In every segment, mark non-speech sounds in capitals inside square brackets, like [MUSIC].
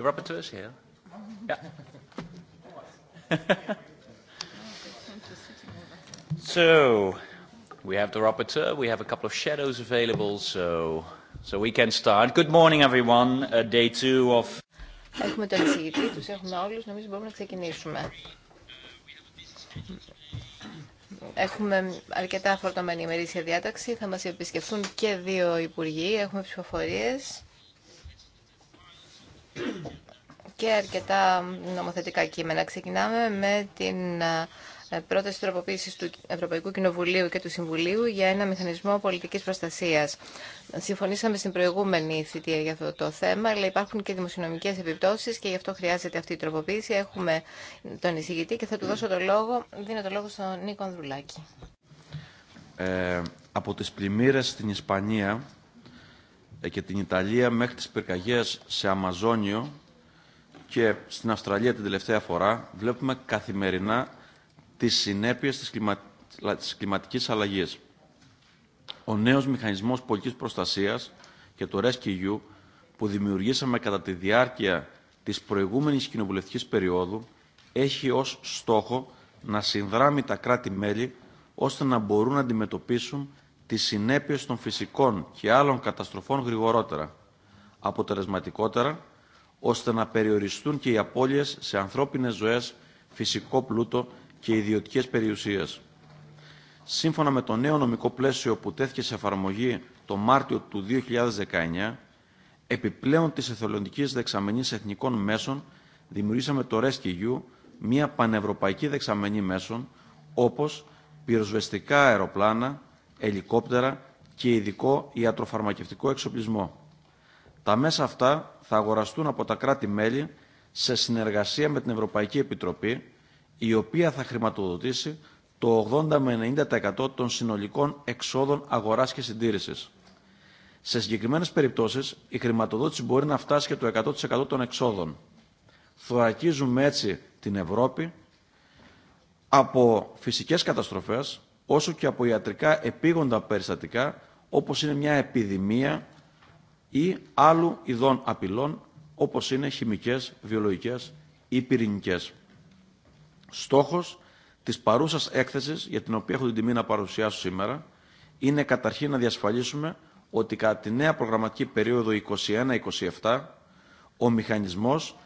The rapporteur is here. Yeah. [LAUGHS] so, we have the rapporteur. We have a couple of shadows available, so so we can start. Good morning, everyone. Uh, day two of. Έχουμε τον εισηγητή, τους έχουμε όλους. Νομίζω μπορούμε να ξεκινήσουμε. Έχουμε αρκετά φορτωμένη ημερήσια διάταξη. Θα μας επισκεφθούν και δύο υπουργοί. Έχουμε ψηφοφορίες. και αρκετά νομοθετικά κείμενα. Ξεκινάμε με την ε, πρόταση τροποποίησης του Ευρωπαϊκού Κοινοβουλίου και του Συμβουλίου για ένα μηχανισμό πολιτικής προστασίας. Συμφωνήσαμε στην προηγούμενη θητεία για αυτό το θέμα, αλλά υπάρχουν και δημοσιονομικές επιπτώσεις και γι' αυτό χρειάζεται αυτή η τροποποίηση. Έχουμε τον εισηγητή και θα του δώσω το λόγο. Δίνω το λόγο στον Νίκο Ανδρουλάκη. Ε, από τις πλημμύρες στην Ισπανία ε, και την Ιταλία μέχρι τις πυρκαγιές σε Αμαζόνιο και στην Αυστραλία την τελευταία φορά, βλέπουμε καθημερινά τις συνέπειες της, κλιμα... της κλιματικής αλλαγής. Ο νέος μηχανισμός πολιτικής προστασίας και το RESC-EU που δημιουργήσαμε κατά τη διάρκεια της προηγούμενης κοινοβουλευτικής περίοδου έχει ως στόχο να συνδράμει τα κράτη-μέλη ώστε να μπορούν να αντιμετωπίσουν τις συνέπειες των φυσικών και άλλων καταστροφών γρηγορότερα, αποτελεσματικότερα ώστε να περιοριστούν και οι απώλειες σε ανθρώπινες ζωές, φυσικό πλούτο και ιδιωτικές περιουσίες. Σύμφωνα με το νέο νομικό πλαίσιο που τέθηκε σε εφαρμογή το Μάρτιο του 2019, επιπλέον της εθελοντικής δεξαμενής εθνικών μέσων, δημιουργήσαμε το RescueU, μια πανευρωπαϊκή δεξαμενή μέσων, όπως πυροσβεστικά αεροπλάνα, ελικόπτερα και ειδικό ιατροφαρμακευτικό εξοπλισμό. Τα μέσα αυτά θα αγοραστούν από τα κράτη-μέλη σε συνεργασία με την Ευρωπαϊκή Επιτροπή, η οποία θα χρηματοδοτήσει το 80 με 90% των συνολικών εξόδων αγοράς και συντήρησης. Σε συγκεκριμένες περιπτώσεις, η χρηματοδότηση μπορεί να φτάσει και το 100% των εξόδων. Θωρακίζουμε έτσι την Ευρώπη από φυσικές καταστροφέ όσο και από ιατρικά επίγοντα περιστατικά, όπω είναι μια επιδημία ή άλλου ειδών απειλών όπως είναι χημικές, βιολογικές ή πυρηνικές. Στόχος της παρούσας έκθεσης, για την οποία έχω την τιμή να παρουσιάσω σήμερα, είναι καταρχήν να διασφαλίσουμε ότι κατά τη νέα προγραμματική περίοδο 21-27 ο μηχανισμός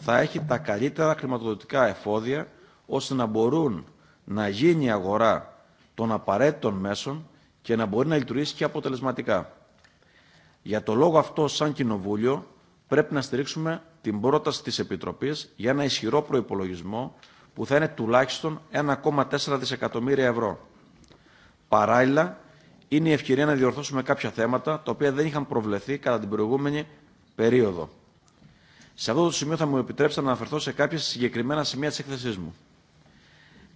θα έχει τα καλύτερα χρηματοδοτικά εφόδια ώστε να μπορούν να γίνει η αγορά των απαραίτητων μέσων και να μπορεί να λειτουργήσει και αποτελεσματικά. Για το λόγο αυτό, σαν Κοινοβούλιο, πρέπει να στηρίξουμε την πρόταση της Επιτροπής για ένα ισχυρό προϋπολογισμό που θα είναι τουλάχιστον 1,4 δισεκατομμύρια ευρώ. Παράλληλα, είναι η ευκαιρία να διορθώσουμε κάποια θέματα τα οποία δεν είχαν προβλεφθεί κατά την προηγούμενη περίοδο. Σε αυτό το σημείο θα μου επιτρέψετε να αναφερθώ σε κάποια συγκεκριμένα σημεία τη έκθεσή μου.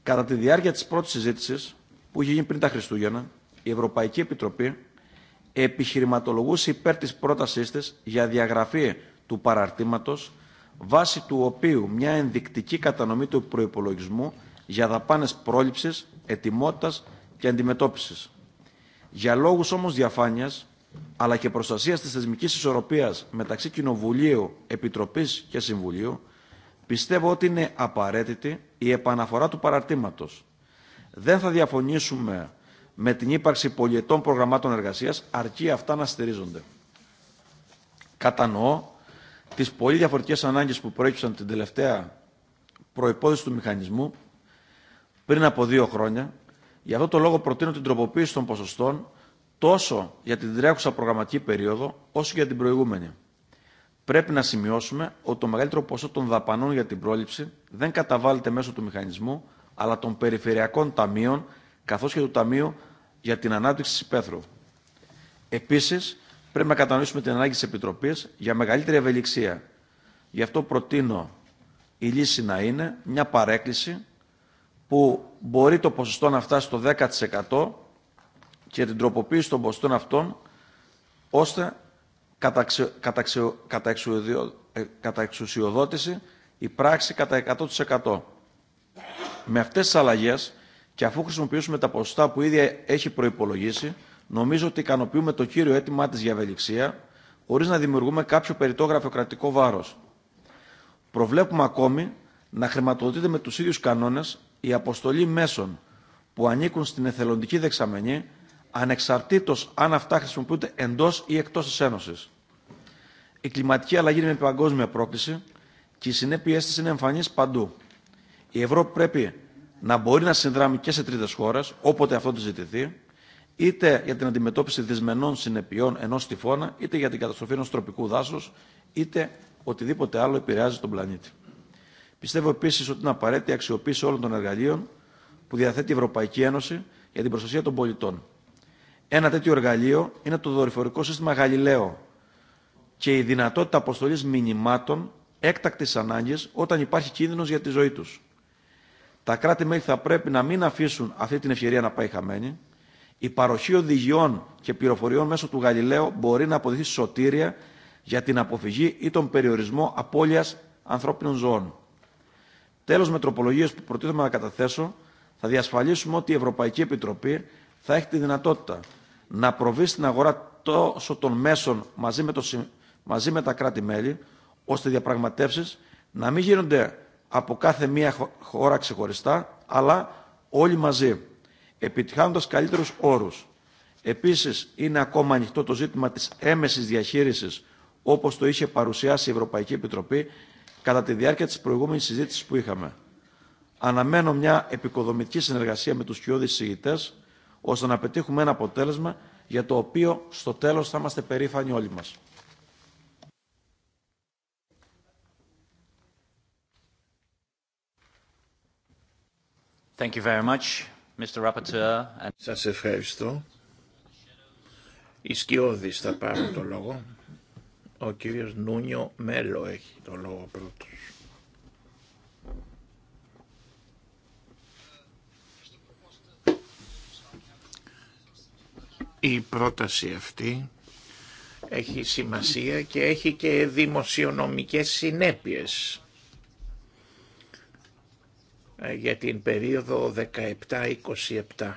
Κατά τη διάρκεια της πρώτης συζήτηση που είχε γίνει πριν τα Χριστούγεννα, η Ευρωπαϊκή Επιτροπή επιχειρηματολογούσε υπέρ της πρότασής της για διαγραφή του παραρτήματος, βάσει του οποίου μια ενδεικτική κατανομή του προϋπολογισμού για δαπάνες πρόληψης, ετοιμότητας και αντιμετώπισης. Για λόγους όμως διαφάνειας, αλλά και προστασίας της θεσμικής ισορροπίας μεταξύ Κοινοβουλίου, Επιτροπής και Συμβουλίου, πιστεύω ότι είναι απαραίτητη η επαναφορά του παραρτήματος. Δεν θα διαφωνήσουμε με την ύπαρξη πολιετών προγραμμάτων εργασίας, αρκεί αυτά να στηρίζονται. Κατανοώ τις πολύ διαφορετικές ανάγκες που προέκυψαν την τελευταία προϋπόθεση του μηχανισμού πριν από δύο χρόνια. Γι' αυτό το λόγο προτείνω την τροποποίηση των ποσοστών τόσο για την τρέχουσα προγραμματική περίοδο όσο και για την προηγούμενη. Πρέπει να σημειώσουμε ότι το μεγαλύτερο ποσό των δαπανών για την πρόληψη δεν καταβάλλεται μέσω του μηχανισμού, αλλά των περιφερειακών ταμείων καθώς και του Ταμείου για την ανάπτυξη τη υπαίθρου. Επίση, πρέπει να κατανοήσουμε την ανάγκη τη Επιτροπή για μεγαλύτερη ευελιξία. Γι' αυτό προτείνω η λύση να είναι μια παρέκκληση που μπορεί το ποσοστό να φτάσει στο 10% και την τροποποίηση των ποσοστών αυτών ώστε κατά κατά, ε, η πράξη κατά 100%. Με αυτές τις αλλαγές και αφού χρησιμοποιήσουμε τα ποσοστά που ήδη έχει προπολογίσει, νομίζω ότι ικανοποιούμε το κύριο αίτημά τη για ευελιξία, χωρί να δημιουργούμε κάποιο περιττό γραφειοκρατικό βάρο. Προβλέπουμε ακόμη να χρηματοδοτείται με του ίδιου κανόνε η αποστολή μέσων που ανήκουν στην εθελοντική δεξαμενή, ανεξαρτήτω αν αυτά χρησιμοποιούνται εντό ή εκτό τη Ένωση. Η κλιματική αλλαγή είναι μια παγκόσμια πρόκληση και οι συνέπειέ τη είναι εμφανεί παντού. Η Ευρώπη πρέπει να μπορεί να συνδράμει και σε τρίτε χώρε, όποτε αυτό το ζητηθεί, είτε για την αντιμετώπιση δυσμενών συνεπειών ενό τυφώνα, είτε για την καταστροφή ενός τροπικού δάσου, είτε οτιδήποτε άλλο επηρεάζει τον πλανήτη. Πιστεύω επίση ότι είναι απαραίτητη η αξιοποίηση όλων των εργαλείων που διαθέτει η Ευρωπαϊκή Ένωση για την προστασία των πολιτών. Ένα τέτοιο εργαλείο είναι το δορυφορικό σύστημα Γαλιλαίο και η δυνατότητα αποστολή μηνυμάτων έκτακτη ανάγκη όταν υπάρχει κίνδυνο για τη ζωή του. Τα κράτη-μέλη θα πρέπει να μην αφήσουν αυτή την ευκαιρία να πάει χαμένη. Η παροχή οδηγιών και πληροφοριών μέσω του Γαλιλαίου μπορεί να αποδειχθεί σωτήρια για την αποφυγή ή τον περιορισμό απώλειας ανθρώπινων ζώων. Τέλος, με τροπολογίες που προτίθεμαι να καταθέσω, θα διασφαλίσουμε ότι η Ευρωπαϊκή Επιτροπή θα έχει με τροπολογιε που δυνατότητα να προβεί στην αγορά τόσο των μέσων μαζί με, το, μαζί με τα κράτη-μέλη, ώστε οι διαπραγματεύσεις να μην γίνονται από κάθε μία χώρα ξεχωριστά, αλλά όλοι μαζί, επιτυχάνοντας καλύτερους όρους. Επίσης, είναι ακόμα ανοιχτό το ζήτημα της έμεσης διαχείρισης, όπως το είχε παρουσιάσει η Ευρωπαϊκή Επιτροπή κατά τη διάρκεια της προηγούμενης συζήτησης που είχαμε. Αναμένω μια επικοδομητική συνεργασία με τους κοιόδης συγητές, ώστε να πετύχουμε ένα αποτέλεσμα για το οποίο στο τέλος θα είμαστε περήφανοι όλοι μας. Σας ευχαριστώ. Η θα πάρουν το λόγο. Ο κύριος Νούνιο Μέλο έχει το λόγο πρώτος. Η πρόταση αυτή έχει σημασία και έχει και δημοσιονομικές συνέπειες ε, για την περίοδο 17-27.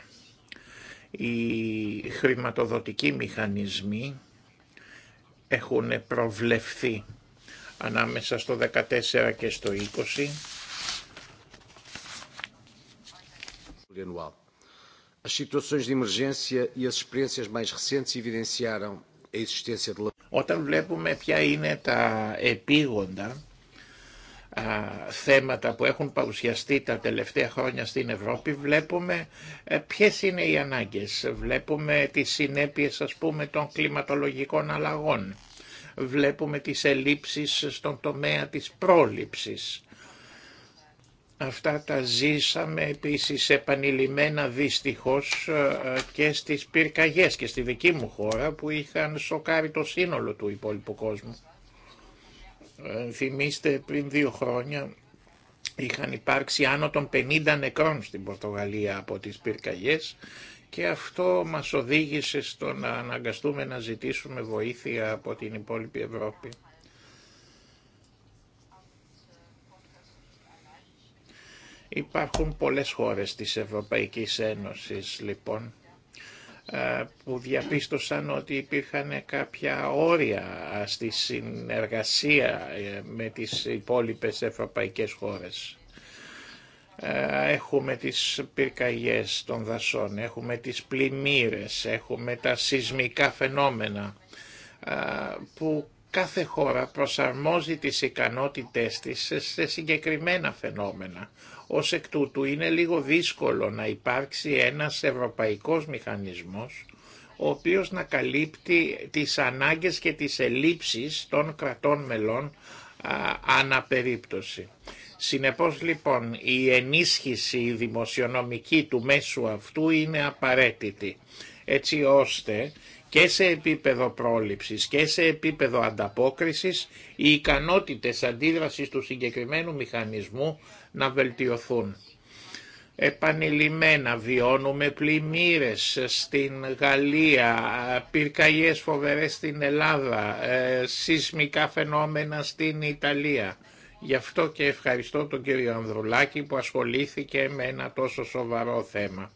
Οι χρηματοδοτικοί μηχανισμοί έχουν προβλεφθεί ανάμεσα στο 14 και στο 20. E Όταν βλέπουμε ποια είναι τα επίγοντα θέματα που έχουν παρουσιαστεί τα τελευταία χρόνια στην Ευρώπη βλέπουμε ε, ποιες είναι οι ανάγκες, βλέπουμε τις συνέπειες ας πούμε των κλιματολογικών αλλαγών, βλέπουμε τις ελλείψεις στον τομέα της πρόληψης. Αυτά τα ζήσαμε επίσης επανειλημμένα δυστυχώς ε, ε, και στις πυρκαγιές και στη δική μου χώρα που είχαν σοκάρει το σύνολο του υπόλοιπου κόσμου. Ε, θυμίστε πριν δύο χρόνια είχαν υπάρξει άνω των 50 νεκρών στην Πορτογαλία από τις πυρκαγιές και αυτό μας οδήγησε στο να αναγκαστούμε να ζητήσουμε βοήθεια από την υπόλοιπη Ευρώπη. Υπάρχουν πολλές χώρες της Ευρωπαϊκής Ένωσης λοιπόν ε, που διαπίστωσαν ότι υπήρχαν κάποια όρια στη συνεργασία ε, με τις υπόλοιπες ευρωπαϊκές χώρες. Ε, έχουμε τις πυρκαγιές των δασών, έχουμε τις πλημμύρες, έχουμε τα σεισμικά φαινόμενα που κάθε χώρα προσαρμόζει τις ικανότητές της σε συγκεκριμένα φαινόμενα. Ως εκ τούτου είναι λίγο δύσκολο να υπάρξει ένας ευρωπαϊκός μηχανισμός ο οποίος να καλύπτει τις ανάγκες και τις ελλείψεις των κρατών μελών αναπερίπτωση. Συνεπώς λοιπόν η ενίσχυση δημοσιονομική του μέσου αυτού είναι απαραίτητη έτσι ώστε και σε επίπεδο πρόληψης και σε επίπεδο ανταπόκρισης οι ικανότητες αντίδρασης του συγκεκριμένου μηχανισμού να βελτιωθούν. Επανειλημμένα βιώνουμε πλημμύρες στην Γαλλία, πυρκαγιές φοβερές στην Ελλάδα, ε, σεισμικά φαινόμενα στην Ιταλία. Γι' αυτό και ευχαριστώ τον κύριο Ανδρουλάκη που ασχολήθηκε με ένα τόσο σοβαρό θέμα.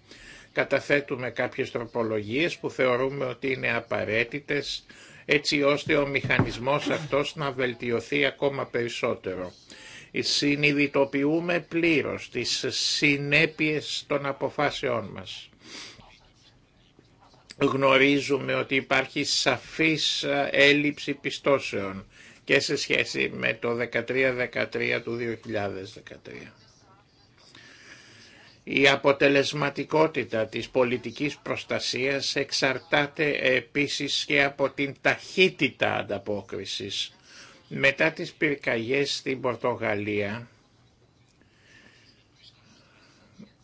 Καταθέτουμε κάποιες τροπολογίες που θεωρούμε ότι είναι απαραίτητες έτσι ώστε ο μηχανισμός αυτός να βελτιωθεί ακόμα περισσότερο συνειδητοποιούμε πλήρως τις συνέπειες των αποφάσεών μας. Γνωρίζουμε ότι υπάρχει σαφής έλλειψη πιστώσεων και σε σχέση με το 13-13 του 2013. Η αποτελεσματικότητα της πολιτικής προστασίας εξαρτάται επίσης και από την ταχύτητα ανταπόκρισης μετά τις πυρκαγιές στην Πορτογαλία,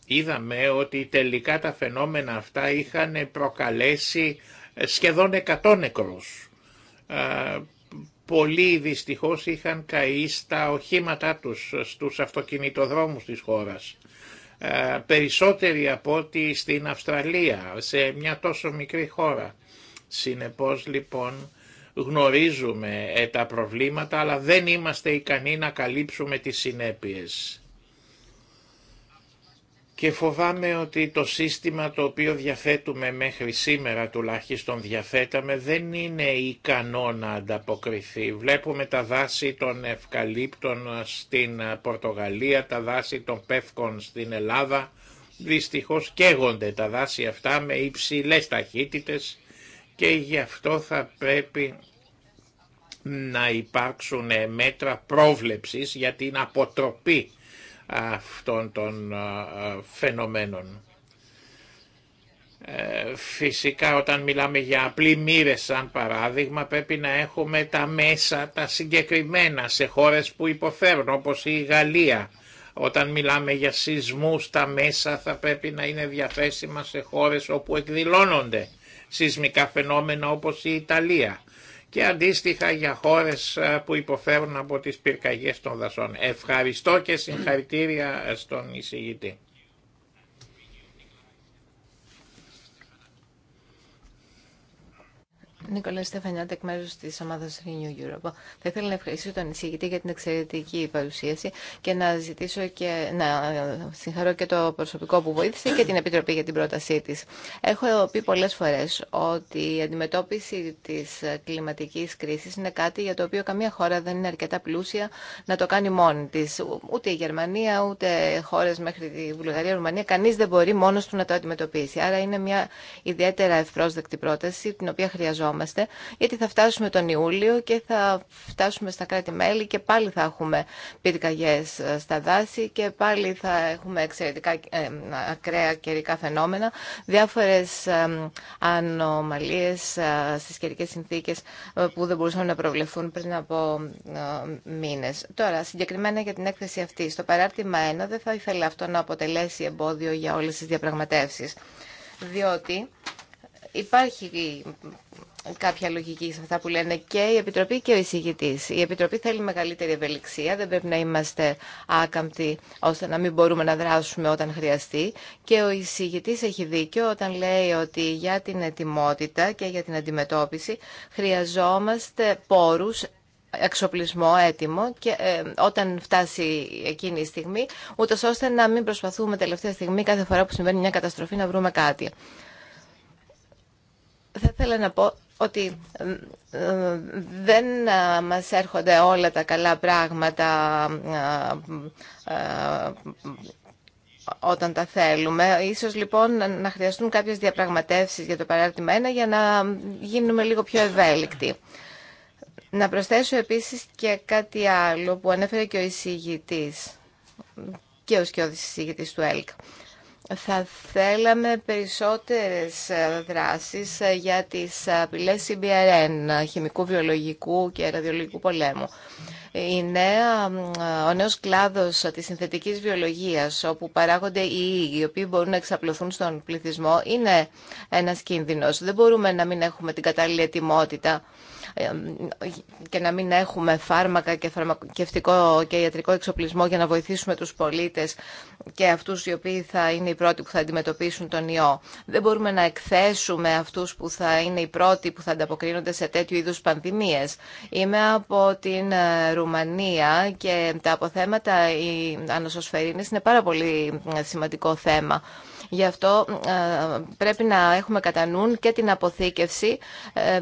είδαμε ότι τελικά τα φαινόμενα αυτά είχαν προκαλέσει σχεδόν 100 νεκρούς. Πολλοί δυστυχώς είχαν καεί στα οχήματά τους, στους αυτοκινητοδρόμους της χώρας. Περισσότεροι από ό,τι στην Αυστραλία, σε μια τόσο μικρή χώρα. Συνεπώς λοιπόν γνωρίζουμε ε, τα προβλήματα αλλά δεν είμαστε ικανοί να καλύψουμε τις συνέπειες. Και φοβάμαι ότι το σύστημα το οποίο διαθέτουμε μέχρι σήμερα τουλάχιστον διαθέταμε δεν είναι ικανό να ανταποκριθεί. Βλέπουμε τα δάση των ευκαλύπτων στην Πορτογαλία, τα δάση των πεύκων στην Ελλάδα. Δυστυχώς καίγονται τα δάση αυτά με υψηλές ταχύτητες και γι' αυτό θα πρέπει να υπάρξουν ε, μέτρα πρόβλεψης για την αποτροπή αυτών των ε, φαινομένων. Ε, φυσικά όταν μιλάμε για απλή μοίρε σαν παράδειγμα πρέπει να έχουμε τα μέσα τα συγκεκριμένα σε χώρες που υποφέρουν όπως η Γαλλία. Όταν μιλάμε για σεισμούς τα μέσα θα πρέπει να είναι διαθέσιμα σε χώρες όπου εκδηλώνονται σεισμικά φαινόμενα όπως η Ιταλία και αντίστοιχα για χώρες ε, που υποφέρουν από τις πυρκαγιές των δασών. Ευχαριστώ και συγχαρητήρια στον εισηγητή. Νικόλα Στεφανιάτη, εκ μέρου τη ομάδα Renew Europe. Θα ήθελα να ευχαριστήσω τον εισηγητή για την εξαιρετική παρουσίαση και να ζητήσω και να συγχαρώ και το προσωπικό που βοήθησε και την Επιτροπή για την πρότασή τη. Έχω πει πολλέ φορέ ότι η αντιμετώπιση τη κλιματική κρίση είναι κάτι για το οποίο καμία χώρα δεν είναι αρκετά πλούσια να το κάνει μόνη τη. Ούτε η Γερμανία, ούτε χώρε μέχρι τη Βουλγαρία, Ρουμανία, κανεί δεν μπορεί μόνο του να το αντιμετωπίσει. Άρα είναι μια ιδιαίτερα ευπρόσδεκτη πρόταση, την οποία χρειαζόμαστε γιατί θα φτάσουμε τον Ιούλιο και θα φτάσουμε στα κράτη-μέλη και πάλι θα έχουμε πυρκαγιέ ε, στα δάση και πάλι θα έχουμε εξαιρετικά ε, ακραία καιρικά φαινόμενα, διάφορε ε, στι ε, στις συνθήκε συνθήκες ε, που δεν μπορούσαν να προβλεφθούν πριν από μήνε. Τώρα, συγκεκριμένα για την έκθεση αυτή, στο παράρτημα 1 δεν θα ήθελα αυτό να αποτελέσει εμπόδιο για όλε τι διαπραγματεύσει, διότι υπάρχει κάποια λογική σε αυτά που λένε και η Επιτροπή και ο εισηγητή. Η Επιτροπή θέλει μεγαλύτερη ευελιξία, δεν πρέπει να είμαστε άκαμπτοι ώστε να μην μπορούμε να δράσουμε όταν χρειαστεί. Και ο εισηγητή έχει δίκιο όταν λέει ότι για την ετοιμότητα και για την αντιμετώπιση χρειαζόμαστε πόρου εξοπλισμό έτοιμο και ε, όταν φτάσει εκείνη η στιγμή, ούτω ώστε να μην προσπαθούμε τελευταία στιγμή κάθε φορά που συμβαίνει μια καταστροφή να βρούμε κάτι. Θα ήθελα να πω ότι ε, ε, δεν ε, μας έρχονται όλα τα καλά πράγματα όταν τα θέλουμε. Ίσως λοιπόν να χρειαστούν κάποιες διαπραγματεύσεις για το παράρτημα 1 για να γίνουμε λίγο πιο ευέλικτοι. Να προσθέσω επίσης και κάτι άλλο που ανέφερε και ο εισηγητής και ο σκιώδης εισηγητής του ΕΛΚ. Θα θέλαμε περισσότερες δράσεις ε, για τις ε, απειλές CBRN, ε, χημικού, βιολογικού και ραδιολογικού πολέμου. Η νέα, ο νέος κλάδος της συνθετικής βιολογίας, όπου παράγονται οι οι οποίοι μπορούν να εξαπλωθούν στον πληθυσμό, είναι ένας κίνδυνος. Δεν μπορούμε να μην έχουμε την κατάλληλη ετοιμότητα και να μην έχουμε φάρμακα και φαρμακευτικό και ιατρικό εξοπλισμό για να βοηθήσουμε τους πολίτες και αυτούς οι οποίοι θα είναι οι πρώτοι που θα αντιμετωπίσουν τον ιό. Δεν μπορούμε να εκθέσουμε αυτούς που θα είναι οι πρώτοι που θα ανταποκρίνονται σε τέτοιου είδους πανδημίες. Είμαι από την ε, Ρουμανία και τα αποθέματα, η ανοσοσφαιρίνες είναι πάρα πολύ ε, σημαντικό θέμα. Γι' αυτό ε, πρέπει να έχουμε κατά νου και την αποθήκευση ε,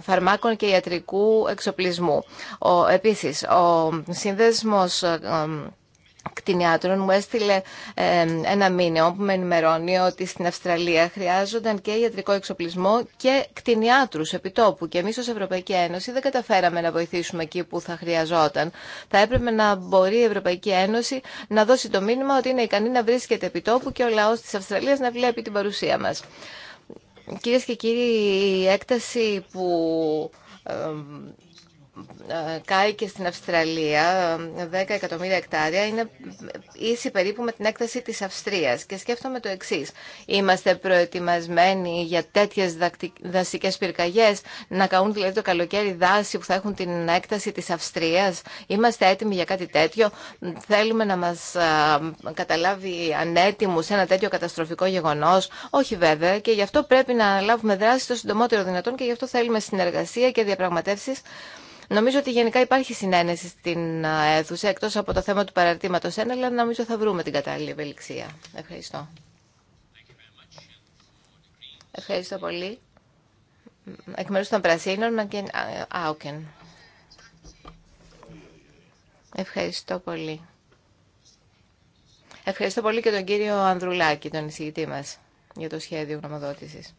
φαρμάκων και ιατρικού εξοπλισμού. Ο, επίσης, ο σύνδεσμος ε, κτηνιάτρων μου έστειλε ε, ένα μήνυμα που με ενημερώνει ότι στην Αυστραλία χρειάζονταν και ιατρικό εξοπλισμό και κτηνιάτρους επιτόπου και εμεί ω Ευρωπαϊκή Ένωση δεν καταφέραμε να βοηθήσουμε εκεί που θα χρειαζόταν. Θα έπρεπε να μπορεί η Ευρωπαϊκή Ένωση να δώσει το μήνυμα ότι είναι ικανή να βρίσκεται επιτόπου και ο λαό τη Αυστραλία να βλέπει την παρουσία μα. Κυρίε και κύριοι, η έκταση που ε, κάει και στην Αυστραλία, 10 εκατομμύρια εκτάρια, είναι ίση περίπου με την έκταση της Αυστρίας. Και σκέφτομαι το εξή. είμαστε προετοιμασμένοι για τέτοιες δασικές πυρκαγιές, να καούν δηλαδή το καλοκαίρι δάση που θα έχουν την έκταση της Αυστρίας. Είμαστε έτοιμοι για κάτι τέτοιο. Θέλουμε να μας καταλάβει ανέτοιμους ένα τέτοιο καταστροφικό γεγονός. Όχι βέβαια και γι' αυτό πρέπει να λάβουμε δράση το συντομότερο δυνατόν και γι' αυτό θέλουμε συνεργασία και διαπραγματεύσεις Νομίζω ότι γενικά υπάρχει συνένεση στην αίθουσα, εκτός από το θέμα του παραρτήματος ένα, αλλά νομίζω θα βρούμε την κατάλληλη ευελιξία. Ευχαριστώ. Ευχαριστώ πολύ. Εκ μέρους των Πρασίνων, Μαγκέν Άουκεν. Ευχαριστώ πολύ. Ευχαριστώ πολύ και τον κύριο Ανδρουλάκη, τον εισηγητή μας, για το σχέδιο γνωμοδότησης.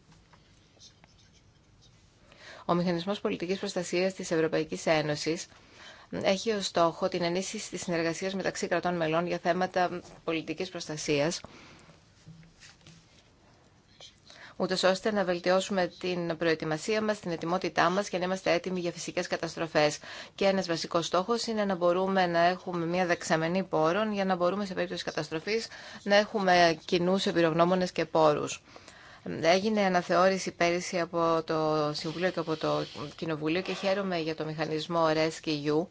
Ο Μηχανισμός Πολιτικής Προστασίας της Ευρωπαϊκής Ένωσης έχει ως στόχο την ενίσχυση της συνεργασίας μεταξύ κρατών μελών για θέματα πολιτικής προστασίας ούτω ώστε να βελτιώσουμε την προετοιμασία μα, την ετοιμότητά μα και να είμαστε έτοιμοι για φυσικέ καταστροφέ. Και ένα βασικό στόχο είναι να μπορούμε να έχουμε μια δεξαμενή πόρων για να μπορούμε σε περίπτωση καταστροφή να έχουμε κοινού εμπειρογνώμονε και πόρου. Έγινε αναθεώρηση πέρυσι από το Συμβουλίο και από το Κοινοβουλίο και χαίρομαι για το μηχανισμό Rescue.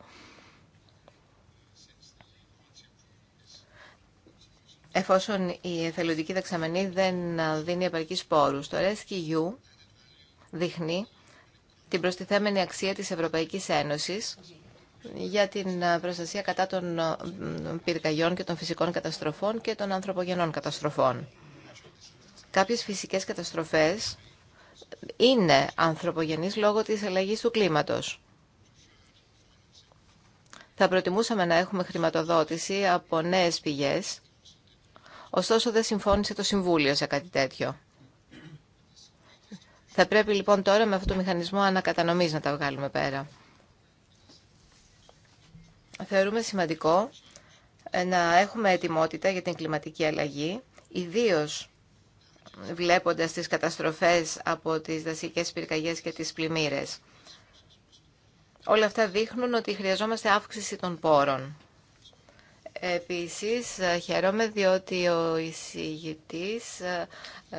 εφόσον η εθελοντική δεξαμενή δεν δίνει επαρκή πόρους. Το Rescue δείχνει την προστιθέμενη αξία της Ευρωπαϊκής Ένωσης για την προστασία κατά των πυρκαγιών και των φυσικών καταστροφών και των ανθρωπογενών καταστροφών κάποιες φυσικές καταστροφές είναι ανθρωπογενείς λόγω της αλλαγής του κλίματος. Θα προτιμούσαμε να έχουμε χρηματοδότηση από νέες πηγές, ωστόσο δεν συμφώνησε το Συμβούλιο σε κάτι τέτοιο. Θα πρέπει λοιπόν τώρα με αυτό το μηχανισμό ανακατανομής να τα βγάλουμε πέρα. Θεωρούμε σημαντικό ε, να έχουμε ετοιμότητα για την κλιματική αλλαγή, ιδίως βλέποντας τις καταστροφές από τις δασικές πυρκαγιές και τις πλημμύρες. Όλα αυτά δείχνουν ότι χρειαζόμαστε αύξηση των πόρων. Επίσης, χαίρομαι διότι ο εισηγητής ε, ε,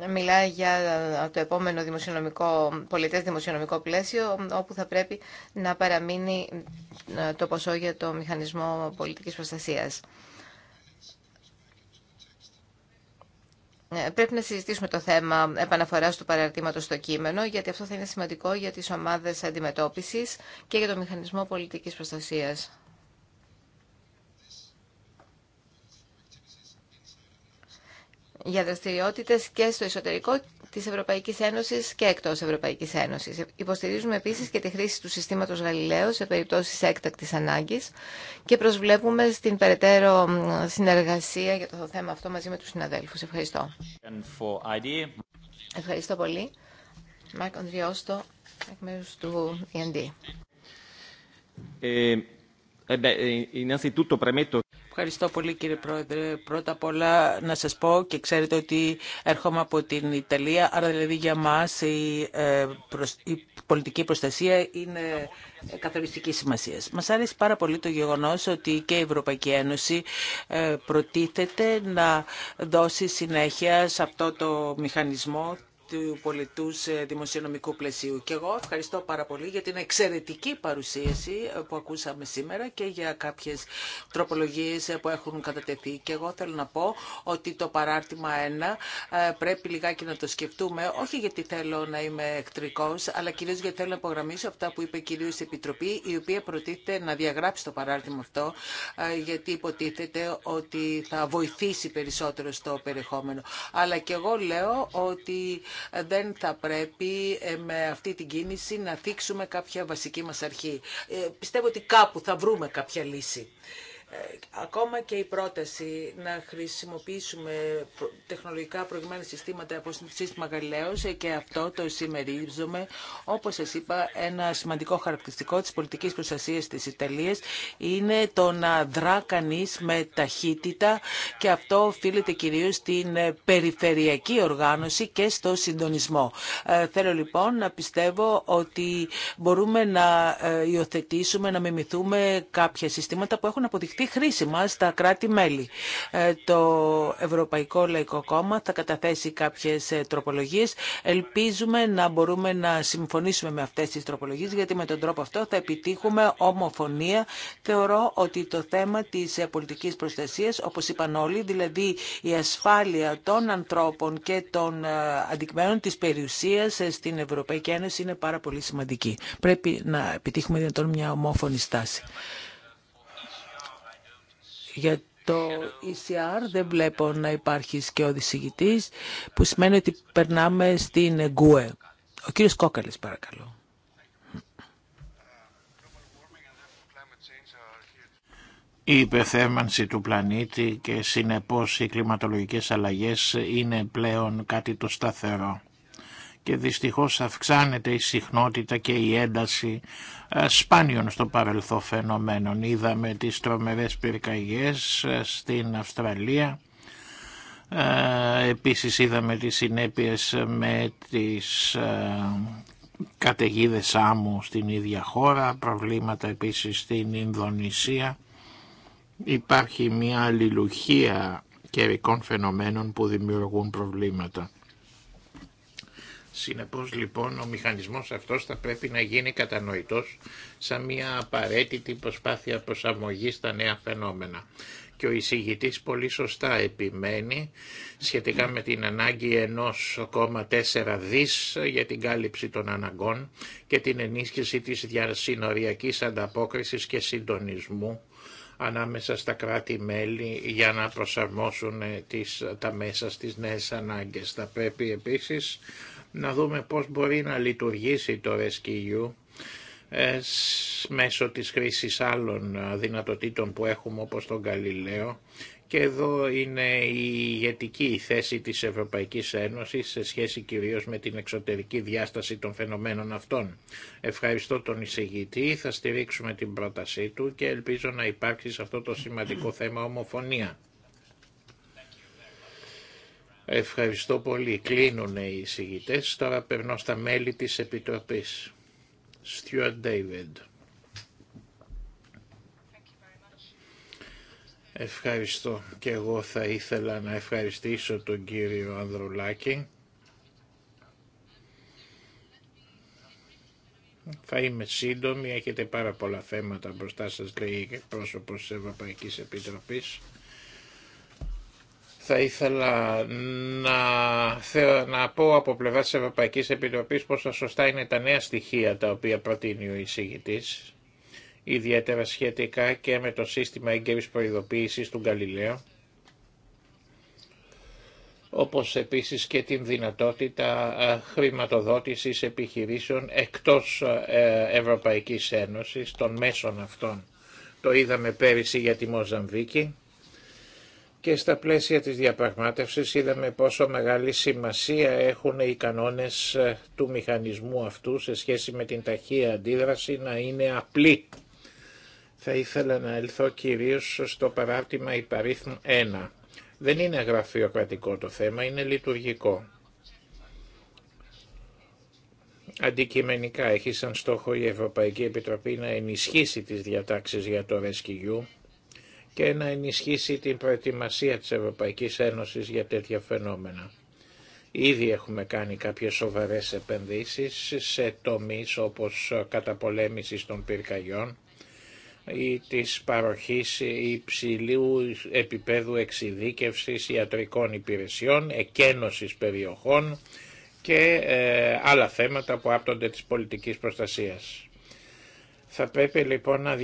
ε, μιλάει για το επόμενο δημοσιονομικό, πολιτές δημοσιονομικό πλαίσιο, όπου θα πρέπει να παραμείνει το ποσό για το μηχανισμό πολιτικής προστασίας. Ε, πρέπει να συζητήσουμε το θέμα επαναφοράς του παραρτήματος στο κείμενο, γιατί αυτό θα είναι σημαντικό για τις ομάδες αντιμετώπισης και για το μηχανισμό πολιτικής προστασίας. για δραστηριότητε και στο εσωτερικό της Ευρωπαϊκής Ένωσης και εκτός Ευρωπαϊκής Ένωσης. Υποστηρίζουμε επίσης και τη χρήση του συστήματος Γαλιλαίου σε περιπτώσεις έκτακτης ανάγκης και προσβλέπουμε στην περαιτέρω συνεργασία για το θέμα αυτό μαζί με τους συναδέλφους. Ευχαριστώ. Ευχαριστώ πολύ. Μάρκ Ανδριώστο, εκ μέρους του e ε, ναι, ε, Ευχαριστώ πολύ κύριε Πρόεδρε. Πρώτα απ' όλα να σας πω και ξέρετε ότι έρχομαι από την Ιταλία, άρα δηλαδή για μας η, ε, πολιτική προστασία είναι καθοριστική σημασία. Μας άρεσε πάρα πολύ το γεγονός ότι και η Ευρωπαϊκή Ένωση προτίθεται να δώσει συνέχεια σε αυτό το μηχανισμό του πολιτού δημοσιονομικού πλαισίου. Και εγώ ευχαριστώ πάρα πολύ για την εξαιρετική παρουσίαση που ακούσαμε σήμερα και για κάποιε τροπολογίε που έχουν κατατεθεί. Και εγώ θέλω να πω ότι το παράρτημα 1 ε, πρέπει λιγάκι να το σκεφτούμε, όχι γιατί θέλω να είμαι εχθρικό, αλλά κυρίω γιατί θέλω να υπογραμμίσω αυτά που είπε κυρίω η Επιτροπή, η οποία προτίθεται να διαγράψει το παράρτημα αυτό, ε, γιατί υποτίθεται ότι θα βοηθήσει περισσότερο στο περιεχόμενο. Αλλά και εγώ λέω ότι δεν θα πρέπει ε, με αυτή την κίνηση να θίξουμε κάποια βασική μας αρχή. Ε, πιστεύω ότι κάπου θα βρούμε κάποια λύση. Ε, ακόμα και η πρόταση να χρησιμοποιήσουμε τεχνολογικά προηγμένα συστήματα από το σύστημα Γαλλέως ε, και αυτό το συμμερίζομαι. Όπως σας είπα, ένα σημαντικό χαρακτηριστικό της πολιτικής προστασίας της Ιταλίας είναι το να δρά κανεί με ταχύτητα και αυτό οφείλεται κυρίως στην ε, περιφερειακή οργάνωση και στο συντονισμό. Θέλω λοιπόν να πιστεύω ότι μπορούμε να υιοθετήσουμε, να μιμηθούμε κάποια συστήματα που έχουν αποδειχθεί χρήση χρήσιμα στα κράτη-μέλη. Ε, το Ευρωπαϊκό Λαϊκό Κόμμα θα καταθέσει κάποιες ε, τροπολογίες. Ελπίζουμε να μπορούμε να συμφωνήσουμε με αυτές τις τροπολογίες, γιατί με τον τρόπο αυτό θα επιτύχουμε ομοφωνία. Θεωρώ ότι το θέμα της ε, πολιτικής προστασίας, όπως είπαν όλοι, δηλαδή η ασφάλεια των ανθρώπων και των αντικειμένων της περιουσίας στην Ευρωπαϊκή Ένωση είναι πάρα πολύ σημαντική. Πρέπει να επιτύχουμε δυνατόν μια ομόφωνη στάση. Για το ECR δεν βλέπω να υπάρχει σκιώδη ηγητής, που σημαίνει ότι περνάμε στην ΓΚΟΕ. Ο κύριος Κόκαλης, παρακαλώ. Η υπεθέρμανση του πλανήτη και συνεπώς οι κλιματολογικές αλλαγές είναι πλέον κάτι το σταθερό και δυστυχώς αυξάνεται η συχνότητα και η ένταση ε, σπάνιων στο παρελθόν φαινομένων. Είδαμε τις τρομερές πυρκαγιές ε, στην Αυστραλία, ε, επίσης είδαμε τις συνέπειες με τις καταιγίδε άμμου στην ίδια χώρα, προβλήματα επίσης στην Ινδονησία. Υπάρχει μια αλληλουχία καιρικών φαινομένων που δημιουργούν προβλήματα. Συνεπώς λοιπόν ο μηχανισμός αυτός θα πρέπει να γίνει κατανοητός σαν μια απαραίτητη προσπάθεια προσαρμογής στα νέα φαινόμενα. Και ο εισηγητή πολύ σωστά επιμένει σχετικά με την ανάγκη 1,4 δις για την κάλυψη των αναγκών και την ενίσχυση της διασυνοριακής ανταπόκρισης και συντονισμού ανάμεσα στα κράτη-μέλη για να προσαρμόσουν τα μέσα στις νέες ανάγκες. Θα πρέπει επίσης να δούμε πώς μπορεί να λειτουργήσει το Rescue ε, μέσω της χρήσης άλλων ε, δυνατοτήτων που έχουμε όπως τον Γαλιλαίο και εδώ είναι η ηγετική θέση της Ευρωπαϊκής Ένωσης σε σχέση κυρίως με την εξωτερική διάσταση των φαινομένων αυτών. Ευχαριστώ τον εισηγητή, θα στηρίξουμε την πρότασή του και ελπίζω να υπάρξει σε αυτό το σημαντικό θέμα ομοφωνία. Ευχαριστώ πολύ. Κλείνουν οι εισηγητές. Τώρα περνώ στα μέλη της Επιτροπής. Stuart David. Ευχαριστώ και εγώ θα ήθελα να ευχαριστήσω τον κύριο Ανδρουλάκη. Θα είμαι σύντομη, έχετε πάρα πολλά θέματα μπροστά σας, λέει η πρόσωπος της Ευρωπαϊκής Επιτροπής θα ήθελα να, πω από πλευρά τη Ευρωπαϊκής Επιτροπή πόσο σωστά είναι τα νέα στοιχεία τα οποία προτείνει ο εισηγητή, ιδιαίτερα σχετικά και με το σύστημα έγκαιρη προειδοποίηση του Καλλιλέου όπως επίσης και την δυνατότητα ε, χρηματοδότησης επιχειρήσεων εκτός ε, Ευρωπαϊκής Ένωσης των μέσων αυτών. Το είδαμε πέρυσι για τη Μοζαμβίκη και στα πλαίσια της διαπραγμάτευσης είδαμε πόσο μεγάλη σημασία έχουν οι κανόνες ε, του μηχανισμού αυτού σε σχέση με την ταχεία αντίδραση να είναι απλή. Θα ήθελα να ελθώ κυρίως στο παράρτημα υπαρίθμου 1. Δεν είναι γραφειοκρατικό το θέμα, είναι λειτουργικό. Αντικειμενικά έχει σαν στόχο η Ευρωπαϊκή Επιτροπή να ενισχύσει τις διατάξεις για το ΡΕΣΚΙΓΙΟΥ και να ενισχύσει την προετοιμασία της Ευρωπαϊκής Ένωσης για τέτοια φαινόμενα. Ήδη έχουμε κάνει κάποιες σοβαρές επενδύσεις σε τομείς όπως καταπολέμηση των πυρκαγιών ή της παροχής υψηλού επίπεδου εξειδίκευσης ιατρικών υπηρεσιών, εκένωσης περιοχών και ε, άλλα θέματα που άπτονται της πολιτικής προστασίας. Θα πρέπει λοιπόν να,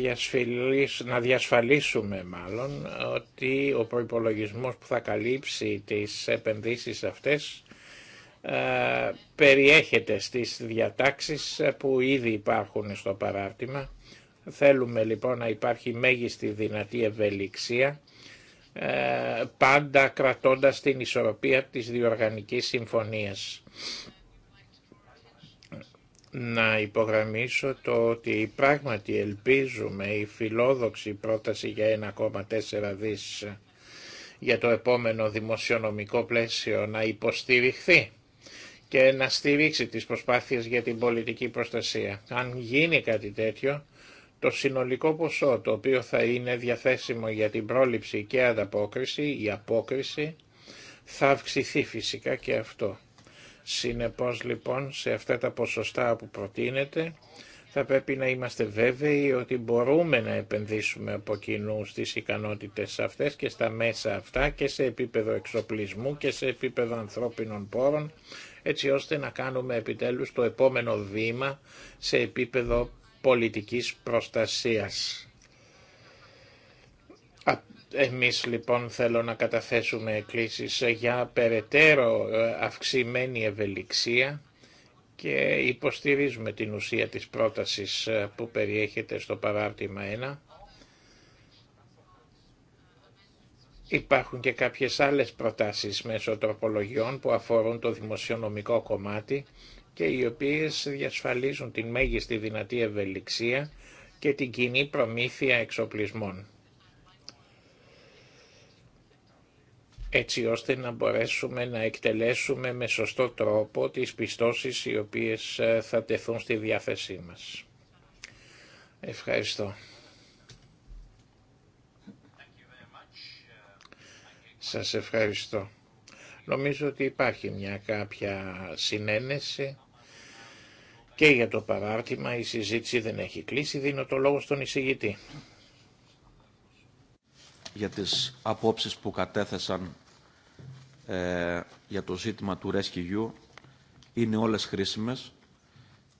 να διασφαλίσουμε μάλλον ότι ο προϋπολογισμός που θα καλύψει τις επενδύσεις αυτές ε, περιέχεται στις διατάξεις που ήδη υπάρχουν στο παράρτημα. Θέλουμε λοιπόν να υπάρχει μέγιστη δυνατή ευελιξία ε, πάντα κρατώντας την ισορροπία της διοργανικής συμφωνίας να υπογραμμίσω το ότι πράγματι ελπίζουμε η φιλόδοξη πρόταση για 1,4 δις για το επόμενο δημοσιονομικό πλαίσιο να υποστηριχθεί και να στηρίξει τις προσπάθειες για την πολιτική προστασία. Αν γίνει κάτι τέτοιο, το συνολικό ποσό το οποίο θα είναι διαθέσιμο για την πρόληψη και ανταπόκριση, η απόκριση, θα αυξηθεί φυσικά και αυτό. Συνεπώς λοιπόν σε αυτά τα ποσοστά που προτείνεται θα πρέπει να είμαστε βέβαιοι ότι μπορούμε να επενδύσουμε από κοινού στις ικανότητες αυτές και στα μέσα αυτά και σε επίπεδο εξοπλισμού και σε επίπεδο ανθρώπινων πόρων έτσι ώστε να κάνουμε επιτέλους το επόμενο βήμα σε επίπεδο πολιτικής προστασίας εμείς λοιπόν θέλω να καταθέσουμε εκκλήσεις για περαιτέρω ε, αυξημένη ευελιξία και υποστηρίζουμε την ουσία της πρότασης ε, που περιέχεται στο παράρτημα 1. Υπάρχουν και κάποιες άλλες προτάσεις μέσω τροπολογιών που αφορούν το δημοσιονομικό κομμάτι και οι οποίες διασφαλίζουν την μέγιστη δυνατή ευελιξία και την κοινή προμήθεια εξοπλισμών. έτσι ώστε να μπορέσουμε να εκτελέσουμε με σωστό τρόπο τις πιστώσεις οι οποίες ε, θα τεθούν στη διάθεσή μας. Ευχαριστώ. Σας ευχαριστώ. Νομίζω ότι υπάρχει μια κάποια συνένεση και για το παράρτημα η συζήτηση δεν έχει κλείσει. Δίνω το λόγο στον εισηγητή. Για τις απόψεις που κατέθεσαν ε, για το ζήτημα του Rescue είναι όλες χρήσιμες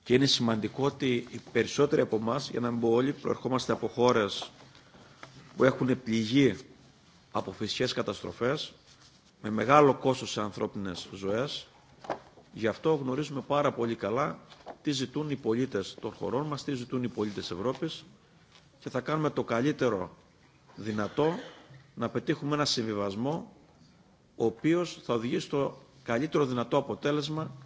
και είναι σημαντικό ότι οι περισσότεροι από εμά, για να μην πω όλοι, προερχόμαστε από χώρες που έχουν πληγεί από φυσικές καταστροφές με μεγάλο κόστος σε ανθρώπινες ζωές. Γι' αυτό γνωρίζουμε πάρα πολύ καλά τι ζητούν οι πολίτες των χωρών μας, τι ζητούν οι πολίτες Ευρώπης και θα κάνουμε το καλύτερο δυνατό να πετύχουμε ένα συμβιβασμό ο οποίος θα οδηγήσει το καλύτερο δυνατό αποτέλεσμα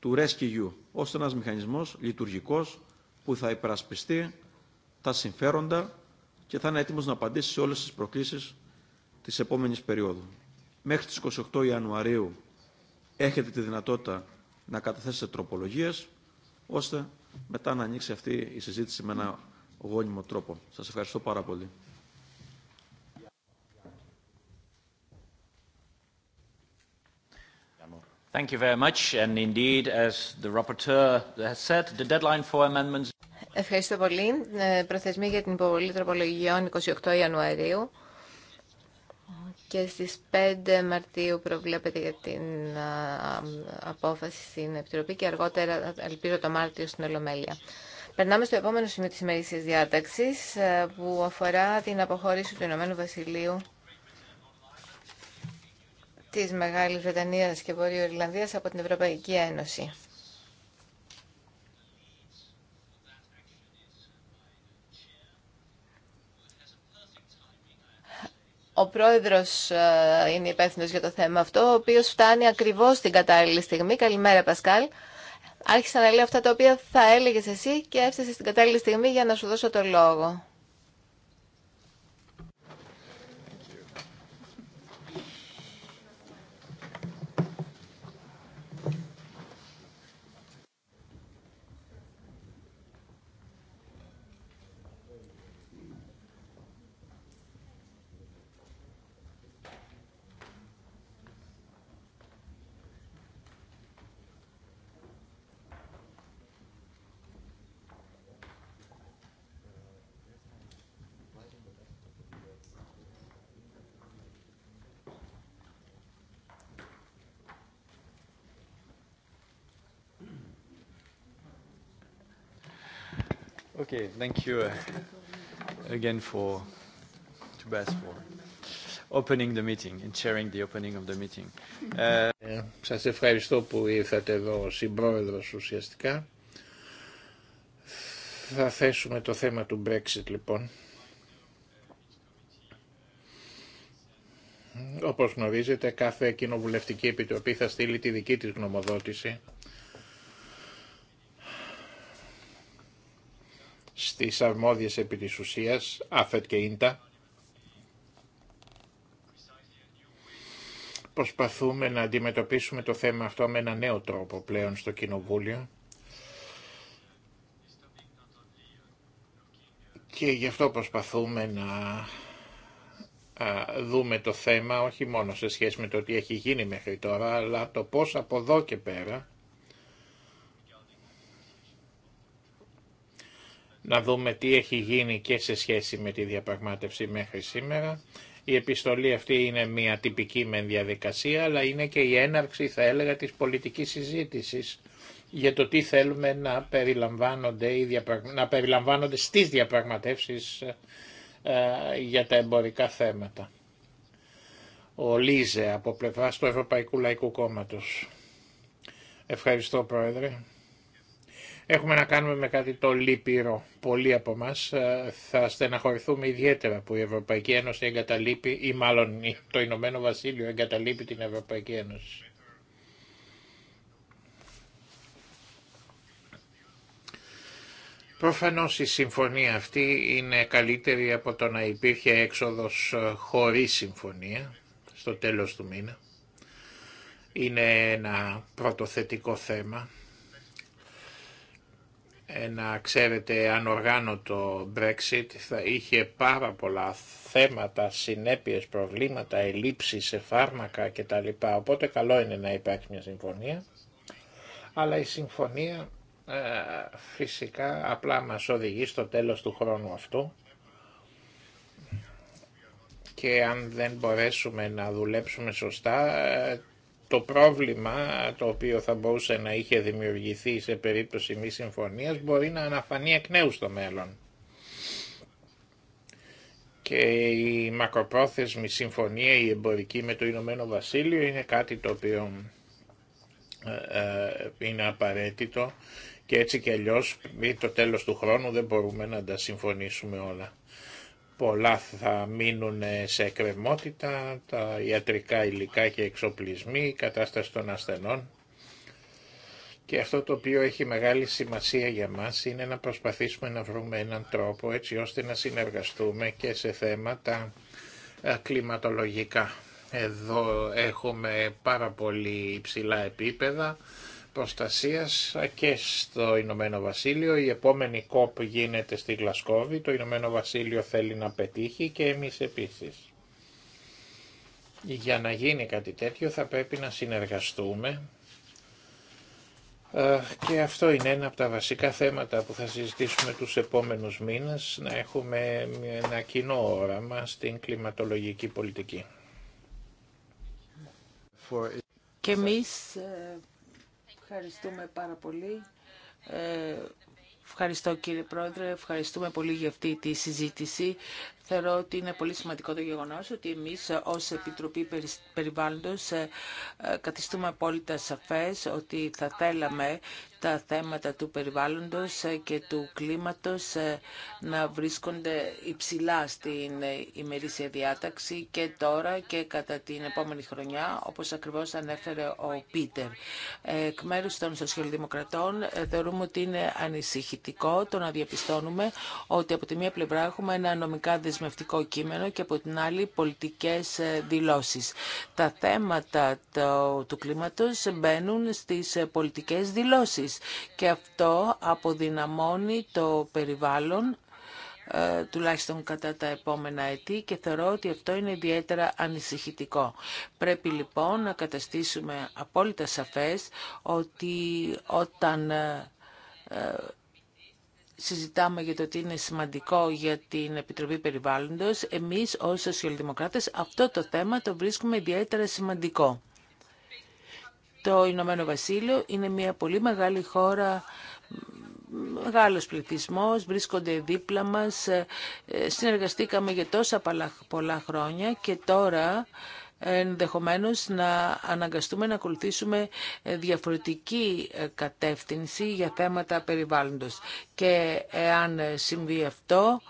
του Rescue, ώστε ένας μηχανισμός λειτουργικός που θα υπερασπιστεί τα συμφέροντα και θα είναι έτοιμος να απαντήσει σε όλες τις προκλήσεις της επόμενης περίοδου. Μέχρι τις 28 Ιανουαρίου έχετε τη δυνατότητα να καταθέσετε τροπολογίες, ώστε μετά να ανοίξει αυτή η συζήτηση με ένα γόνιμο τρόπο. Σας ευχαριστώ πάρα πολύ. Thank you very much. And indeed, as the rapporteur has said, the deadline for amendments... Ευχαριστώ πολύ. Ε, προθεσμοί για την υποβολή τροπολογιών 28 Ιανουαρίου και στις 5 Μαρτίου προβλέπεται για την ε, απόφαση στην Επιτροπή και αργότερα ελπίζω το Μάρτιο στην Ολομέλεια. Περνάμε στο επόμενο σημείο της ημερήσιας διάταξης ε, που αφορά την αποχώρηση του Ηνωμένου Βασιλείου της Μεγάλης Βρετανίας και Βόρειο Ιρλανδίας από την Ευρωπαϊκή Ένωση. Ο πρόεδρος ε, είναι υπεύθυνο για το θέμα αυτό, ο οποίος φτάνει ακριβώς την κατάλληλη στιγμή. Καλημέρα Πασκάλ. Άρχισα να λέω αυτά τα οποία θα έλεγες εσύ και έφτασε στην κατάλληλη στιγμή για να σου δώσω το λόγο. Okay, thank you uh, again for to Tobias for opening the meeting and sharing the opening of the meeting. Uh, ε, σας ευχαριστώ που ήρθατε εδώ ο συμπρόεδρος ουσιαστικά. Θα θέσουμε το θέμα του Brexit λοιπόν. Όπως γνωρίζετε κάθε κοινοβουλευτική επιτροπή θα στείλει τη δική της γνωμοδότηση στις αρμόδιες επί της ουσίας, ΑΦΕΤ και ΙΝΤΑ. Προσπαθούμε να αντιμετωπίσουμε το θέμα αυτό με ένα νέο τρόπο πλέον στο Κοινοβούλιο. Και γι' αυτό προσπαθούμε να δούμε το θέμα όχι μόνο σε σχέση με το τι έχει γίνει μέχρι τώρα, αλλά το πώς από εδώ και πέρα να δούμε τι έχει γίνει και σε σχέση με τη διαπραγμάτευση μέχρι σήμερα. Η επιστολή αυτή είναι μια τυπική μεν διαδικασία, αλλά είναι και η έναρξη, θα έλεγα, της πολιτικής συζήτησης για το τι θέλουμε να περιλαμβάνονται, να περιλαμβάνονται στις διαπραγματεύσεις ε, για τα εμπορικά θέματα. Ο Λίζε από πλευράς του Ευρωπαϊκού Λαϊκού Κόμματος. Ευχαριστώ Πρόεδρε. Έχουμε να κάνουμε με κάτι το λύπηρο. Πολλοί από εμά ε, θα στεναχωρηθούμε ιδιαίτερα που η Ευρωπαϊκή Ένωση εγκαταλείπει ή μάλλον το Ηνωμένο Βασίλειο εγκαταλείπει την Ευρωπαϊκή Ένωση. Προφανώς η συμφωνία αυτή είναι καλύτερη από το να υπήρχε έξοδος ε, χωρίς συμφωνία στο τέλος του μήνα. Είναι ένα πρωτοθετικό θέμα ε, να ξέρετε ανοργάνωτο Brexit θα είχε πάρα πολλά θέματα, συνέπειες, προβλήματα, ελλείψεις σε φάρμακα κτλ. Οπότε καλό είναι να υπάρχει μια συμφωνία, αλλά η συμφωνία ε, φυσικά απλά μας οδηγεί στο τέλος του χρόνου αυτού και αν δεν μπορέσουμε να δουλέψουμε σωστά ε, το πρόβλημα το οποίο θα μπορούσε να είχε δημιουργηθεί σε περίπτωση μη συμφωνίας μπορεί να αναφανεί εκ νέου στο μέλλον. Και η μακροπρόθεσμη συμφωνία, η εμπορική με το Ηνωμένο Βασίλειο είναι κάτι το οποίο ε, ε, είναι απαραίτητο και έτσι και αλλιώς το τέλος του χρόνου δεν μπορούμε να τα συμφωνήσουμε όλα πολλά θα μείνουν σε εκκρεμότητα, τα ιατρικά υλικά και εξοπλισμοί, η κατάσταση των ασθενών. Και αυτό το οποίο έχει μεγάλη σημασία για μας είναι να προσπαθήσουμε να βρούμε έναν τρόπο έτσι ώστε να συνεργαστούμε και σε θέματα ε, κλιματολογικά. Εδώ έχουμε πάρα πολύ υψηλά επίπεδα και στο Ηνωμένο Βασίλειο. Η επόμενη κόπ γίνεται στη Γλασκόβη. Το Ηνωμένο Βασίλειο θέλει να πετύχει και εμείς επίσης. Για να γίνει κάτι τέτοιο θα πρέπει να συνεργαστούμε ε, και αυτό είναι ένα από τα βασικά θέματα που θα συζητήσουμε τους επόμενους μήνες, να έχουμε ένα κοινό όραμα στην κλιματολογική πολιτική. Και ε, Ευχαριστούμε πάρα πολύ. Ε, ευχαριστώ κύριε Πρόεδρε, ευχαριστούμε πολύ για αυτή τη συζήτηση. Θεωρώ ότι είναι πολύ σημαντικό το γεγονός ότι εμείς ως Επιτροπή Περιβάλλοντος ε, ε, καθιστούμε απόλυτα σαφές ότι θα θέλαμε τα θέματα του περιβάλλοντος και του κλίματος ε, να βρίσκονται υψηλά στην ημερήσια διάταξη και τώρα και κατά την επόμενη χρονιά, όπως ακριβώς ανέφερε ο Πίτερ. Εκ μέρους των σοσιαλδημοκρατών ε, θεωρούμε ότι είναι ανησυχητικό το να διαπιστώνουμε ότι από τη μία πλευρά έχουμε ένα νομικά δεσμευτικό κείμενο και από την άλλη πολιτικές ε, δηλώσεις. Τα θέματα του κλίματος μπαίνουν στις πολιτικές δηλώσεις και αυτό αποδυναμώνει το περιβάλλον ε, τουλάχιστον κατά τα επόμενα ετή και θεωρώ ότι αυτό είναι ιδιαίτερα ανησυχητικό. Πρέπει λοιπόν να καταστήσουμε απόλυτα σαφές ότι όταν ε, ε, συζητάμε για το τι είναι σημαντικό για την Επιτροπή Περιβάλλοντος, εμείς ως σοσιαλδημοκράτες αυτό το θέμα το βρίσκουμε ιδιαίτερα σημαντικό. Το Ηνωμένο Βασίλειο είναι μια πολύ μεγάλη χώρα μεγάλος πληθυσμός, βρίσκονται δίπλα μας, ε, συνεργαστήκαμε για τόσα πολλά χρόνια και τώρα ενδεχομένως να αναγκαστούμε να ακολουθήσουμε διαφορετική ε, κατεύθυνση για θέματα περιβάλλοντος. Και εάν συμβεί αυτό,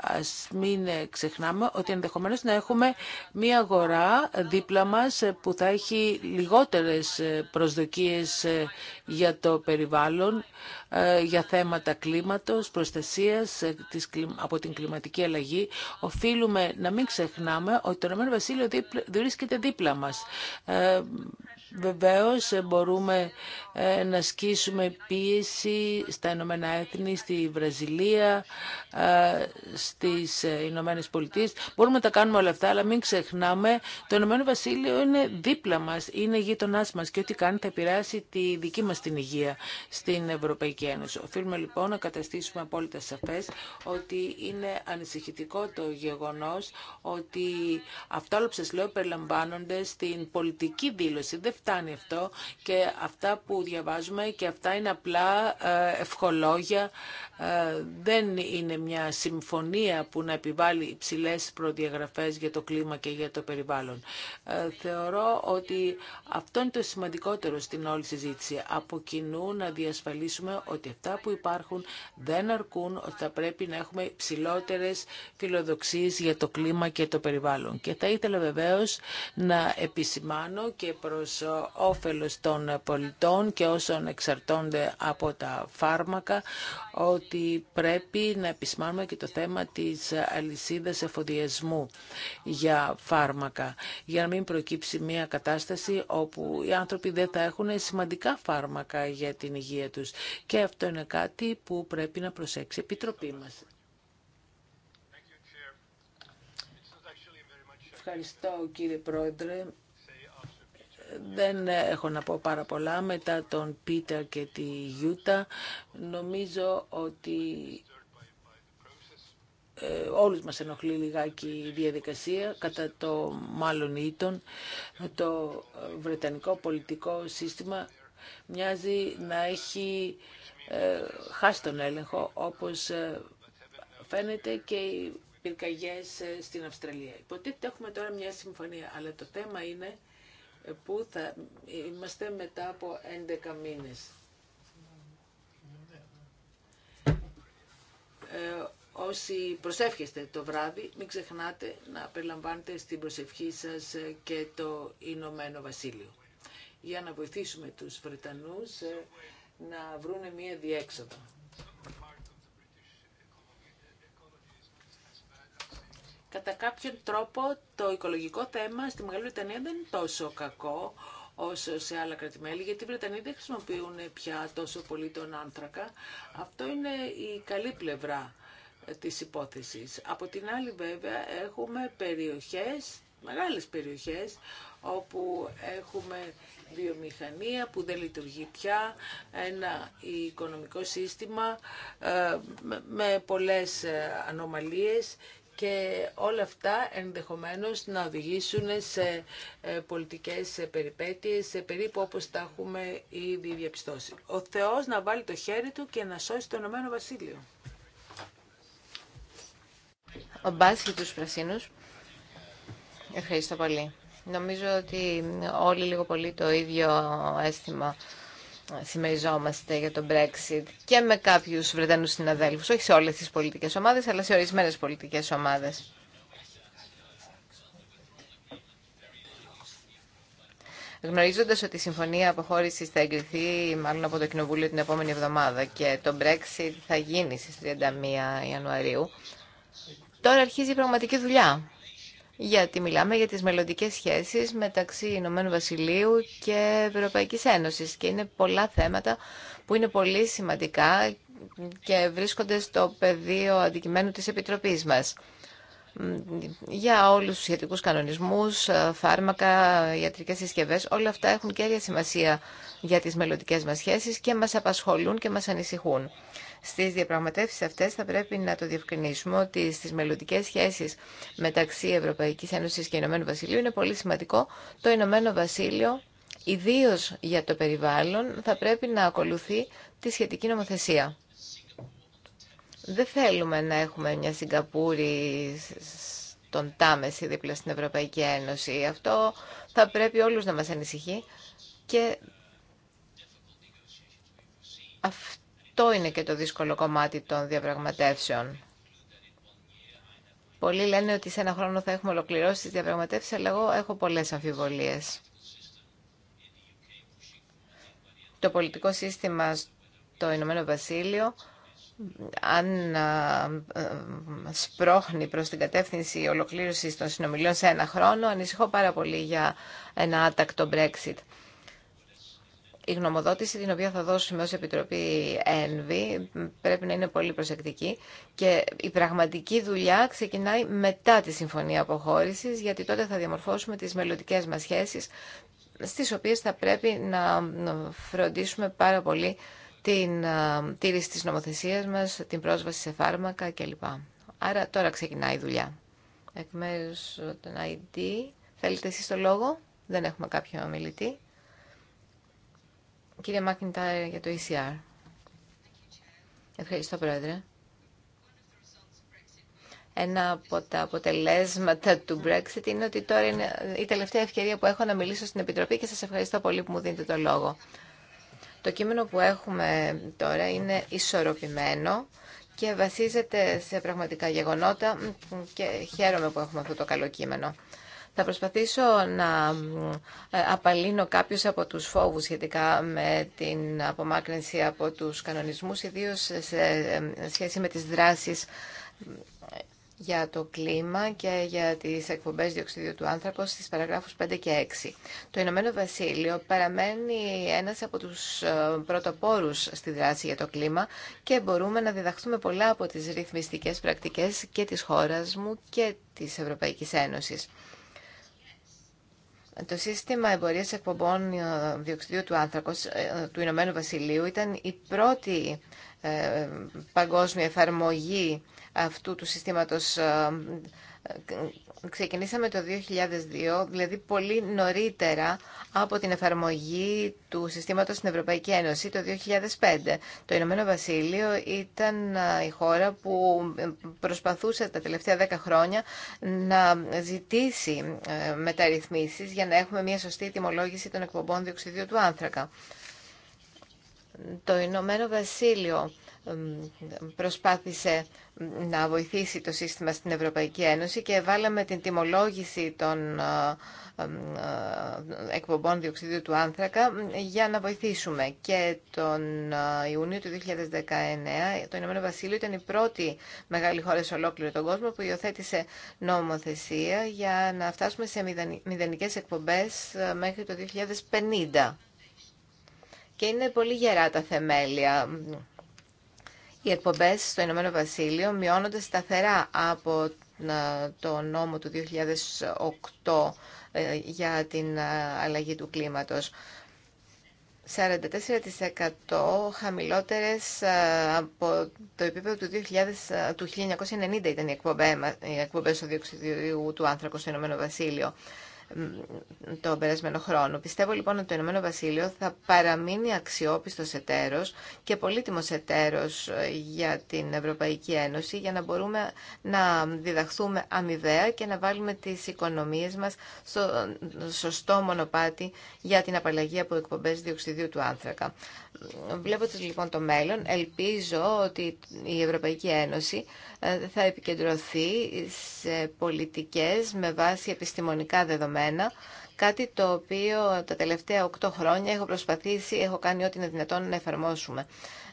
Ας μην ε, ξεχνάμε ότι ενδεχομένως να έχουμε μία αγορά δίπλα μας ε, που θα έχει λιγότερες ε, προσδοκίες για το περιβάλλον, για θέματα κλίματος, προστασίας από την κλιματική αλλαγή. Οφείλουμε να μην ξεχνάμε ότι το Ηνωμένο Βασίλειο βρίσκεται δίπλα μας Βεβαίως ε, μπορούμε ε, να ασκήσουμε πίεση στα Ηνωμένα Έθνη, στη Βραζιλία, ε, στις Ηνωμένε Πολιτείες. Μπορούμε να τα κάνουμε όλα αυτά, αλλά μην ξεχνάμε, το Ηνωμένο Βασίλειο είναι δίπλα μας, είναι γείτονά μας και ό,τι κάνει θα επηρεάσει τη δική μας την υγεία στην Ευρωπαϊκή Ένωση. Οφείλουμε λοιπόν να καταστήσουμε απόλυτα σαφές ότι είναι ανησυχητικό το γεγονός ότι αυτά όλα που σας λέω περιλαμβάνονται στην πολιτική δήλωση. Δεν φτάνει αυτό και αυτά που διαβάζουμε και αυτά είναι απλά ε, ευχολόγια. Ε, δεν είναι μια συμφωνία που να επιβάλλει υψηλέ προδιαγραφές για το κλίμα και για το περιβάλλον. Ε, θεωρώ ότι αυτό είναι το σημαντικότερο στην όλη συζήτηση. Από κοινού να διασφαλίσουμε ότι αυτά που υπάρχουν δεν αρκούν, ότι θα πρέπει να έχουμε υψηλότερε φιλοδοξίες για το κλίμα και το περιβάλλον. Και θα ήθελα βεβαίως να επισημάνω και προς όφελος των πολιτών και όσων εξαρτώνται από τα φάρμακα ότι πρέπει να επισημάνουμε και το θέμα της αλυσίδας εφοδιασμού για φάρμακα για να μην προκύψει μια κατάσταση όπου οι άνθρωποι δεν θα έχουν σημαντικά φάρμακα για την υγεία τους και αυτό είναι κάτι που πρέπει να προσέξει η Επιτροπή μας. Ευχαριστώ κύριε Πρόεδρε δεν έχω να πω πάρα πολλά μετά τον Πίτερ και τη Γιούτα. Νομίζω ότι ε, όλους μας ενοχλεί λιγάκι η διαδικασία κατά το μάλλον ήτον το βρετανικό πολιτικό σύστημα μοιάζει να έχει ε, χάσει τον έλεγχο όπως ε, φαίνεται και οι πυρκαγιές ε, στην Αυστραλία. Υποτίθεται έχουμε τώρα μια συμφωνία αλλά το θέμα είναι ε, πού θα είμαστε μετά από 11 μήνες. Ε, όσοι προσεύχεστε το βράδυ, μην ξεχνάτε να περιλαμβάνετε στην προσευχή σας ε, και το Ηνωμένο Βασίλειο. Για να βοηθήσουμε τους Βρετανούς ε, να βρουνε μια διέξοδο. Κατά κάποιον τρόπο το οικολογικό θέμα στη Μεγάλη Βρετανία δεν είναι τόσο κακό όσο σε άλλα κρατημέλη, γιατί οι Βρετανοί δεν χρησιμοποιούν πια τόσο πολύ τον άνθρακα. Αυτό είναι η καλή πλευρά ε, της υπόθεσης. Από την άλλη βέβαια έχουμε περιοχές, μεγάλες περιοχές, όπου έχουμε βιομηχανία που δεν λειτουργεί πια, ένα οικονομικό σύστημα ε, με πολλές ε, ανομαλίες και όλα αυτά ενδεχομένως να οδηγήσουν σε ε, πολιτικές ε, περιπέτειες, περίπου όπως τα έχουμε ήδη διαπιστώσει. Ο Θεός να βάλει το χέρι του και να σώσει το Ηνωμένο Βασίλειο. Ο Μπάς και τους Πρασίνους. Ευχαριστώ πολύ. Νομίζω ότι όλοι λίγο πολύ το ίδιο αίσθημα συμμεριζόμαστε για το Brexit και με κάποιους βρετανου συναδέλφους, όχι σε όλες τις πολιτικές ομάδε, αλλά σε ορισμένες πολιτικές ομάδε. Γνωρίζοντα ότι η συμφωνία αποχώρηση θα εγκριθεί μάλλον από το Κοινοβούλιο την επόμενη εβδομάδα και το Brexit θα γίνει στι 31 Ιανουαρίου, τώρα αρχίζει η πραγματική δουλειά γιατί μιλάμε για τις μελλοντικέ σχέσεις μεταξύ Ηνωμένου Βασιλείου και Ευρωπαϊκής Ένωσης και είναι πολλά θέματα που είναι πολύ σημαντικά και βρίσκονται στο πεδίο αντικειμένου της Επιτροπής μας για όλους τους σχετικούς κανονισμούς, φάρμακα, ιατρικές συσκευές, όλα αυτά έχουν κέρια σημασία για τις μελλοντικέ μας σχέσεις και μας απασχολούν και μας ανησυχούν. Στι διαπραγματεύσει αυτέ θα πρέπει να το διευκρινίσουμε ότι στι μελλοντικέ σχέσει μεταξύ Ευρωπαϊκή Ένωση και Ηνωμένου Βασιλείου είναι πολύ σημαντικό το Ηνωμένο Βασίλειο Ιδίω για το περιβάλλον, θα πρέπει να ακολουθεί τη σχετική νομοθεσία. Δεν θέλουμε να έχουμε μια Σιγκαπούρη στον Τάμεση δίπλα στην Ευρωπαϊκή Ένωση. Αυτό θα πρέπει όλους να μας ανησυχεί και αυτό είναι και το δύσκολο κομμάτι των διαπραγματεύσεων. Πολλοί λένε ότι σε ένα χρόνο θα έχουμε ολοκληρώσει τις διαπραγματεύσεις, αλλά εγώ έχω πολλές αμφιβολίες. Το πολιτικό σύστημα στο Ηνωμένο Βασίλειο αν σπρώχνει προς την κατεύθυνση ολοκλήρωσης των συνομιλίων σε ένα χρόνο, ανησυχώ πάρα πολύ για ένα άτακτο Brexit. Η γνωμοδότηση την οποία θα δώσουμε ως Επιτροπή ΕΝΒΗ πρέπει να είναι πολύ προσεκτική και η πραγματική δουλειά ξεκινάει μετά τη Συμφωνία Αποχώρησης γιατί τότε θα διαμορφώσουμε τις μελλοντικές μας σχέσεις στις οποίες θα πρέπει να φροντίσουμε πάρα πολύ την τήρηση της νομοθεσίας μας, την πρόσβαση σε φάρμακα κλπ. Άρα τώρα ξεκινάει η δουλειά. Εκ μέρους των ID, θέλετε εσείς το λόγο, δεν έχουμε κάποιο ομιλητή. Κύριε Μάκιντάρ, για το ECR. Ευχαριστώ, Πρόεδρε. Ένα από τα αποτελέσματα του Brexit είναι ότι τώρα είναι η τελευταία ευκαιρία που έχω να μιλήσω στην Επιτροπή και σας ευχαριστώ πολύ που μου δίνετε το λόγο. Το κείμενο που έχουμε τώρα είναι ισορροπημένο και βασίζεται σε πραγματικά γεγονότα και χαίρομαι που έχουμε αυτό το καλό κείμενο. Θα προσπαθήσω να ε, απαλύνω κάποιους από τους φόβους σχετικά με την απομάκρυνση από τους κανονισμούς, ιδίως σε ε, σχέση με τις δράσεις για το κλίμα και για τις εκπομπές διοξιδίου του άνθρωπος στις παραγράφους 5 και 6. Το Ηνωμένο Βασίλειο παραμένει ένας από τους ε, πρωτοπόρους στη δράση για το κλίμα και μπορούμε να διδαχθούμε πολλά από τις ρυθμιστικές πρακτικές και της χώρας μου και της Ευρωπαϊκής Ένωσης. Το σύστημα εμπορία εκπομπών ε, διοξιδίου του άνθρακο ε, του Ηνωμένου Βασιλείου ήταν η πρώτη ε, παγκόσμια εφαρμογή αυτού του συστήματος ξεκινήσαμε το 2002, δηλαδή πολύ νωρίτερα από την εφαρμογή του συστήματος στην Ευρωπαϊκή Ένωση το 2005. Το Ηνωμένο Βασίλειο ήταν η χώρα που ε, προσπαθούσε τα τελευταία δέκα χρόνια να ζητήσει ε, μεταρρυθμίσεις για να έχουμε μια σωστή τιμολόγηση των εκπομπών διοξιδίου του άνθρακα. Το Ηνωμένο Βασίλειο προσπάθησε να βοηθήσει το σύστημα στην Ευρωπαϊκή Ένωση και βάλαμε την τιμολόγηση των ε, ε, εκπομπών διοξιδίου του άνθρακα για να βοηθήσουμε. Και τον ε, Ιούνιο του 2019 το Ηνωμένο Βασίλειο ήταν η πρώτη μεγάλη χώρα σε ολόκληρο τον κόσμο που υιοθέτησε νομοθεσία για να φτάσουμε σε μηδενικές εκπομπές μέχρι το 2050 και είναι πολύ γερά τα θεμέλια. Οι εκπομπές στο Ηνωμένο Βασίλειο μειώνονται σταθερά από ε, το νόμο του 2008 ε, για την ε, αλλαγή του κλίματος. 44% χαμηλότερες από το επίπεδο του, 2000, του 1990 ήταν οι εκπομπές, οι εκπομπές του διοξιδίου του άνθρακου στο Ηνωμένο Βασίλειο τον περασμένο χρόνο. Πιστεύω λοιπόν ότι το Ηνωμένο Βασίλειο θα παραμείνει αξιόπιστος εταίρος και πολύτιμο εταίρος ε, για την Ευρωπαϊκή Ένωση για να μπορούμε να διδαχθούμε αμοιβαία και να βάλουμε τις οικονομίες μας στο σωστό μονοπάτι για την απαλλαγή από εκπομπές διοξιδίου του άνθρακα. Βλέποντας λοιπόν το μέλλον, ελπίζω ότι η Ευρωπαϊκή Ένωση ε, θα επικεντρωθεί σε πολιτικές με βάση επιστημονικά δεδομένα, κάτι το οποίο τα τελευταία οκτώ χρόνια έχω προσπαθήσει, έχω κάνει ό,τι είναι δυνατόν να εφαρμόσουμε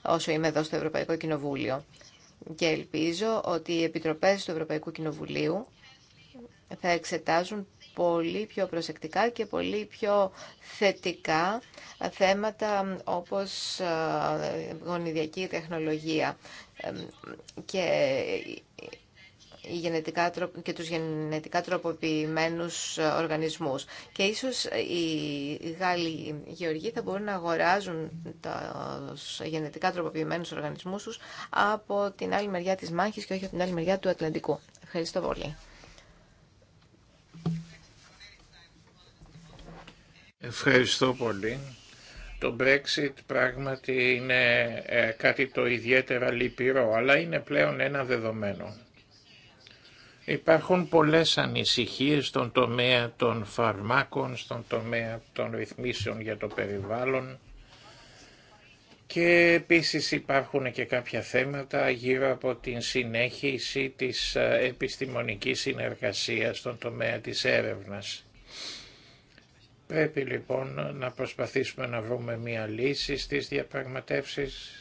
όσο είμαι εδώ στο Ευρωπαϊκό Κοινοβούλιο. Και ελπίζω ότι οι επιτροπές του Ευρωπαϊκού Κοινοβουλίου θα εξετάζουν πολύ πιο προσεκτικά και πολύ πιο θετικά θέματα όπως ε, γονιδιακή τεχνολογία και οι γενετικά, και τους γενετικά τροποποιημένους ε, οργανισμούς. Και ίσως ε, οι Γάλλοι γεωργοί θα μπορούν να αγοράζουν τους γενετικά τροποποιημένους οργανισμούς τους από την άλλη μεριά της μάχης και όχι από την άλλη μεριά του Ατλαντικού. Ευχαριστώ πολύ. Ευχαριστώ πολύ. Το Brexit πράγματι είναι ε, κάτι το ιδιαίτερα λυπηρό, αλλά είναι πλέον ένα δεδομένο. Υπάρχουν πολλές ανησυχίες στον τομέα των φαρμάκων, στον τομέα των ρυθμίσεων για το περιβάλλον και επίσης υπάρχουν και κάποια θέματα γύρω από την συνέχιση της ε, επιστημονικής συνεργασίας στον τομέα της έρευνας. Πρέπει λοιπόν να προσπαθήσουμε να βρούμε μία λύση στις διαπραγματεύσεις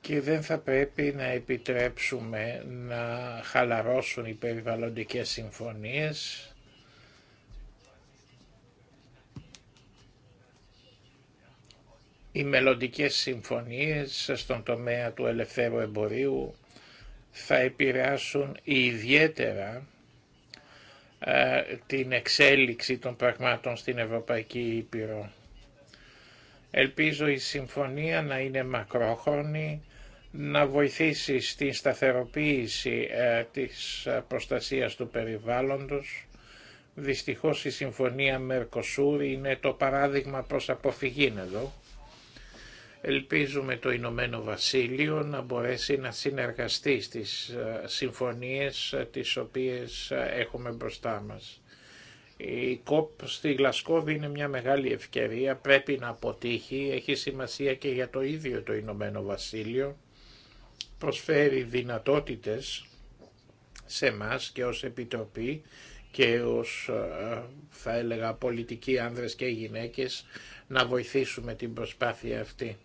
και δεν θα πρέπει να επιτρέψουμε να χαλαρώσουν οι περιβαλλοντικές συμφωνίες οι μελλοντικέ συμφωνίες στον τομέα του ελευθέρου εμπορίου θα επηρεάσουν ιδιαίτερα ε, την εξέλιξη των πραγμάτων στην Ευρωπαϊκή Ήπειρο. Ελπίζω η συμφωνία να είναι μακρόχρονη, να βοηθήσει στην σταθεροποίηση ε, της προστασίας του περιβάλλοντος. Δυστυχώς η συμφωνία Μερκοσούρη είναι το παράδειγμα προς αποφυγήν εδώ Ελπίζουμε το Ηνωμένο Βασίλειο να μπορέσει να συνεργαστεί στις ε, συμφωνίες ε, τις οποίες ε, έχουμε μπροστά μας. Η ΚΟΠ στη Γλασκόβη είναι μια μεγάλη ευκαιρία, πρέπει να αποτύχει, έχει σημασία και για το ίδιο το Ηνωμένο Βασίλειο, προσφέρει δυνατότητες σε μας και ως Επιτροπή και ως θα έλεγα πολιτικοί άνδρες και γυναίκες να βοηθήσουμε την προσπάθεια αυτή.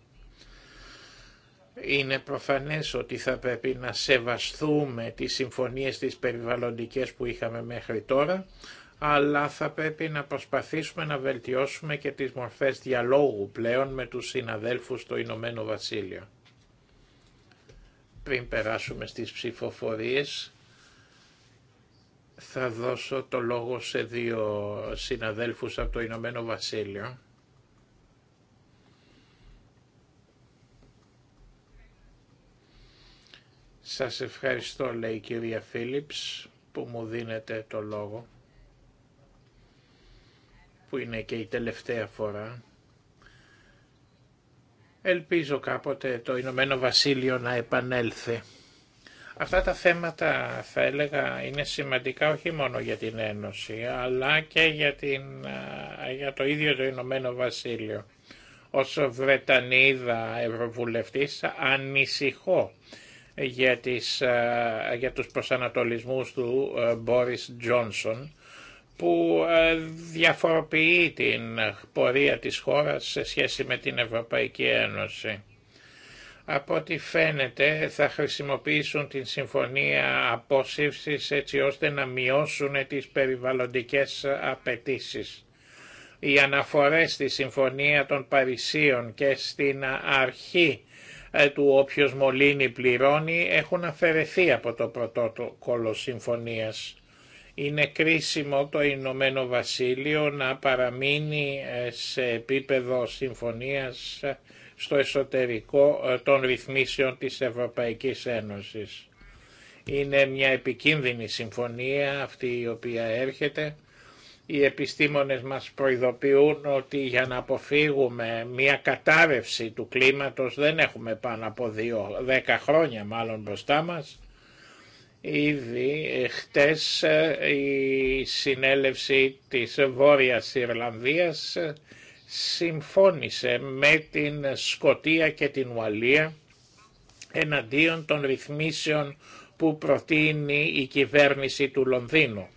Είναι προφανές ότι θα πρέπει να σεβαστούμε τις συμφωνίες τις περιβαλλοντικές που είχαμε μέχρι τώρα, αλλά θα πρέπει να προσπαθήσουμε να βελτιώσουμε και τις μορφές διαλόγου πλέον με τους συναδέλφους στο Ηνωμένο Βασίλειο. Πριν περάσουμε στις ψηφοφορίες, θα δώσω το λόγο σε δύο συναδέλφους από το Ηνωμένο Βασίλειο. Σας ευχαριστώ λέει η κυρία Φίλιπς που μου δίνετε το λόγο που είναι και η τελευταία φορά. Ελπίζω κάποτε το Ηνωμένο Βασίλειο να επανέλθει. Αυτά τα θέματα θα έλεγα είναι σημαντικά όχι μόνο για την Ένωση αλλά και για, την, για το ίδιο το Ηνωμένο Βασίλειο. Όσο Βρετανίδα Ευρωβουλευτής ανησυχώ για, τις, ε, για τους προσανατολισμούς του ε, Μπόρις Τζόνσον που ε, διαφοροποιεί την πορεία της χώρας σε σχέση με την Ευρωπαϊκή Ένωση. Από ό,τι φαίνεται θα χρησιμοποιήσουν την συμφωνία απόσυρσης έτσι ώστε να μειώσουν τις περιβαλλοντικές απαιτήσεις. Οι αναφορές στη Συμφωνία των Παρισίων και στην αρχή ε, του όποιος μολύνει πληρώνει έχουν αφαιρεθεί από το πρωτόκολλο συμφωνίας. Είναι κρίσιμο το Ηνωμένο Βασίλειο να παραμείνει ε, σε επίπεδο συμφωνίας ε, στο εσωτερικό των ρυθμίσεων της Ευρωπαϊκής Ένωσης. Είναι μια επικίνδυνη συμφωνία αυτή η οποία έρχεται οι επιστήμονες μας προειδοποιούν ότι για να αποφύγουμε μια κατάρρευση του κλίματος δεν έχουμε πάνω από δύο, δέκα χρόνια μάλλον μπροστά μας. Ήδη ε, χτες ε, η συνέλευση της Βόρειας Ιρλανδίας ε, συμφώνησε με την Σκοτία και την Ουαλία εναντίον των ρυθμίσεων που προτείνει η κυβέρνηση του Λονδίνου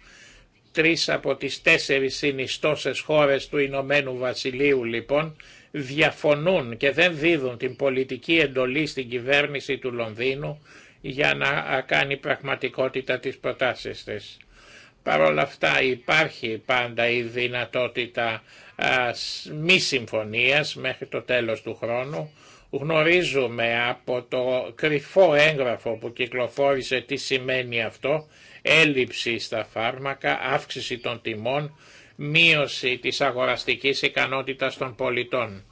τρεις από τις τέσσερις συνιστώσες χώρες του Ηνωμένου Βασιλείου λοιπόν διαφωνούν και δεν δίδουν την πολιτική εντολή στην κυβέρνηση του Λονδίνου για να κάνει πραγματικότητα τις προτάσεις της. Παρ' όλα αυτά υπάρχει πάντα η δυνατότητα μη συμφωνίας μέχρι το τέλος του χρόνου. Γνωρίζουμε από το κρυφό έγγραφο που κυκλοφόρησε τι σημαίνει αυτό έλλειψη στα φάρμακα, αύξηση των τιμών, μείωση της αγοραστικής ικανότητας των πολιτών.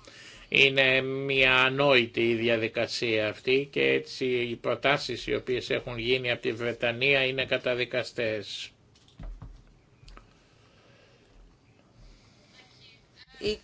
Είναι μια ανόητη η διαδικασία αυτή και έτσι οι προτάσεις οι οποίες έχουν γίνει από τη Βρετανία είναι καταδικαστές. Η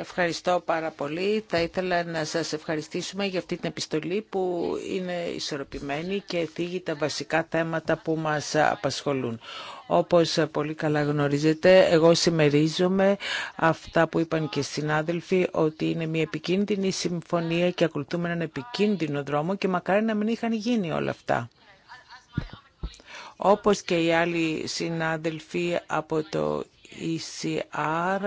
Ευχαριστώ πάρα πολύ. Θα ήθελα να σας ευχαριστήσουμε για αυτή την επιστολή που είναι ισορροπημένη και θίγει τα βασικά θέματα που μας απασχολούν. Όπως πολύ καλά γνωρίζετε, εγώ συμμερίζομαι αυτά που είπαν και οι συνάδελφοι ότι είναι μια επικίνδυνη συμφωνία και ακολουθούμε έναν επικίνδυνο δρόμο και μακάρι να μην είχαν γίνει όλα αυτά όπως και οι άλλοι συνάδελφοι από το ECR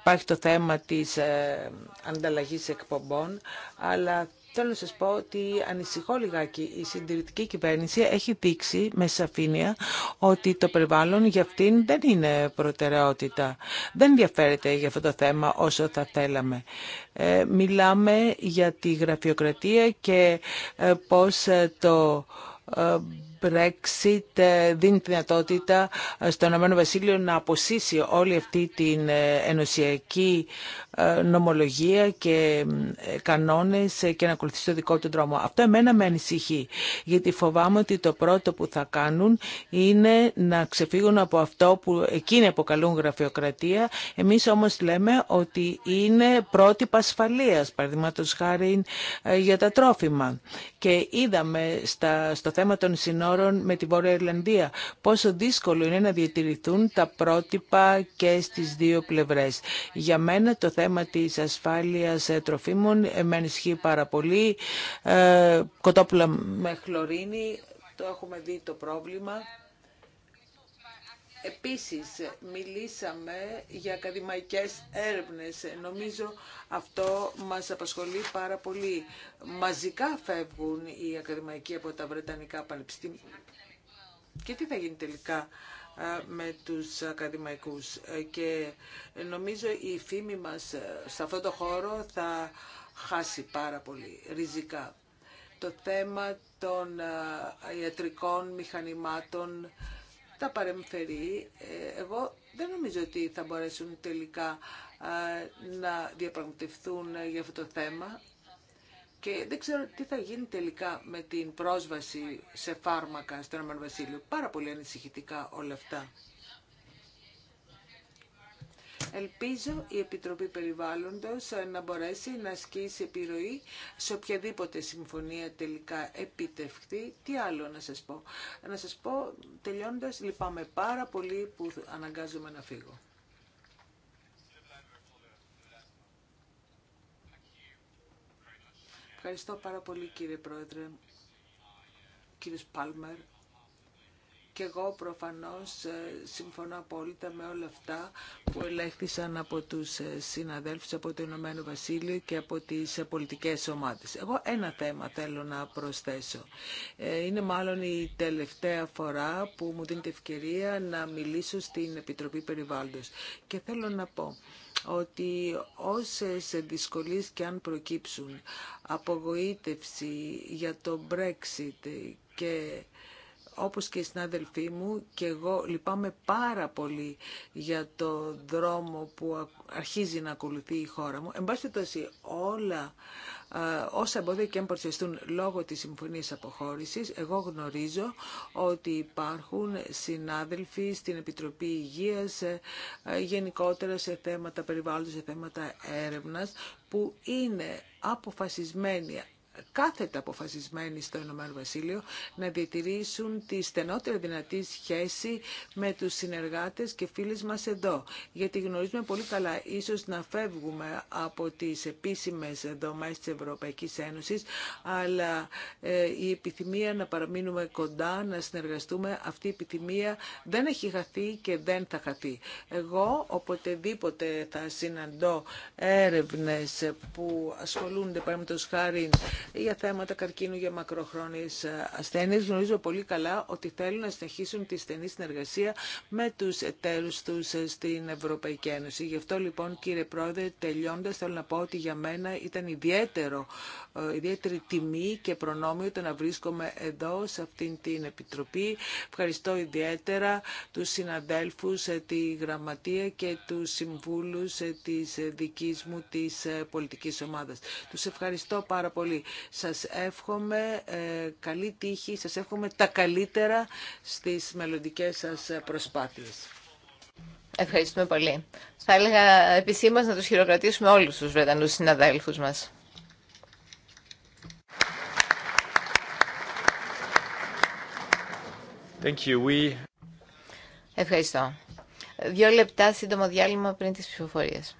Υπάρχει το θέμα της ε, ανταλλαγής εκπομπών, αλλά Θέλω να σας πω ότι ανησυχώ λιγάκι. Η συντηρητική κυβέρνηση έχει δείξει με σαφήνεια ότι το περιβάλλον για αυτήν δεν είναι προτεραιότητα. Δεν ενδιαφέρεται για αυτό το θέμα όσο θα θέλαμε. Ε, μιλάμε για τη γραφειοκρατία και ε, πώς ε, το Brexit ε, δίνει τη δυνατότητα ε, στον Ηνωμένο Βασίλειο να αποσύσει όλη αυτή την ε, ενωσιακή νομολογία και κανόνες και να ακολουθήσει το δικό του δρόμο. Αυτό εμένα με ανησυχεί, γιατί φοβάμαι ότι το πρώτο που θα κάνουν είναι να ξεφύγουν από αυτό που εκείνοι αποκαλούν γραφειοκρατία. Εμείς όμως λέμε ότι είναι πρότυπα ασφαλείας, παραδείγματος χάρη για τα τρόφιμα. Και είδαμε στα, στο θέμα των συνόρων με τη Βόρεια Ιρλανδία. Πόσο δύσκολο είναι να διατηρηθούν τα πρότυπα και στις δύο πλευρές. Για μένα το θέμα της ασφάλειας τροφίμων με ενισχύει πάρα πολύ. Ε, κοτόπουλα με χλωρίνη, το έχουμε δει το πρόβλημα. Επίσης, μιλήσαμε για ακαδημαϊκές έρευνες. Νομίζω αυτό μας απασχολεί πάρα πολύ. Μαζικά φεύγουν οι ακαδημαϊκοί από τα Βρετανικά Πανεπιστήμια. Και τι θα γίνει τελικά με τους ακαδημαϊκούς. Ε, και νομίζω η φήμη μας ε, σε αυτό το χώρο θα χάσει πάρα πολύ ριζικά. Το θέμα των ιατρικών μηχανημάτων τα παρεμφερεί, ε, εγώ δεν νομίζω ότι θα μπορέσουν τελικά να διαπραγματευτούν για αυτό το θέμα και δεν ξέρω τι θα γίνει τελικά με την πρόσβαση σε φάρμακα στον Ρωμανό Βασίλειο. Πάρα πολύ ανησυχητικά όλα αυτά. Ελπίζω η Επιτροπή Περιβάλλοντος να μπορέσει να ασκήσει επιρροή σε οποιαδήποτε συμφωνία τελικά επιτευχθεί. Τι άλλο να σας πω. Να σας πω τελειώνοντας, λυπάμαι πάρα πολύ που αναγκάζομαι να φύγω. Ευχαριστώ πάρα πολύ κύριε Πρόεδρε, κύριος Πάλμερ. Και εγώ προφανώς ε, συμφωνώ απόλυτα με όλα αυτά που ελέγχθησαν από τους ε, συναδέλφους από το Ηνωμένο Βασίλειο και από τις ε, πολιτικές ομάδες. Εγώ ένα θέμα θέλω να προσθέσω. Είναι μάλλον η τελευταία φορά που μου δίνεται ευκαιρία να μιλήσω στην Επιτροπή Περιβάλλοντος. Και θέλω να πω ότι όσες δυσκολίες και αν προκύψουν απογοήτευση για το Brexit και όπως και οι συνάδελφοί μου και εγώ λυπάμαι πάρα πολύ για το δρόμο που αρχίζει να ακολουθεί η χώρα μου. Εν πάση όλα όσα μπορεί και αν παρουσιαστούν λόγω της συμφωνίας αποχώρησης, εγώ γνωρίζω ότι υπάρχουν συνάδελφοι στην Επιτροπή Υγείας, ε, γενικότερα σε θέματα περιβάλλοντος, σε θέματα έρευνας, που είναι αποφασισμένοι κάθετα αποφασισμένοι στο Ηνωμένο Βασίλειο να διατηρήσουν τη στενότερη δυνατή σχέση με τους συνεργάτες και φίλες μας εδώ. Γιατί γνωρίζουμε πολύ καλά ίσως να φεύγουμε από τις επίσημες δομές της Ευρωπαϊκής Ένωσης, αλλά ε, η επιθυμία να παραμείνουμε κοντά, να συνεργαστούμε, αυτή η επιθυμία δεν έχει χαθεί και δεν θα χαθεί. Εγώ οποτεδήποτε θα συναντώ έρευνες που ασχολούνται παραδείγματος χάρη για θέματα καρκίνου για μακροχρόνιε ε, ασθένειε. Γνωρίζω πολύ καλά ότι θέλουν να συνεχίσουν τη στενή συνεργασία με του εταίρου του ε, στην Ευρωπαϊκή Ένωση. Γι' αυτό λοιπόν κύριε Πρόεδρε τελειώντα, θέλω να πω ότι για μένα ήταν ιδιαίτερο, ε, ιδιαίτερη τιμή και προνόμιο το να βρίσκομαι εδώ σε αυτή την Επιτροπή. Ευχαριστώ ιδιαίτερα τους συναδέλφου, τη Γραμματεία και του συμβούλου τη δική μου τη πολιτική ομάδα. Του ευχαριστώ πάρα πολύ. Σας εύχομαι ε, καλή τύχη, σας εύχομαι τα καλύτερα στις μελλοντικές σας προσπάθειες. Ευχαριστούμε πολύ. Θα έλεγα επισήμως να τους χειροκρατήσουμε όλους τους Βρετανούς συναδέλφους μας. Thank you. We... Ευχαριστώ. Δύο λεπτά σύντομο διάλειμμα πριν τις ψηφοφορίες.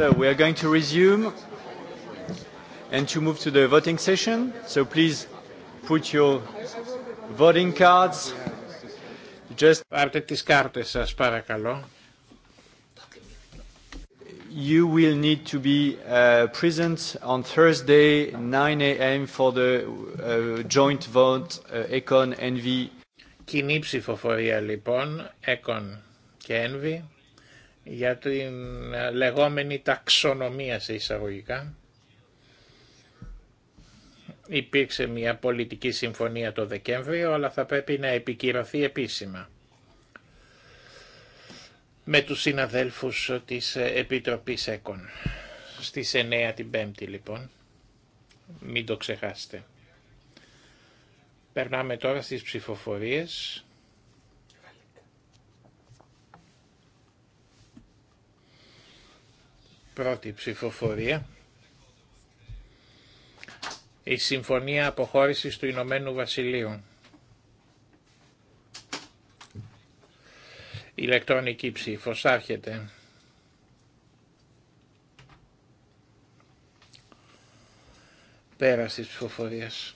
So we are going to resume and to move to the voting session. So please put your voting cards. Just Πάρτε τις κάρτες σας παρακαλώ. You will need to be uh, present on Thursday 9 a.m. for the uh, joint vote uh, Econ NV Κοινή ψηφοφορία λοιπόν, Econ και για την ε, λεγόμενη ταξονομία σε εισαγωγικά. Υπήρξε μια πολιτική συμφωνία το Δεκέμβριο, αλλά θα πρέπει να επικυρωθεί επίσημα με τους συναδέλφους της ε, Επιτροπής ΕΚΟΝ. Στις 9 την Πέμπτη λοιπόν. Μην το ξεχάσετε. Περνάμε τώρα στις ψηφοφορίες. Πρώτη ψηφοφορία. Η Συμφωνία Αποχώρησης του Ηνωμένου Βασιλείου. Ηλεκτρονική ψήφος. Άρχεται. Πέρας της ψηφοφορίας.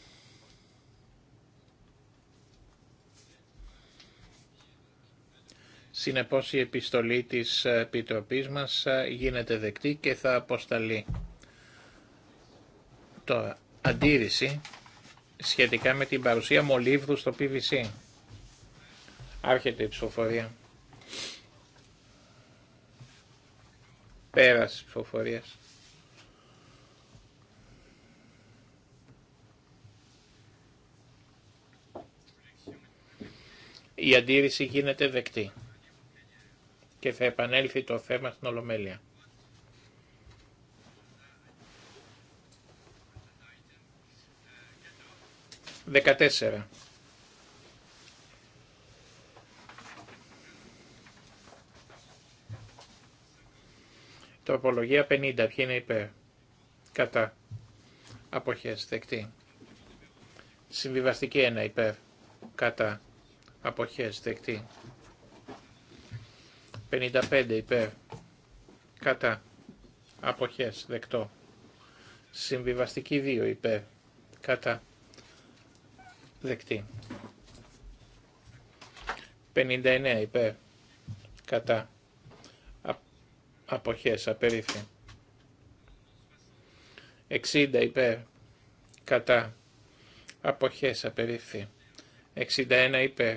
Συνεπώς η επιστολή της Επιτροπής μας ε, γίνεται δεκτή και θα αποσταλεί. το αντίρρηση σχετικά με την παρουσία μολύβδου στο PVC. Άρχεται η ψηφοφορία. Πέρας ψηφοφορίας. Η αντίρρηση γίνεται δεκτή και θα επανέλθει το θέμα στην Ολομέλεια. Δεκατέσσερα. Τροπολογία 50. Ποιοι είναι υπέρ. Κατά. Αποχές. Δεκτή. Συμβιβαστική 1 υπέρ. Κατά. Αποχές. Δεκτή. 55 υπέρ. Κατά. Αποχές. Δεκτό. Συμβιβαστική 2 υπέρ. Κατά. Δεκτή. 59 υπέρ. Κατά. Αποχές. Απερίφη. 60 υπέρ. Κατά. Αποχές. Απερίφη. 61 υπέρ.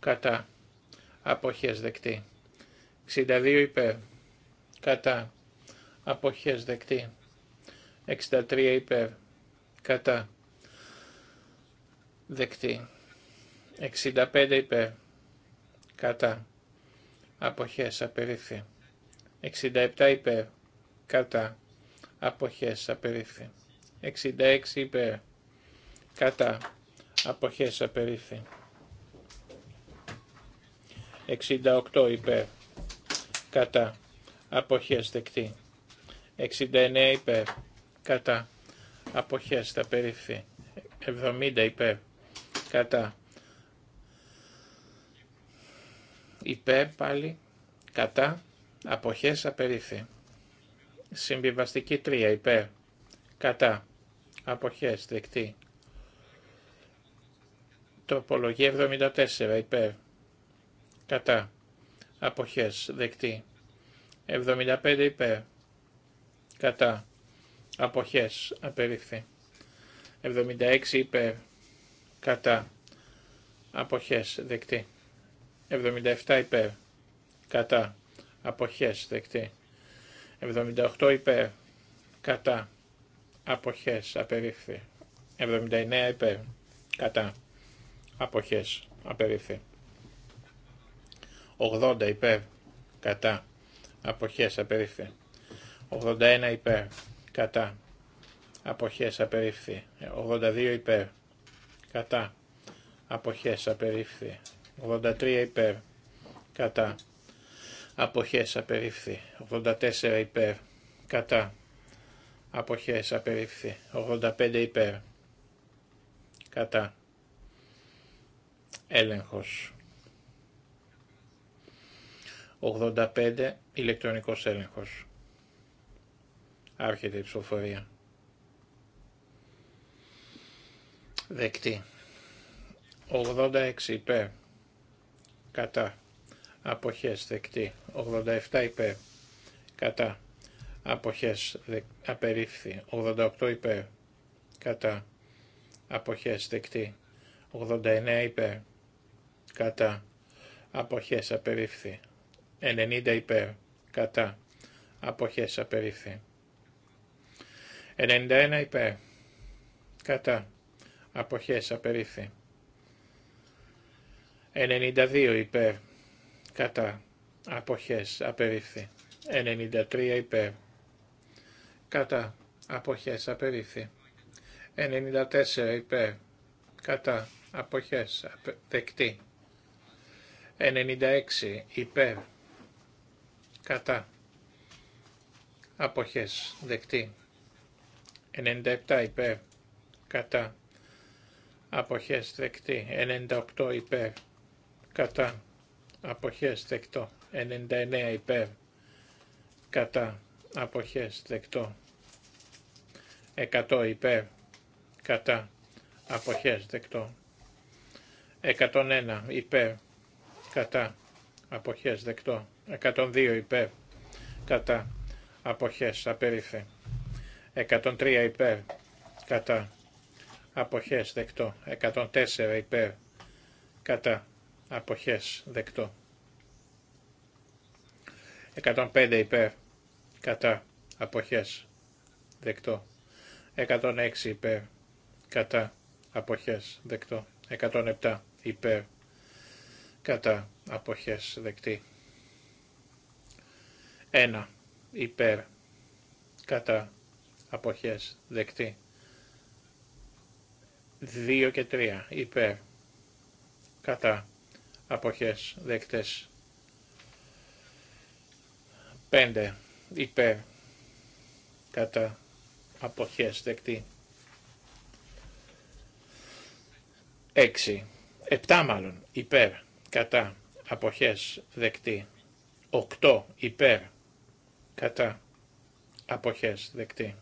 Κατά αποχές δεκτή. 62 υπέρ, κατά, αποχές δεκτή. 63 υπέρ, κατά, δεκτή. 65 υπέρ, κατά, αποχές απερίφθη. 67 υπέρ, κατά, αποχές απερίφθη. 66 υπέρ, κατά, αποχές απερίφθη. 68 υπέρ κατά αποχές δεκτή 69 υπέρ κατά αποχές τα περίφθη 70 υπέρ κατά υπέρ πάλι κατά αποχές απερίφθη συμβιβαστική 3 υπέρ κατά αποχές δεκτή Τοπολογία 74 υπέρ κατά αποχές δεκτή 75 υπέρ κατά αποχές απερίφθη 76 υπέρ κατά αποχές δεκτή 77 υπέρ κατά αποχές δεκτή 78 υπέρ κατά αποχές απερίφθη 79 υπέρ κατά αποχές απερίφθη 80 υπέρ κατά αποχές απερίφθη. 81 υπέρ κατά αποχές απερίφθη. 82 υπέρ κατά αποχές απερίφθη. 83 υπέρ κατά αποχές απερίφθη. 84 υπέρ κατά αποχές απερίφθη. 85 υπέρ κατά έλεγχος 85 ηλεκτρονικός έλεγχος. Άρχεται η ψηφοφορία. Δεκτή. 86 υπέρ. Κατά. Αποχές δεκτή. 87 υπέρ. Κατά. Αποχές δε, απερίφθη. 88 υπέρ. Κατά. Αποχές δεκτή. 89 υπέρ. Κατά. Αποχές απερίφθη. 90 υπέρ, κατά, αποχές απερίφθη. 91 υπέρ, κατά, αποχές απερίφθη. 92 υπέρ, κατά, αποχές απερίφθη. 93 υπέρ, κατά, αποχές απερίφθη. 94 υπέρ, κατά, αποχές απε... δεκτή. 96 υπέρ, κατά αποχές δεκτή 97 υπέρ κατά αποχές δεκτή 98 υπέρ κατά αποχές δεκτό 99 υπέρ κατά αποχές δεκτό 100 υπέρ κατά αποχές δεκτό 101 υπέρ κατά αποχές δεκτό 102 υπέρ κατά αποχές απερίφθη 103 υπέρ κατά αποχές δεκτό 104 υπέρ κατά αποχές δεκτό 105 υπέρ κατά αποχές δεκτό 106 υπέρ κατά αποχές δεκτό 107 υπέρ κατά αποχές δεκτή 1 υπέρ κατά αποχές δεκτή. 2 και 3 υπέρ κατά αποχές δεκτές. 5 υπέρ κατά αποχές δεκτή. 6. 7 μάλλον υπέρ κατά αποχές δεκτή. 8 υπέρ κατά αποχές δεκτεί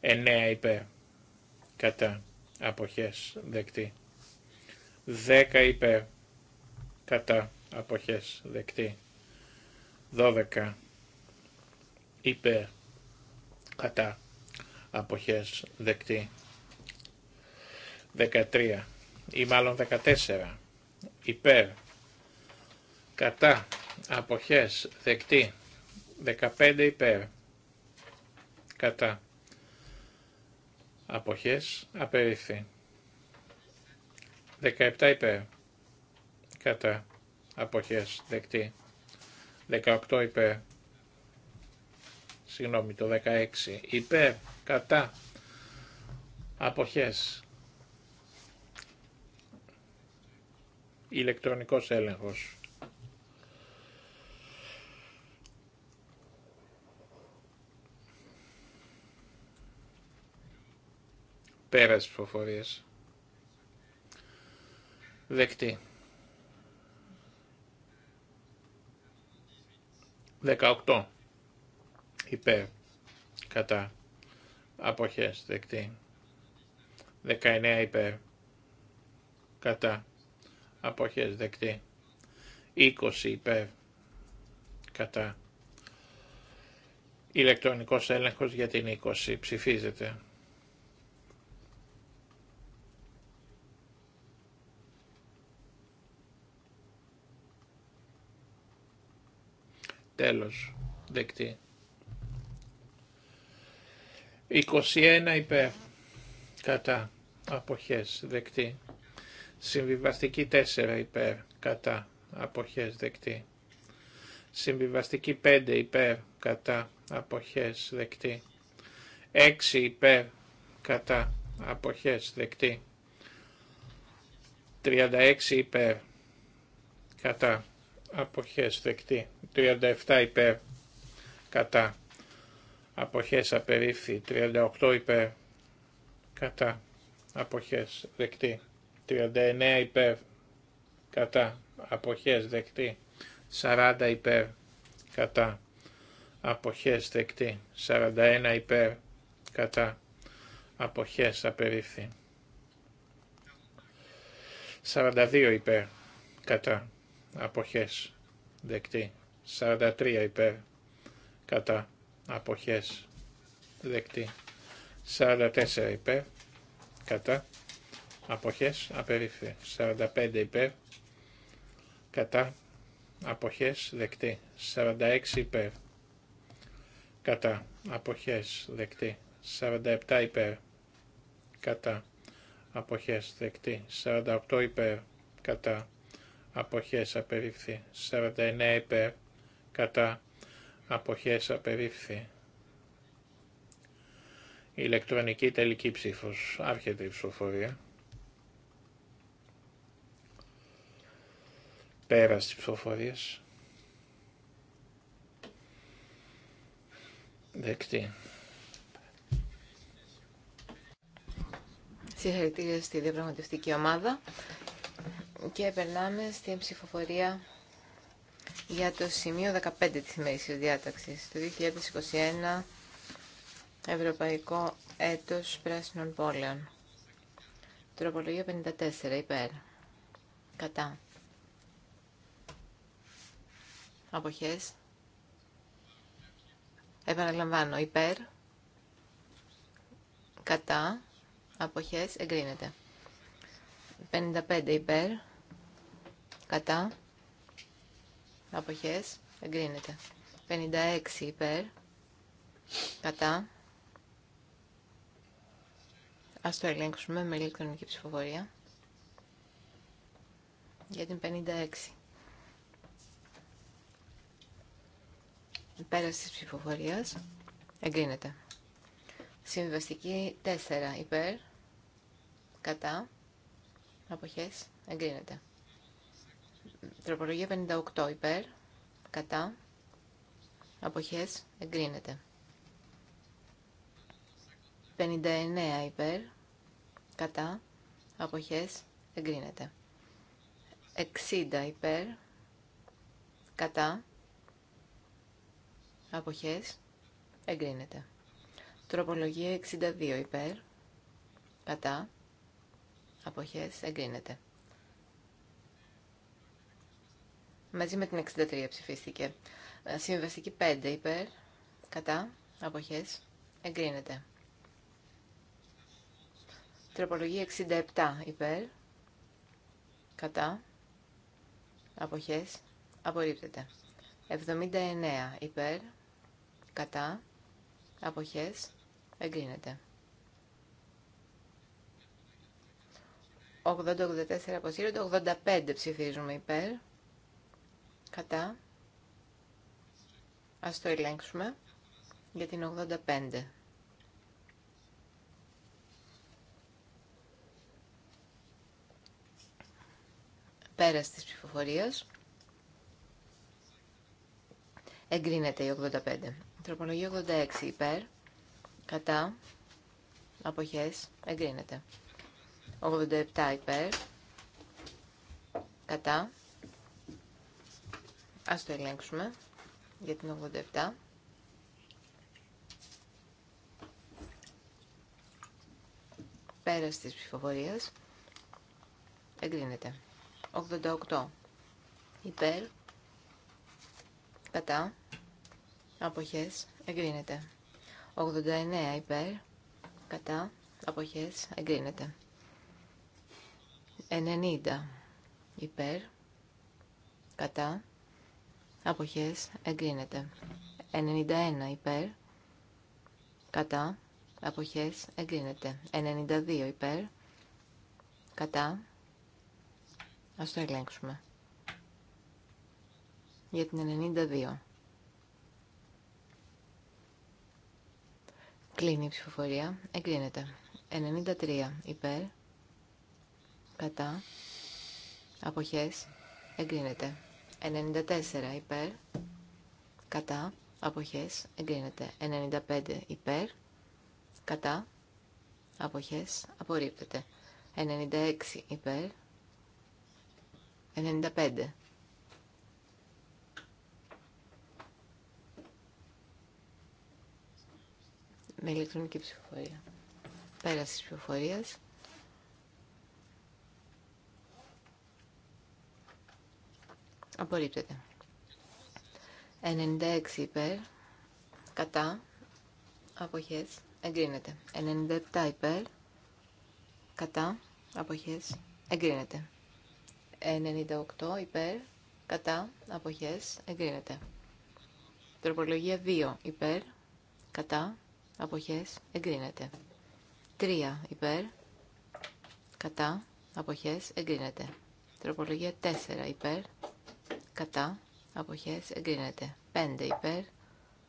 9 υπέρ κατά αποχές δεκτεί 10 υπέρ κατά αποχές δεκτεί 12 υπέρ κατά αποχές δεκτεί 13 ή μάλλον 14 υπέρ κατά αποχές δεκτεί 15 υπέρ. Κατά. Αποχές. Απερίφθη. 17 υπέρ. Κατά. Αποχές. Δεκτή. 18 υπέρ. Συγγνώμη, το 16. Υπέρ. Κατά. Αποχές. Ηλεκτρονικός έλεγχος. Πέρας προφορίες. Δεκτή. 18. Υπέρ. Κατά. Αποχές. Δεκτή. 19. Υπέρ. Κατά. Αποχές. Δεκτή. 20. Υπέρ. Κατά. Ηλεκτρονικός έλεγχος για την 20. Ψηφίζεται. Τέλος. Δεκτή. 21 υπέρ. Κατά. Αποχές. Δεκτή. Συμβιβαστική 4 υπέρ. Κατά. Αποχές. Δεκτή. Συμβιβαστική 5 υπέρ. Κατά. Αποχές. Δεκτή. 6 υπέρ. Κατά. Αποχές. Δεκτή. 36 υπέρ. Κατά αποχές δεκτή. 37 υπέρ κατά αποχές απερίφθη. 38 υπέρ κατά αποχές δεκτή. 39 υπέρ κατά αποχές δεκτή. 40 υπέρ κατά αποχές δεκτή. 41 υπέρ κατά αποχές απερίφθη. 42 υπέρ κατά αποχές δεκτή 43 υπέρ κατά αποχές δεκτή 44 υπέρ κατά αποχές απερίφθη 45 υπέρ κατά αποχές δεκτή 46 υπέρ κατά αποχές δεκτή 47 υπέρ κατά αποχές δεκτή 48 υπέρ κατά αποχές απερίφθη. 49 υπέρ κατά αποχές απερίφθη. Ηλεκτρονική τελική ψήφος. Άρχεται η ψηφοφορία. Πέρα στις ψηφοφορίες. Δεκτή. Συγχαρητήρια στη διαπραγματευτική ομάδα. Και περνάμε στην ψηφοφορία για το σημείο 15 της ημερήσιας διάταξης, του 2021 Ευρωπαϊκό Έτος Πράσινων Πόλεων. Τροπολογία 54, υπέρ. Κατά. Αποχές. Επαναλαμβάνω, υπέρ. Κατά. Αποχές, εγκρίνεται. 55 υπέρ κατά, αποχές, εγκρίνεται. 56 υπέρ, κατά, ας το ελέγξουμε με ηλεκτρονική ψηφοφορία, για την 56. Πέραση της ψηφοφορίας, εγκρίνεται. Συμβιβαστική 4 υπέρ, κατά, αποχές, εγκρίνεται. Τροπολογία 58 υπέρ, κατά, αποχές, εγκρίνεται. 59 υπέρ, κατά, αποχές, εγκρίνεται. 60 υπέρ, κατά, αποχές, εγκρίνεται. Τροπολογία 62 υπέρ, κατά, αποχές, εγκρίνεται. μαζί με την 63 ψηφίστηκε. Ε, Συμβαστική 5 υπέρ, κατά, αποχές, εγκρίνεται. Τροπολογία 67 υπέρ, κατά, αποχές, απορρίπτεται. 79 υπέρ, κατά, αποχές, εγκρίνεται. 80-84 αποσύρονται, 85 ψηφίζουμε υπέρ, Κατά. Ας το ελέγξουμε για την 85. Πέρας της ψηφοφορίας. Εγκρίνεται η 85. Τροπολογία 86 υπέρ. Κατά. Αποχές. Εγκρίνεται. 87 υπέρ. Κατά. Ας το ελέγξουμε για την 87. Πέρας της ψηφοφορίας εγκρίνεται. 88. Υπέρ. Κατά. Αποχές. Εγκρίνεται. 89. Υπέρ. Κατά. Αποχές. Εγκρίνεται. 90. Υπέρ. Κατά αποχές εγκρίνεται. 91 υπέρ, κατά, αποχές εγκρίνεται. 92 υπέρ, κατά, ας το ελέγξουμε. Για την 92. Κλείνει η ψηφοφορία. Εγκρίνεται. 93 υπέρ. Κατά. Αποχές. Εγκρίνεται. 94 υπέρ, κατά, αποχές, εγκρίνεται. 95 υπέρ, κατά, αποχές, απορρίπτεται. 96 υπέρ, 95. Με ηλεκτρονική ψηφοφορία. Πέραση της ψηφοφορίας. Απορρίπτεται. 96 υπέρ. Κατά. Αποχές. Εγκρίνεται. 97 υπέρ. Κατά. Αποχές. Εγκρίνεται. 98 υπέρ. Κατά. Αποχές. Εγκρίνεται. Τροπολογία 2 υπέρ. Κατά. Αποχές. Εγκρίνεται. 3 υπέρ. Κατά. Αποχές. Εγκρίνεται. Τροπολογία 4 υπέρ κατά, αποχές, εγκρίνεται. 5 υπέρ,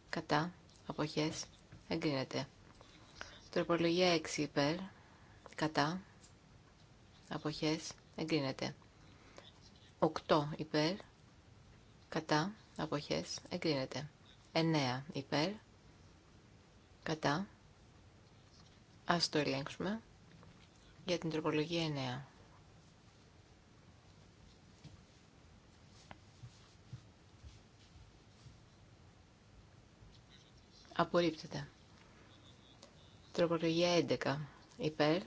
κατά, αποχές, εγκρίνεται. Τροπολογία 6 υπέρ, κατά, αποχές, εγκρίνεται. 8 υπέρ, κατά, αποχές, εγκρίνεται. 9 υπέρ, κατά, ας το ελέγξουμε για την τροπολογία 9. Απορρίπτεται. Τροπολογία 11. Υπέρ.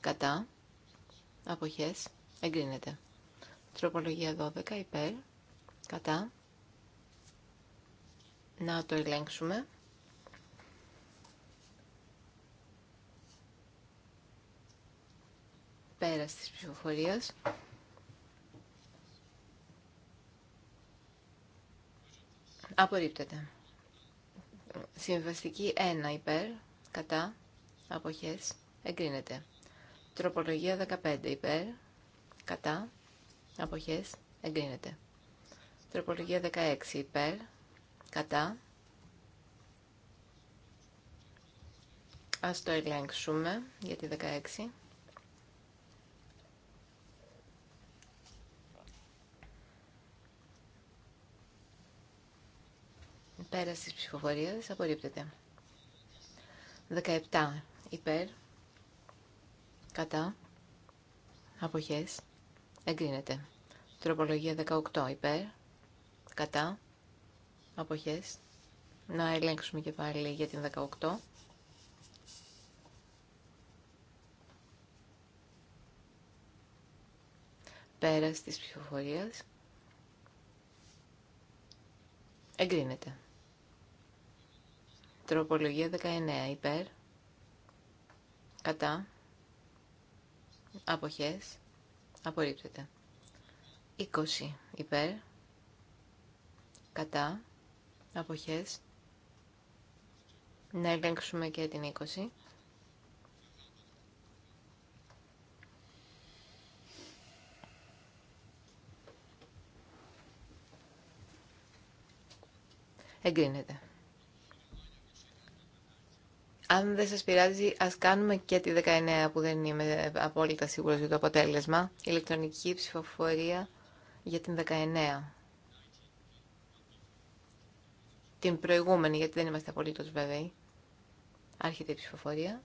Κατά. Αποχές. Εγκρίνεται. Τροπολογία 12. Υπέρ. Κατά. Να το ελέγξουμε. Πέρας της ψηφοφορίας. Απορρίπτεται. Συμβαστική 1 υπέρ, κατά, αποχές, εγκρίνεται. Τροπολογία 15 υπέρ, κατά, αποχές, εγκρίνεται. Τροπολογία 16 υπέρ, κατά. Ας το ελέγξουμε για τη 16. Πέρας της ψηφοφορίας απορρίπτεται. 17 υπέρ, κατά, αποχές, εγκρίνεται. Τροπολογία 18 υπέρ, κατά, αποχές. Να ελέγξουμε και πάλι για την 18. Πέρας της ψηφοφορίας εγκρίνεται. Τροπολογία 19 υπέρ. Κατά. Αποχές. Απορρίπτεται. 20 υπέρ. Κατά. Αποχές. Να ελέγξουμε και την 20. Εγκρίνεται. Αν δεν σας πειράζει, ας κάνουμε και τη 19 που δεν είμαι απόλυτα σίγουρος για το αποτέλεσμα. Ηλεκτρονική ψηφοφορία για την 19. Την προηγούμενη, γιατί δεν είμαστε απολύτως βέβαιοι. Άρχεται η ψηφοφορία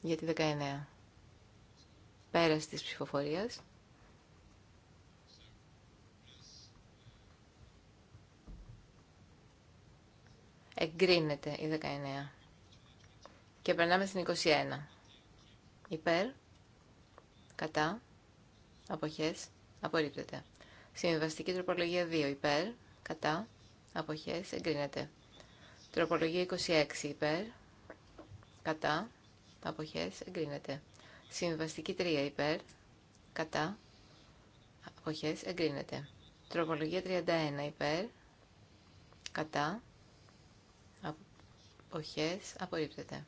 για τη 19. Πέρας της ψηφοφορίας. Εγκρίνεται η 19. Και περνάμε στην 21. Υπέρ, κατά, αποχές, απορρίπτεται. Συμβιβαστική τροπολογία 2. Υπέρ, κατά, αποχές, εγκρίνεται. Τροπολογία 26. Υπέρ, κατά, αποχές, εγκρίνεται. Συμβιβαστική 3. Υπέρ, κατά, αποχές, εγκρίνεται. Τροπολογία 31. Υπέρ, κατά, απορρίπτεται.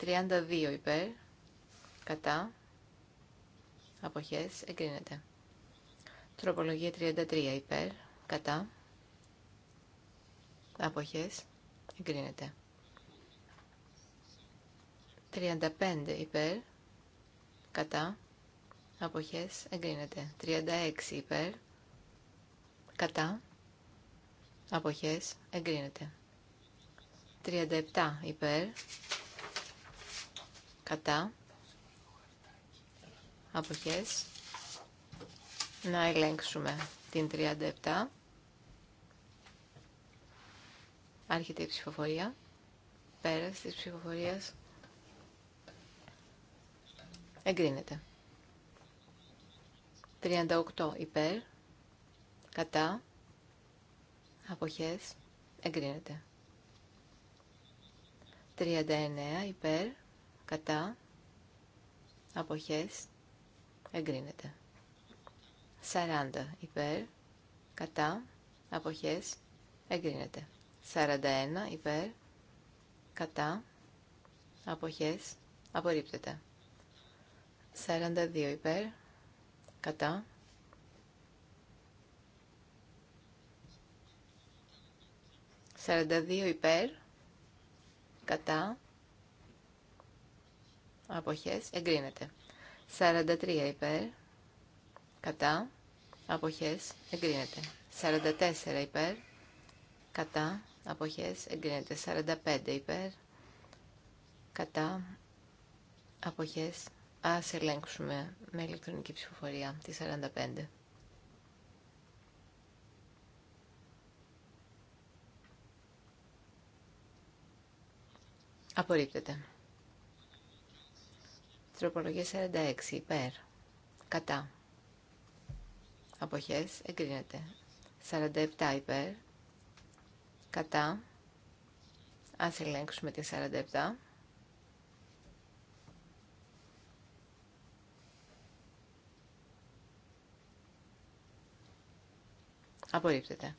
32 υπέρ, κατά, αποχές εγκρίνεται. Τροπολογία 33 υπέρ, κατά, αποχές εγκρίνεται. 35 υπέρ, κατά, αποχές εγκρίνεται. 36 υπέρ, κατά, αποχές εγκρίνεται. 37 υπέρ, κατά, αποχές. Να ελέγξουμε την 37. Άρχεται η ψηφοφορία. Πέρας της ψηφοφορίας. Εγκρίνεται. 38 υπέρ, κατά, αποχές εγκρίνεται. 39 υπέρ, κατά, αποχές, εγκρίνεται. 40 υπέρ, κατά, αποχές, εγκρίνεται. 41 υπέρ, κατά, αποχές, απορρίπτεται. 42 υπέρ, κατά, 42 υπέρ, κατά, αποχές, εγκρίνεται. 43 υπέρ, κατά, αποχές, εγκρίνεται. 44 υπέρ, κατά, αποχές, εγκρίνεται. 45 υπέρ, κατά, αποχές, ας ελέγξουμε με ηλεκτρονική ψηφοφορία τη 45. Απορρίπτεται. Τροπολογία 46. Υπέρ. Κατά. Αποχές. Εγκρίνεται. 47. Υπέρ. Κατά. Ας ελέγξουμε τη 47. Απορρίπτεται.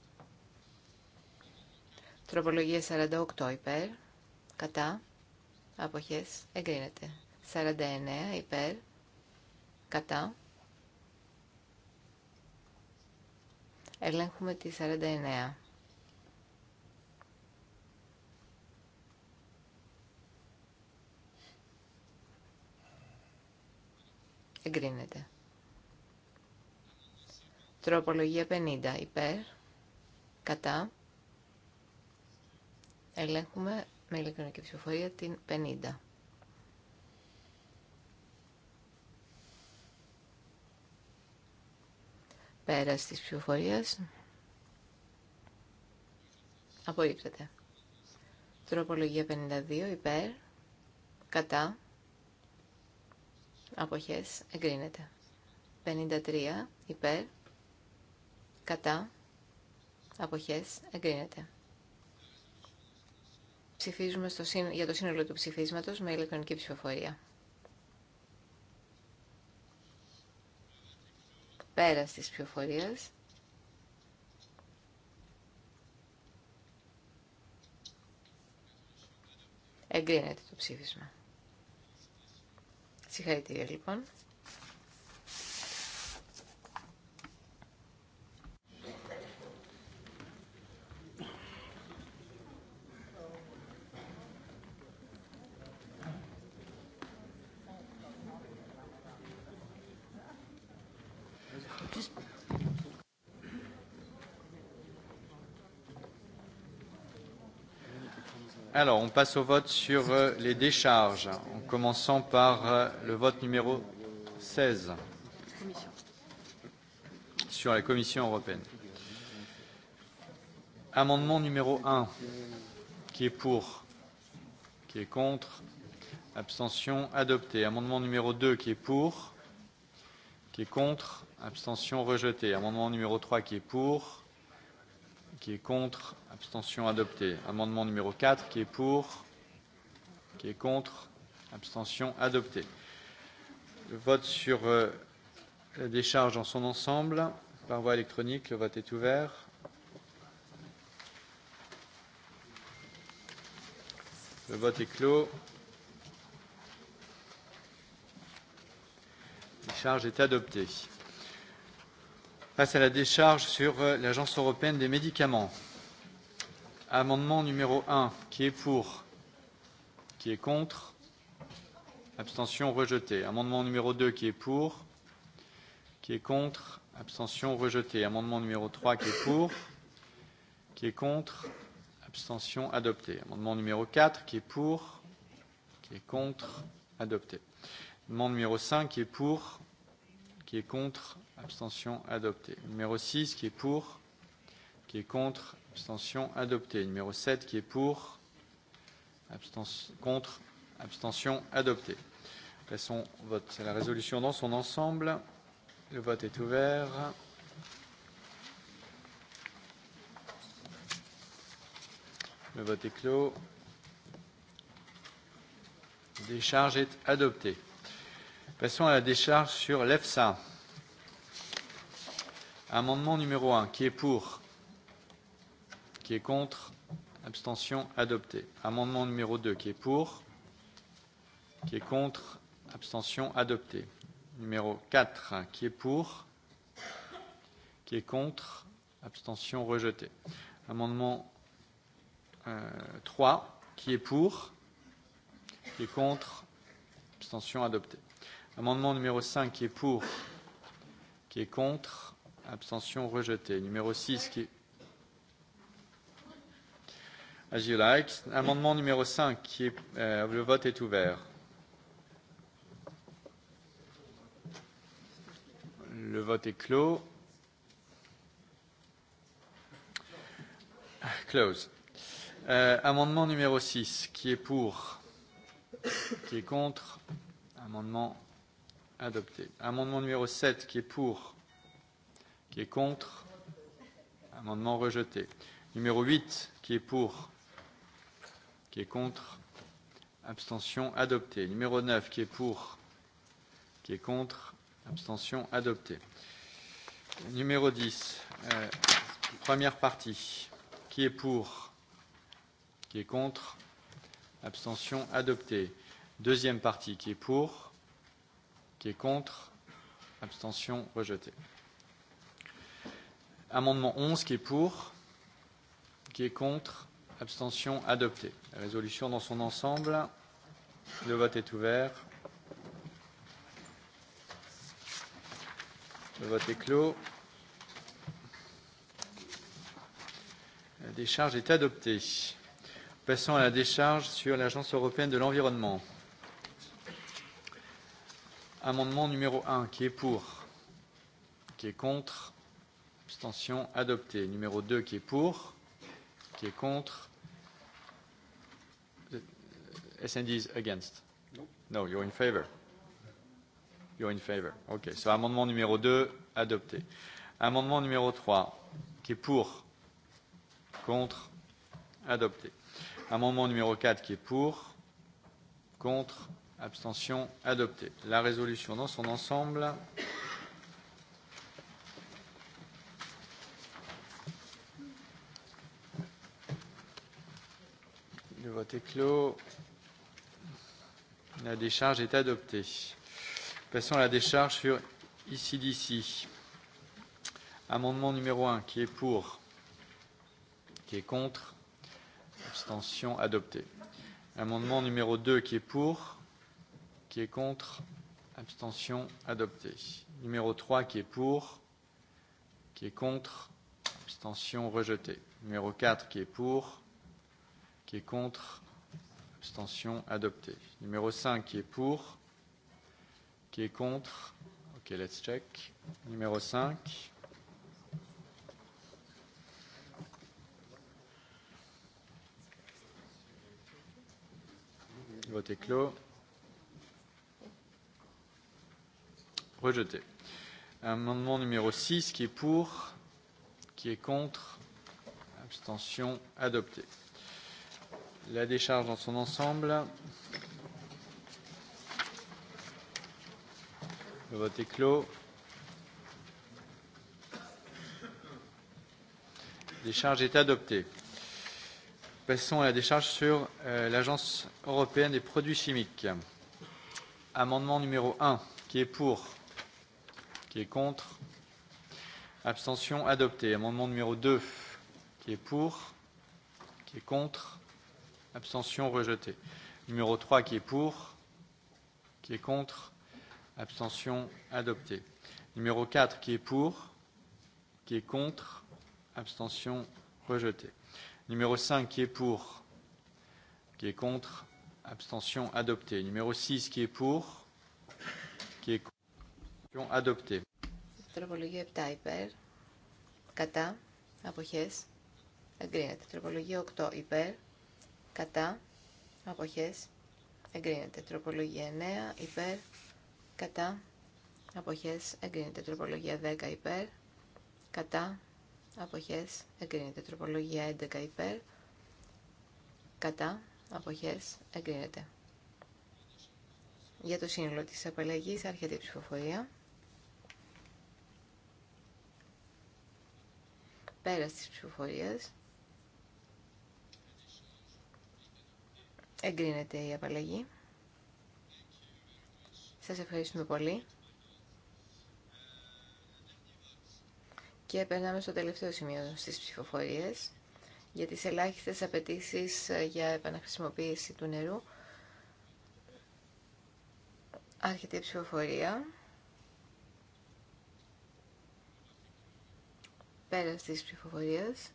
Τροπολογία 48 υπέρ, κατά, αποχές εγκρίνεται. 49 υπέρ, κατά. Ελέγχουμε τη 49. Εγκρίνεται. Τροπολογία 50 υπέρ, κατά. Ελέγχουμε με ηλεκτρονική ψηφοφορία την 50. Πέρας της ψηφοφορίας απορρίπτεται. Τροπολογία 52 υπέρ, κατά, αποχές εγκρίνεται. 53 υπέρ, κατά, αποχές εγκρίνεται. Ψηφίζουμε στο, για το σύνολο του ψηφίσματος με ηλεκτρονική ψηφοφορία. Πέρας της ψηφοφορίας. Εγκρίνεται το ψήφισμα. Συγχαρητήρια λοιπόν. Alors, on passe au vote sur les décharges, en commençant par le vote numéro 16 sur la Commission européenne. Amendement numéro 1, qui est pour, qui est contre, abstention adopté. Amendement numéro 2, qui est pour, qui est contre, abstention rejetée. Amendement numéro 3, qui est pour, qui est contre, Abstention adoptée. Amendement numéro 4 qui est pour, qui est contre. Abstention adoptée. Le vote sur la décharge dans son ensemble par voie électronique. Le vote est ouvert. Le vote est clos. La décharge est adoptée. Passe à la décharge sur l'Agence européenne des médicaments. Amendement numéro 1, qui est pour Qui est contre Abstention rejetée. Amendement numéro 2, qui est pour Qui est contre Abstention rejetée. Amendement numéro 3, qui est pour Qui est contre Abstention adoptée. Amendement numéro 4, qui est pour Qui est contre Adopté. Amendement numéro 5, qui est pour Qui est contre Abstention adoptée. Numéro 6, qui est pour Qui est contre Abstention adoptée. Numéro 7 qui est pour. Abstention, contre. Abstention adoptée. Passons au vote. C'est la résolution dans son ensemble. Le vote est ouvert. Le vote est clos. Décharge est adoptée. Passons à la décharge sur l'EFSA. Amendement numéro 1. Qui est pour Qui est contre Abstention adoptée Amendement numéro 2 qui est pour Qui est contre Abstention adoptée Numéro 4 qui est pour Qui est contre Abstention rejetée. Amendement 3 qui est pour Qui est contre Abstention adoptée. Amendement numéro 5 qui est pour Qui est contre Abstention rejetée. Numéro 6 qui est As you like. Amendement numéro 5, qui est, le vote est ouvert. Le vote est clos. Close. Euh, amendement numéro 6, qui est pour, qui est contre, amendement adopté. Amendement numéro 7, qui est pour, qui est contre, amendement rejeté. Numéro 8, qui est pour, Qui est contre Abstention adoptée. Numéro 9, qui est pour Qui est contre Abstention adoptée. Numéro 10, première partie. Qui est pour Qui est contre Abstention adoptée. Deuxième partie, qui est pour Qui est contre Abstention rejetée. Amendement 11, qui est pour Qui est contre abstention adoptée. La résolution dans son ensemble. Le vote est ouvert. Le vote est clos. La décharge est adoptée. Passons à la décharge sur l'Agence européenne de l'environnement. Amendement numéro 1, qui est pour Qui est contre Abstention adoptée. Numéro 2, qui est pour Qui est contre is against? No, you're in favor. You're in favor. OK. So, amendement numéro 2, adopté. Amendement numéro 3, qui est pour? Contre? Adopté. Amendement numéro 4, qui est pour? Contre? Abstention? Adopté. La résolution dans son ensemble. Le vote est clos. La décharge est adoptée. Passons à la décharge sur ici d'ici. Amendement numéro 1, qui est pour, qui est contre, abstention adoptée. Amendement numéro 2, qui est pour, qui est contre, abstention adoptée. Numéro 3, qui est pour, qui est contre, abstention rejetée. Numéro 4, qui est pour, qui est contre, Abstention adoptée Numéro 5 qui est pour. Qui est contre. Ok, let's check. Numéro 5. Vote est clos. Rejeté. Amendement numéro 6 qui est pour. Qui est contre. Abstention adoptée la décharge dans son ensemble. Le vote est clos. Décharge est adoptée. Passons à la décharge sur l'Agence européenne des produits chimiques. Amendement numéro 1. Qui est pour Qui est contre Abstention adoptée. Amendement numéro 2. Qui est pour Qui est contre Abstention rejetée Numéro 3 qui est pour, qui est contre, abstention adoptée Numéro 4 qui est pour, qui est contre, abstention rejetée. Numéro 5 qui est pour, qui est contre, abstention adoptée Numéro 6 qui est pour, qui est contre, abstention adopté. Τροπολογία 7 υπέρ, κατά, αποχές, εγκρίνεται. Τροπολογία 8 υπέρ, κατά, αποχές, εγκρίνεται. Τροπολογία 9, υπέρ, κατά, αποχές, εγκρίνεται. Τροπολογία 10, υπέρ, κατά, αποχές, εγκρίνεται. Τροπολογία 11, υπέρ, κατά, αποχές, εγκρίνεται. Για το σύνολο της απαλλαγής άρχεται η ψηφοφορία. Πέρας της ψηφοφορίας. Εγκρίνεται η απαλλαγή. Σας ευχαριστούμε πολύ. Και περνάμε στο τελευταίο σημείο στις ψηφοφορίες για τις ελάχιστες απαιτήσει ε, για επαναχρησιμοποίηση του νερού. Άρχεται η ψηφοφορία. Πέρα της ψηφοφορίας.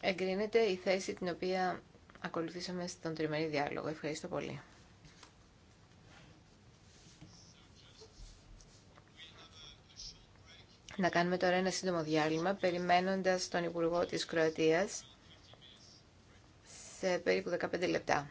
εγκρίνεται η θέση την οποία ακολουθήσαμε στον τριμερή διάλογο. Ευχαριστώ πολύ. Να κάνουμε τώρα ένα σύντομο διάλειμμα, περιμένοντας τον Υπουργό της Κροατίας σε περίπου 15 λεπτά.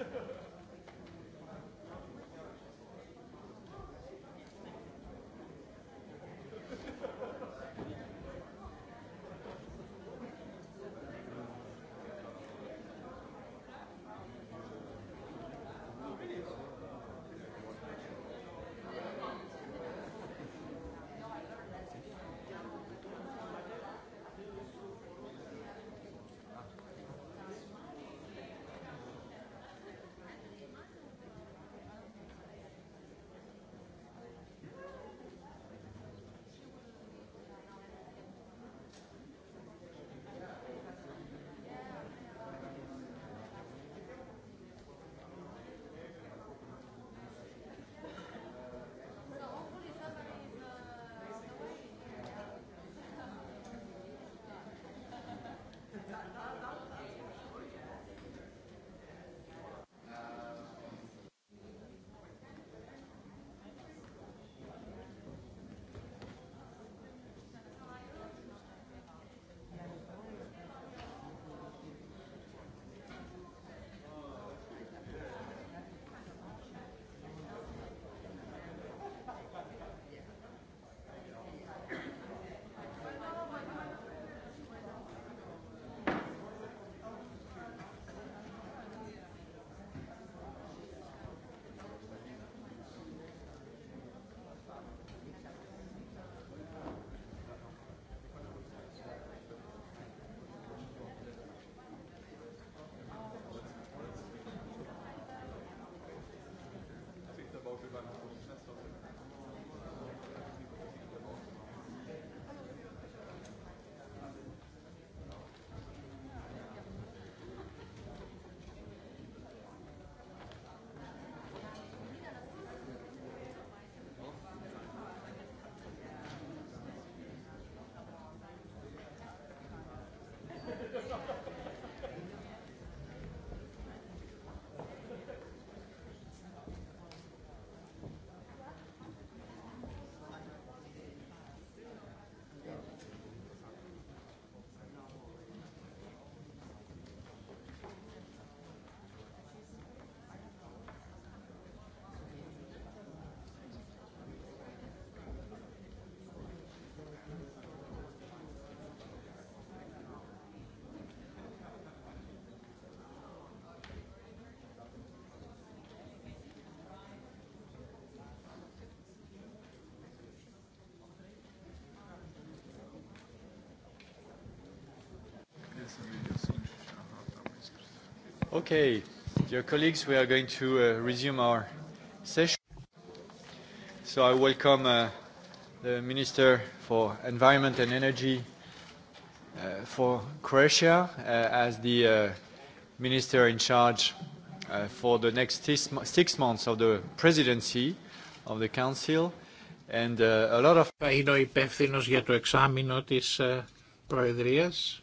Υπότιτλοι AUTHORWAVE Okay, dear colleagues, we are going to resume our session. So I welcome the Minister for Environment and Energy for Croatia as the Minister in charge for the next six months of the presidency of the Council. And a lot of... Είναι ο υπεύθυνος για το εξάμεινο της Προεδρίας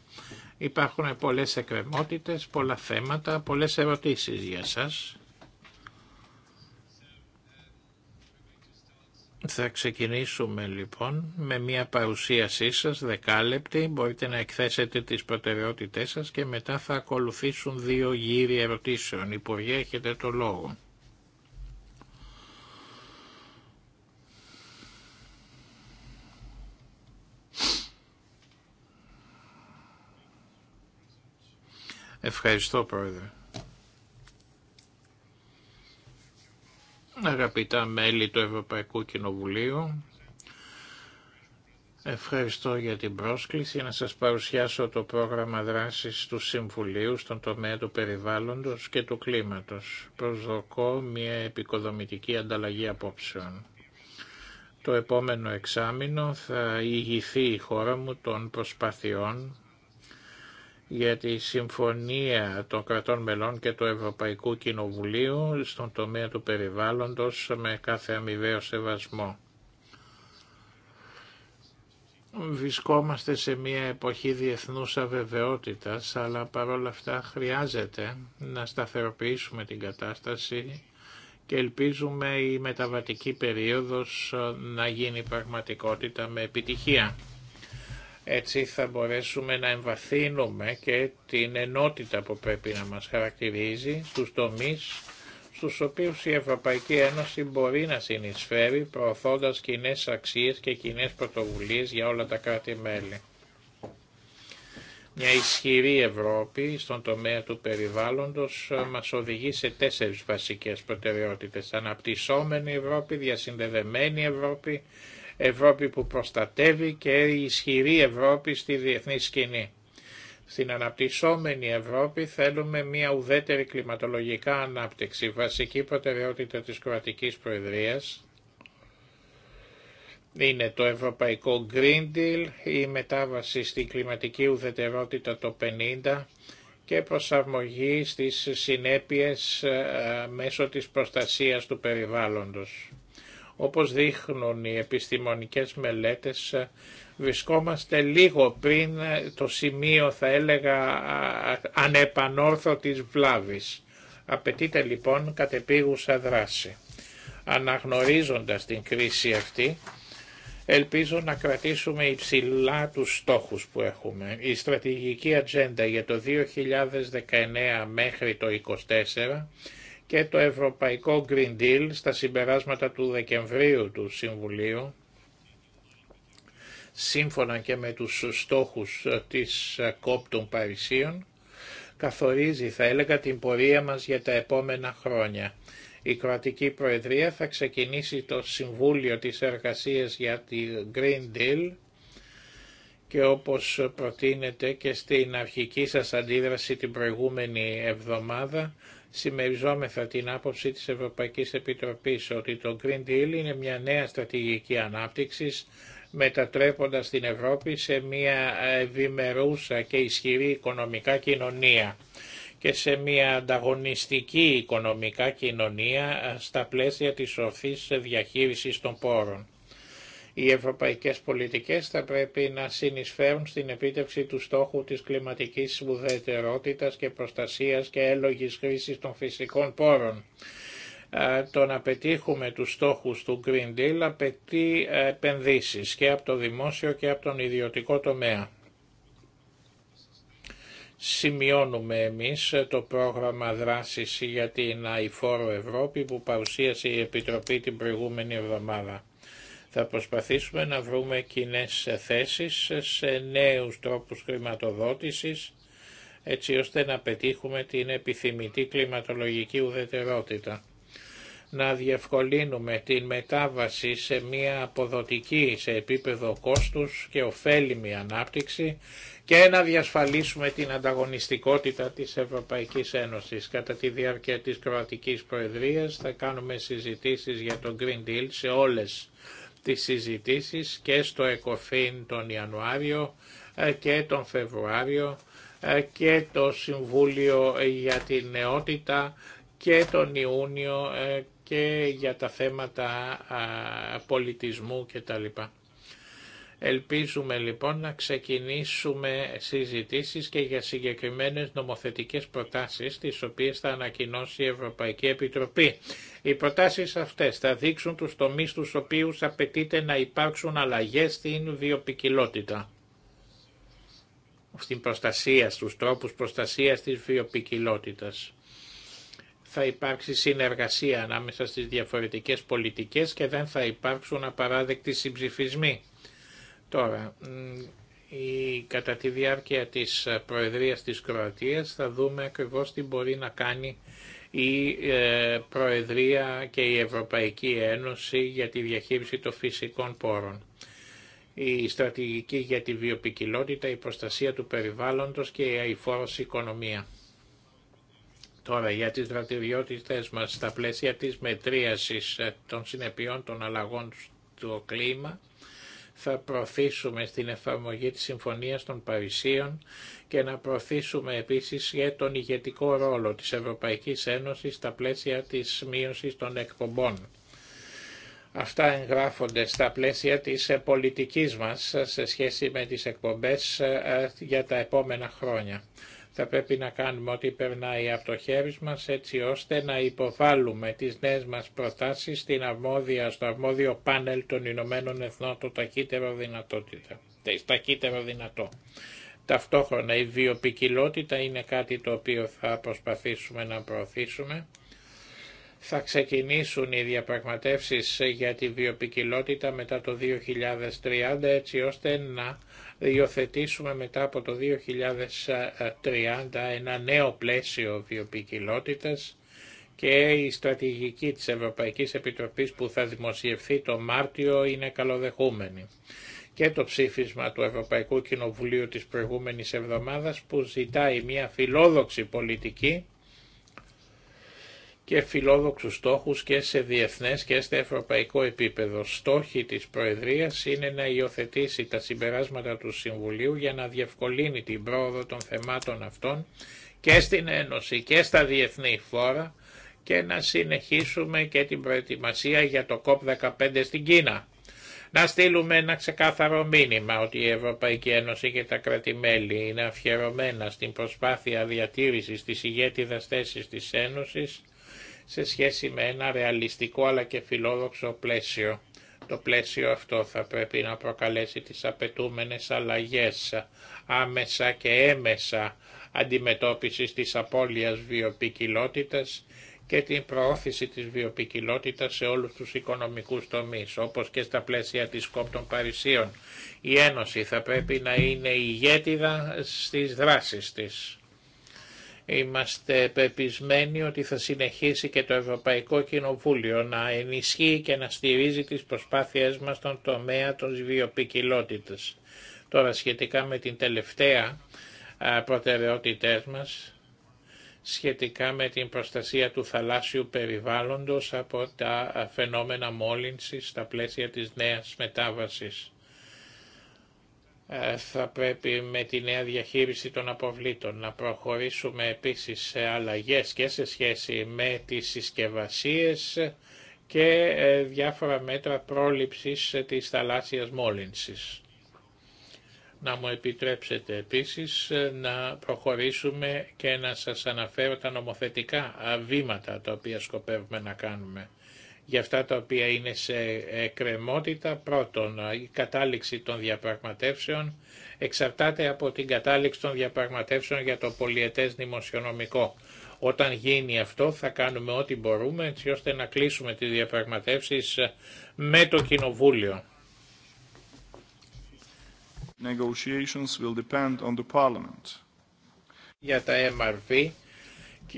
Υπάρχουν πολλές εκκρεμότητες, πολλά θέματα, πολλές ερωτήσεις για σας. Θα ξεκινήσουμε λοιπόν με μια παρουσίασή σας δεκάλεπτη, μπορείτε να εκθέσετε τις προτεραιότητές σας και μετά θα ακολουθήσουν δύο γύροι ερωτήσεων. Υπουργέ, έχετε το λόγο. Ευχαριστώ πρόεδρε. Αγαπητά μέλη του Ευρωπαϊκού Κοινοβουλίου, Ευχαριστώ για την πρόσκληση να σας παρουσιάσω το πρόγραμμα δράσης του Συμβουλίου στον τομέα του περιβάλλοντος και του κλίματος. Προσδοκώ μια επικοδομητική ανταλλαγή απόψεων. Το επόμενο εξάμεινο θα ηγηθεί η χώρα μου των προσπαθειών για τη Συμφωνία των Κρατών Μελών και του Ευρωπαϊκού Κοινοβουλίου στον τομέα του περιβάλλοντος με κάθε αμοιβαίο σεβασμό. Βρισκόμαστε σε μια εποχή διεθνούς αβεβαιότητας, αλλά παρόλα αυτά χρειάζεται να σταθεροποιήσουμε την κατάσταση και ελπίζουμε η μεταβατική περίοδος να γίνει πραγματικότητα με επιτυχία. Έτσι θα μπορέσουμε να εμβαθύνουμε και την ενότητα που πρέπει να μας χαρακτηρίζει στους τομείς στους οποίους η Ευρωπαϊκή Ένωση μπορεί να συνεισφέρει προωθώντας κοινέ αξίες και κοινέ πρωτοβουλίε για όλα τα κράτη-μέλη. Μια ισχυρή Ευρώπη στον τομέα του περιβάλλοντος ε, μας οδηγεί σε τέσσερις βασικές προτεραιότητες. Αναπτυσσόμενη Ευρώπη, διασυνδεδεμένη Ευρώπη, Ευρώπη που προστατεύει και ισχυρή Ευρώπη στη διεθνή σκηνή. Στην αναπτυσσόμενη Ευρώπη θέλουμε μια ουδέτερη κλιματολογικά ανάπτυξη, βασική προτεραιότητα της κρατικής Προεδρίας, είναι το Ευρωπαϊκό Green Deal, η μετάβαση στην κλιματική ουδετερότητα το 50 και προσαρμογή στις συνέπειες ε, μέσω της προστασίας του περιβάλλοντος. Όπως δείχνουν οι επιστημονικές μελέτες, ε, βρισκόμαστε λίγο πριν ε, το σημείο, θα έλεγα, ανεπανόρθωτης βλάβης. Απαιτείται λοιπόν κατεπίγουσα δράση. Αναγνωρίζοντας την κρίση αυτή, ελπίζω να κρατήσουμε υψηλά τους στόχους που έχουμε. Η στρατηγική ατζέντα για το 2019 μέχρι το 2024 και το Ευρωπαϊκό Green Deal στα συμπεράσματα του Δεκεμβρίου του Συμβουλίου, σύμφωνα και με τους στόχους της COP Παρισίων, καθορίζει, θα έλεγα, την πορεία μας για τα επόμενα χρόνια. Η Κροατική Προεδρία θα ξεκινήσει το Συμβούλιο της Εργασίας για τη Green Deal και όπως προτείνεται και στην αρχική σας αντίδραση την προηγούμενη εβδομάδα Συμμεριζόμεθα την άποψη της Ευρωπαϊκής Επιτροπής ότι το Green Deal είναι μια νέα στρατηγική ανάπτυξη μετατρέποντας την Ευρώπη σε μια ευημερούσα και ισχυρή οικονομικά κοινωνία και σε μια ανταγωνιστική οικονομικά κοινωνία στα πλαίσια της ορθής διαχείρισης των πόρων. Οι ευρωπαϊκές πολιτικές θα πρέπει να συνεισφέρουν στην επίτευξη του στόχου της κλιματικής ουδετερότητας και προστασίας και έλογης χρήσης των φυσικών πόρων. Ε, το να πετύχουμε τους στόχους του Green Deal απαιτεί ε, επενδύσεις και από το δημόσιο και από τον ιδιωτικό τομέα. Σημειώνουμε εμείς ε, το πρόγραμμα δράσης για την αηφόρο Ευρώπη που παρουσίασε η Επιτροπή την προηγούμενη εβδομάδα. Θα προσπαθήσουμε να βρούμε κοινέ θέσεις σε νέους τρόπους χρηματοδότησης, έτσι ώστε να πετύχουμε την επιθυμητή κλιματολογική ουδετερότητα. Να διευκολύνουμε την μετάβαση σε μια αποδοτική σε επίπεδο κόστους και ωφέλιμη ανάπτυξη και να διασφαλίσουμε την ανταγωνιστικότητα της Ευρωπαϊκής Ένωσης. Κατά τη διάρκεια της Κροατικής Προεδρίας θα κάνουμε συζητήσεις για το Green Deal σε όλες τις συζητήσεις και στο ΕΚΟΦΗΝ τον Ιανουάριο ε, και τον Φεβρουάριο ε, και το Συμβούλιο για την Νεότητα και τον Ιούνιο ε, και για τα θέματα πολιτισμού κτλ. Ελπίζουμε λοιπόν να ξεκινήσουμε συζητήσεις και για συγκεκριμένες νομοθετικές προτάσεις τις οποίες θα ανακοινώσει η Ευρωπαϊκή Επιτροπή. Οι προτάσεις αυτές θα δείξουν τους τομείς τους οποίους απαιτείται να υπάρξουν αλλαγές στην βιοπικιλότητα στην προστασία, στους τρόπους προστασίας της βιοπικιλότητας. Θα υπάρξει συνεργασία ανάμεσα στις διαφορετικές πολιτικές και δεν θα υπάρξουν απαράδεκτοι συμψηφισμοί. Τώρα, η, κατά τη διάρκεια της ε, Προεδρίας της Κροατίας θα δούμε ακριβώς τι μπορεί να κάνει η ε, Προεδρία και η Ευρωπαϊκή Ένωση για τη διαχείριση των φυσικών πόρων. Η στρατηγική για τη βιοπικιλότητα, η προστασία του περιβάλλοντος και η αηφόρος οικονομία. Τώρα για τις δραστηριότητες μας στα πλαίσια της μετρίασης ε, των συνεπειών των αλλαγών του κλίμα, θα προωθήσουμε στην εφαρμογή της Συμφωνίας των Παρισίων και να προωθήσουμε επίσης για τον ηγετικό ρόλο της Ευρωπαϊκής Ένωσης στα πλαίσια της μείωσης των εκπομπών. Αυτά εγγράφονται στα πλαίσια της πολιτικής μας σε σχέση με τις εκπομπές ε, για τα επόμενα χρόνια. Θα πρέπει να κάνουμε ό,τι περνάει από το χέρι μας έτσι ώστε να υποβάλουμε τις νέες μας προτάσεις στην αρμόδια, στο αρμόδιο πάνελ των Ηνωμένων Εθνών το ταχύτερο, δυνατότητα, ταχύτερο δυνατό. Ταυτόχρονα η βιοπικιλότητα είναι κάτι το οποίο θα προσπαθήσουμε να προωθήσουμε. Θα ξεκινήσουν οι διαπραγματεύσεις για τη βιοπικιλότητα μετά το 2030 έτσι ώστε να Διοθετήσουμε μετά από το 2030 ένα νέο πλαίσιο βιοποικιλότητας και η στρατηγική της Ευρωπαϊκής Επιτροπής που θα δημοσιευθεί το Μάρτιο είναι καλοδεχούμενη. Και το ψήφισμα του Ευρωπαϊκού Κοινοβουλίου της προηγούμενης εβδομάδας που ζητάει μια φιλόδοξη πολιτική και φιλόδοξους στόχους και σε διεθνές και σε ευρωπαϊκό επίπεδο. Στόχοι της Προεδρίας είναι να υιοθετήσει τα συμπεράσματα του Συμβουλίου για να διευκολύνει την πρόοδο των θεμάτων αυτών και στην Ένωση και στα διεθνή φόρα και να συνεχίσουμε και την προετοιμασία για το COP15 στην Κίνα. Να στείλουμε ένα ξεκάθαρο μήνυμα ότι η Ευρωπαϊκή Ένωση και τα κρατημέλη είναι αφιερωμένα στην προσπάθεια διατήρησης της ηγέτιδας θέσης της Ένωσης σε σχέση με ένα ρεαλιστικό αλλά και φιλόδοξο πλαίσιο. Το πλαίσιο αυτό θα πρέπει να προκαλέσει τις απαιτούμενες αλλαγές άμεσα και έμεσα αντιμετώπισης της απώλειας βιοπικιλότητας και την προώθηση της βιοπικιλότητας σε όλους τους οικονομικούς τομείς, όπως και στα πλαίσια της ΚΟΠ των Παρισίων. Η Ένωση θα πρέπει να είναι ηγέτιδα στις δράσεις της. Είμαστε πεπισμένοι ότι θα συνεχίσει και το Ευρωπαϊκό Κοινοβούλιο να ενισχύει και να στηρίζει τις προσπάθειές μας στον τομέα των βιοποικιλότητας. Τώρα σχετικά με την τελευταία προτεραιότητές μας, σχετικά με την προστασία του θαλάσσιου περιβάλλοντος από τα φαινόμενα μόλυνσης στα πλαίσια της νέας μετάβασης. Ε, θα πρέπει με τη νέα διαχείριση των αποβλήτων να προχωρήσουμε επίσης σε αλλαγές και σε σχέση με τις συσκευασίες και ε, διάφορα μέτρα πρόληψης της θαλάσσιας μόλυνσης. Να μου επιτρέψετε επίσης ε, να προχωρήσουμε και να σας αναφέρω τα νομοθετικά βήματα τα οποία σκοπεύουμε να κάνουμε για αυτά τα οποία είναι σε ε, κρεμότητα. Πρώτον, ε, η κατάληξη των διαπραγματεύσεων εξαρτάται από την κατάληξη των διαπραγματεύσεων για το πολιετές δημοσιονομικό. Όταν γίνει αυτό θα κάνουμε ό,τι μπορούμε έτσι ώστε να κλείσουμε τις διαπραγματεύσεις ε, με το Κοινοβούλιο. Για τα MRV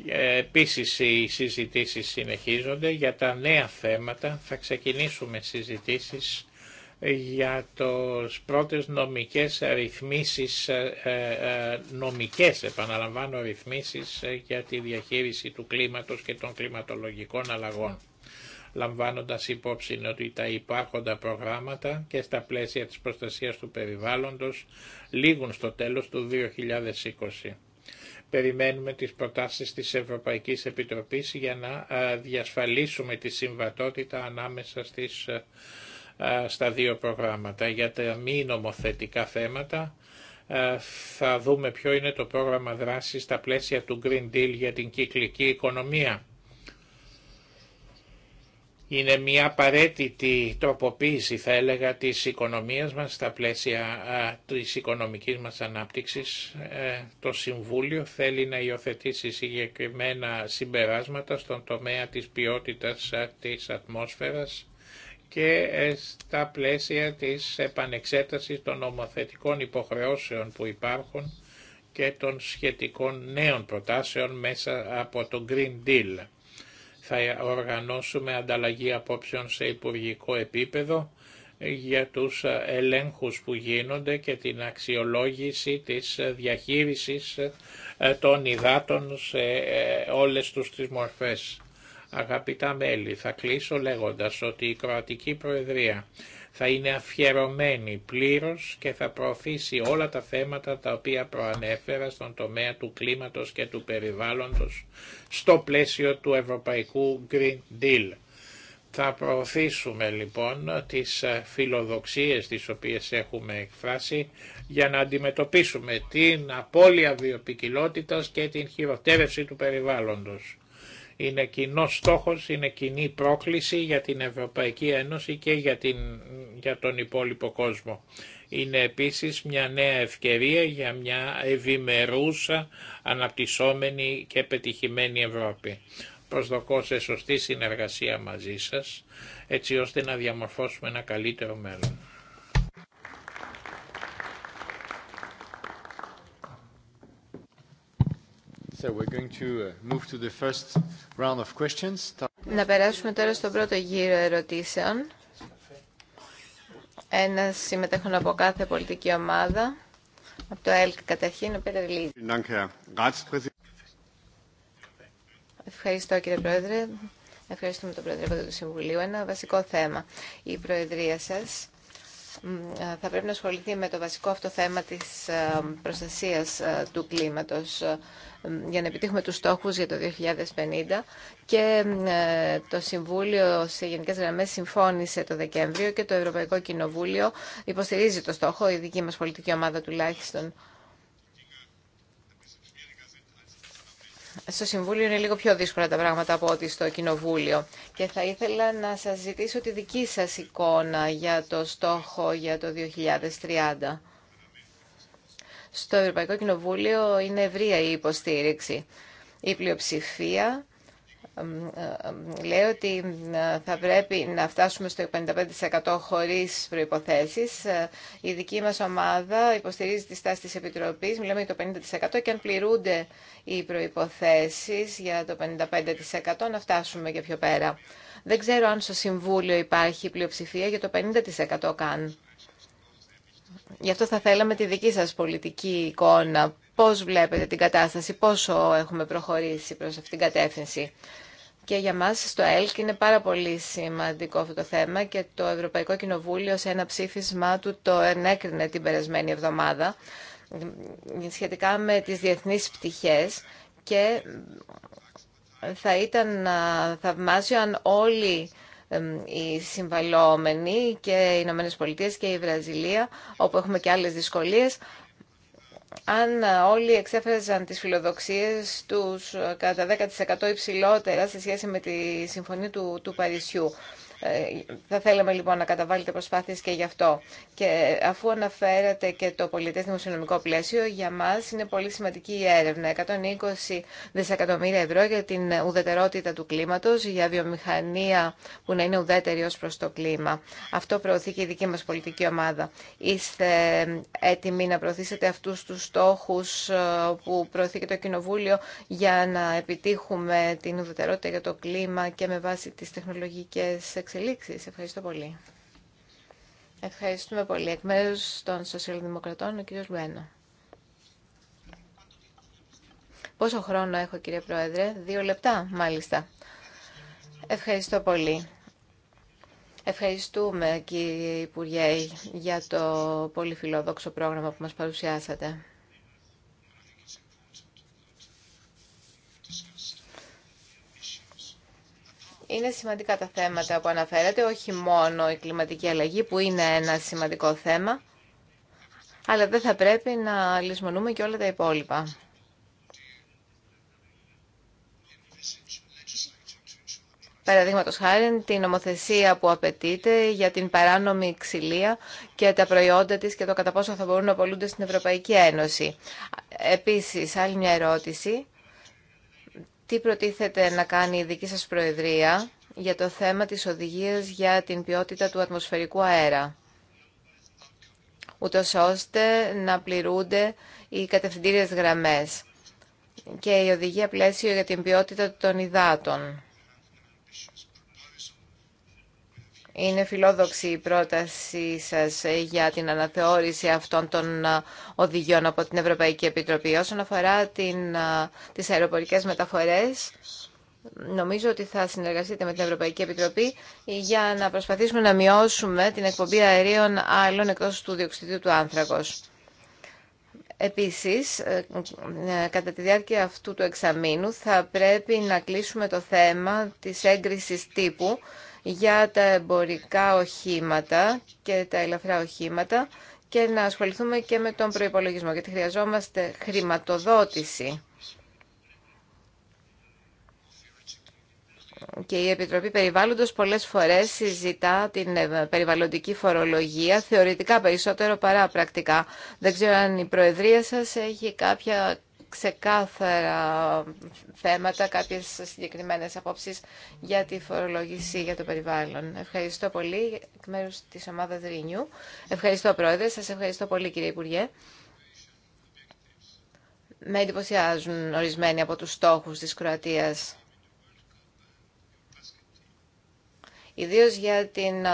ε, επίσης οι συζητήσεις συνεχίζονται για τα νέα θέματα. Θα ξεκινήσουμε συζητήσεις ε, για τις πρώτες νομικές ρυθμίσεις, ε, νομικές επαναλαμβάνω ρυθμίσεις για τη διαχείριση του κλίματος και των κλιματολογικών αλλαγών λαμβάνοντας υπόψη ότι τα υπάρχοντα προγράμματα και στα πλαίσια της προστασίας του περιβάλλοντος λήγουν στο τέλος του 2020. Περιμένουμε τις προτάσεις της Ευρωπαϊκής Επιτροπής για να διασφαλίσουμε τη συμβατότητα ανάμεσα στις, στα δύο προγράμματα. Για τα μη νομοθετικά θέματα θα δούμε ποιο είναι το πρόγραμμα δράσης στα πλαίσια του Green Deal για την κυκλική οικονομία είναι μια απαραίτητη τροποποίηση θα έλεγα της οικονομίας μας στα πλαίσια α, της οικονομικής μας ανάπτυξης. Ε, το Συμβούλιο θέλει να υιοθετήσει συγκεκριμένα συμπεράσματα στον τομέα της ποιότητας της ατμόσφαιρας και ε, στα πλαίσια της επανεξέτασης των νομοθετικών υποχρεώσεων που υπάρχουν και των σχετικών νέων προτάσεων μέσα από το Green Deal θα οργανώσουμε ανταλλαγή απόψεων σε υπουργικό επίπεδο για τους ελέγχους που γίνονται και την αξιολόγηση της διαχείρισης ε, των υδάτων σε ε, όλες τους τις μορφές. Αγαπητά μέλη, θα κλείσω λέγοντας ότι η Κροατική Προεδρία θα είναι αφιερωμένη πλήρως και θα προωθήσει όλα τα θέματα τα οποία προανέφερα στον τομέα του κλίματος και του περιβάλλοντος στο πλαίσιο του Ευρωπαϊκού Green Deal. Θα προωθήσουμε λοιπόν τις ε, φιλοδοξίες τις οποίες έχουμε εκφράσει για να αντιμετωπίσουμε την απώλεια βιοπικιλότητας και την χειροτέρευση του περιβάλλοντος είναι κοινό στόχος, είναι κοινή πρόκληση για την Ευρωπαϊκή Ένωση και για, την, για τον υπόλοιπο κόσμο. Είναι επίσης μια νέα ευκαιρία για μια ευημερούσα, αναπτυσσόμενη και πετυχημένη Ευρώπη. Προσδοκώ σε σωστή συνεργασία μαζί σας, έτσι ώστε να διαμορφώσουμε ένα καλύτερο μέλλον. Να περάσουμε τώρα στον πρώτο γύρο ερωτήσεων. Ένα συμμετέχον από κάθε πολιτική ομάδα. Από το ΕΛΚ καταρχήν, ο Πέτερ Ευχαριστώ κύριε Πρόεδρε. Ευχαριστούμε τον Πρόεδρε του Συμβουλίου. Ένα βασικό θέμα. Η Προεδρία σας ε, θα πρέπει να ασχοληθεί με το βασικό αυτό θέμα της ε, προστασίας ε, του κλίματος για να επιτύχουμε τους στόχους για το 2050 και το Συμβούλιο σε γενικές γραμμές συμφώνησε το Δεκέμβριο και το Ευρωπαϊκό Κοινοβούλιο υποστηρίζει το στόχο, η δική μας πολιτική ομάδα τουλάχιστον. στο Συμβούλιο είναι λίγο πιο δύσκολα τα πράγματα από ό,τι στο Κοινοβούλιο. Και θα ήθελα να σας ζητήσω τη δική σας εικόνα για το στόχο για το 2030. Στο Ευρωπαϊκό Κοινοβούλιο είναι ευρία η υποστήριξη. Η πλειοψηφία λέει ότι ε, θα πρέπει να φτάσουμε στο 55% χωρίς προϋποθέσεις. Ε, η δική μας ομάδα υποστηρίζει τη στάση της Επιτροπής, μιλάμε για το 50% και αν πληρούνται οι προϋποθέσεις για το 55% να φτάσουμε και πιο πέρα. Δεν ξέρω αν στο Συμβούλιο υπάρχει πλειοψηφία για το 50% καν. Γι' αυτό θα θέλαμε τη δική σας πολιτική εικόνα. Πώς βλέπετε την κατάσταση, πόσο έχουμε προχωρήσει προς αυτήν την κατεύθυνση και για μας στο ΕΛΚ είναι πάρα πολύ σημαντικό αυτό το θέμα και το Ευρωπαϊκό Κοινοβούλιο σε ένα ψήφισμά του το ενέκρινε την περασμένη εβδομάδα σχετικά με τις διεθνείς πτυχές και θα ήταν θαυμάσιο αν όλοι οι συμβαλόμενοι και οι Ηνωμένε και η Βραζιλία, όπου έχουμε και άλλες δυσκολίες, αν όλοι εξέφραζαν τις φιλοδοξίες τους ε, κατά 10% υψηλότερα σε σχέση με τη Συμφωνία του, του Παρισιού. Ε, θα θέλαμε λοιπόν να καταβάλλετε προσπάθειες και γι' αυτό. Και αφού αναφέρατε και το πολιτέ δημοσιονομικό πλαίσιο, για μα είναι πολύ σημαντική η έρευνα. 120 δισεκατομμύρια ευρώ για την ουδετερότητα του κλίματο, για βιομηχανία που να είναι ουδέτερη ω προ το κλίμα. Αυτό προωθεί και η δική μα πολιτική ομάδα. Είστε έτοιμοι να προωθήσετε αυτού του στόχου ε, που προωθεί και το Κοινοβούλιο για να επιτύχουμε την ουδετερότητα για το κλίμα και με βάση τι τεχνολογικέ εξελίξει Ευχαριστώ πολύ. Ευχαριστούμε πολύ. Εκ μέρου των Σοσιαλδημοκρατών, ο κύριος Λουένο. Πόσο χρόνο έχω, κύριε Πρόεδρε? Δύο λεπτά, μάλιστα. Ευχαριστώ πολύ. Ευχαριστούμε, κύριε Υπουργέ, για το πολύ φιλόδοξο πρόγραμμα που μας παρουσιάσατε. Είναι σημαντικά τα θέματα που αναφέρατε, όχι μόνο η κλιματική αλλαγή που είναι ένα σημαντικό θέμα, αλλά δεν θα πρέπει να λησμονούμε και όλα τα υπόλοιπα. Παραδείγματος χάρη την νομοθεσία που απαιτείται για την παράνομη ξυλία και τα προϊόντα της και το κατά πόσο θα μπορούν να απολούνται στην Ευρωπαϊκή Ένωση. Επίσης, άλλη μια ερώτηση τι προτίθεται να κάνει η δική σας Προεδρία για το θέμα της οδηγίας για την ποιότητα του ατμοσφαιρικού αέρα, ούτως ώστε να πληρούνται οι κατευθυντήριες γραμμές και η οδηγία πλαίσιο για την ποιότητα των υδάτων. Είναι φιλόδοξη η πρότασή σας για την αναθεώρηση αυτών των ε, οδηγιών από την Ευρωπαϊκή Επιτροπή. Όσον αφορά την, ε, τις αεροπορικές μεταφορές, νομίζω ότι θα συνεργαστείτε με την Ευρωπαϊκή Επιτροπή για να προσπαθήσουμε να μειώσουμε την εκπομπή αερίων άλλων εκτός του διοξιδίου του άνθρακος. Επίσης, ε, κατά τη διάρκεια αυτού του εξαμήνου θα πρέπει να κλείσουμε το θέμα της έγκρισης τύπου για τα εμπορικά οχήματα και τα ελαφρά οχήματα και να ασχοληθούμε και με τον προϋπολογισμό, γιατί χρειαζόμαστε χρηματοδότηση. και η Επιτροπή Περιβάλλοντος πολλές φορές συζητά την ε, περιβαλλοντική φορολογία θεωρητικά περισσότερο παρά πρακτικά. Δεν ξέρω αν η Προεδρία σας έχει κάποια ξεκάθαρα θέματα, κάποιες συγκεκριμένες απόψεις για τη φορολογήση για το περιβάλλον. Ευχαριστώ πολύ εκ μέρους της ομάδας Ρήνιου. Ευχαριστώ Πρόεδρε, σας ευχαριστώ πολύ κύριε Υπουργέ. Με εντυπωσιάζουν ορισμένοι από τους στόχους της Κροατίας. Ιδίως για την ε,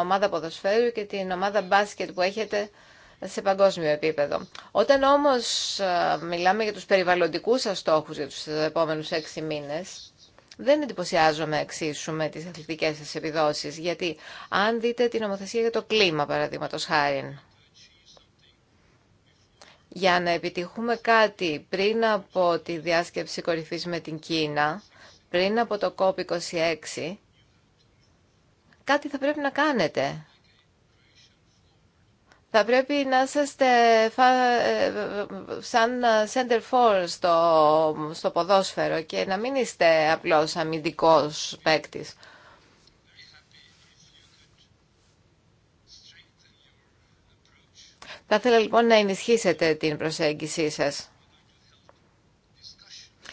ομάδα ποδοσφαίρου και την ομάδα μπάσκετ που έχετε σε παγκόσμιο επίπεδο. Όταν όμως ε, μιλάμε για τους περιβαλλοντικούς σας στόχους για τους επόμενους έξι μήνες, δεν εντυπωσιάζομαι εξίσου με τις αθλητικές σας επιδόσεις, γιατί αν δείτε την νομοθεσία για το κλίμα, παραδείγματος χάρη, για να επιτυχούμε κάτι πριν από τη διάσκεψη κορυφής με την Κίνα, πριν από το COP26, κάτι θα πρέπει να κάνετε. Θα πρέπει να φα ε, σαν center for στο, στο ποδόσφαιρο και να μην είστε απλώς αμυντικός παίκτη. Θα ήθελα λοιπόν να ενισχύσετε την προσέγγισή σας.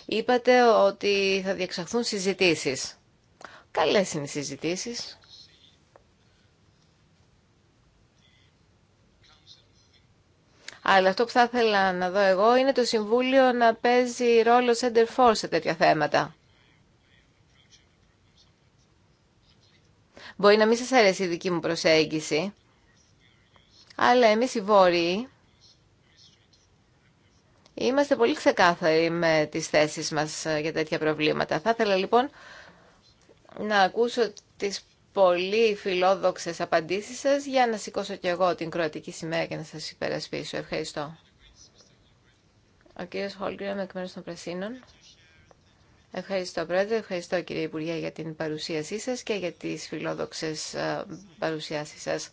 Είπατε ότι θα διεξαχθούν συζητήσεις. Καλές είναι οι συζητήσεις. Αλλά αυτό που θα ήθελα να δω εγώ είναι το Συμβούλιο να παίζει ρόλο center force σε τέτοια θέματα. Μπορεί να μην σας αρέσει η δική μου προσέγγιση, αλλά εμείς οι Βόρειοι είμαστε πολύ ξεκάθαροι με τις θέσεις μας για τέτοια προβλήματα. Θα ήθελα λοιπόν να ακούσω τις πολύ φιλόδοξες απαντήσεις σας για να σηκώσω και εγώ την κροατική σημαία και να σας υπερασπίσω. Ευχαριστώ. Ο κύριος Χόλγκρεμ εκ μέρου των Πρασίνων. Ευχαριστώ Πρόεδρε, ευχαριστώ κύριε Υπουργέ για την παρουσίασή σας και για τις φιλόδοξες ε, παρουσιάσεις σας.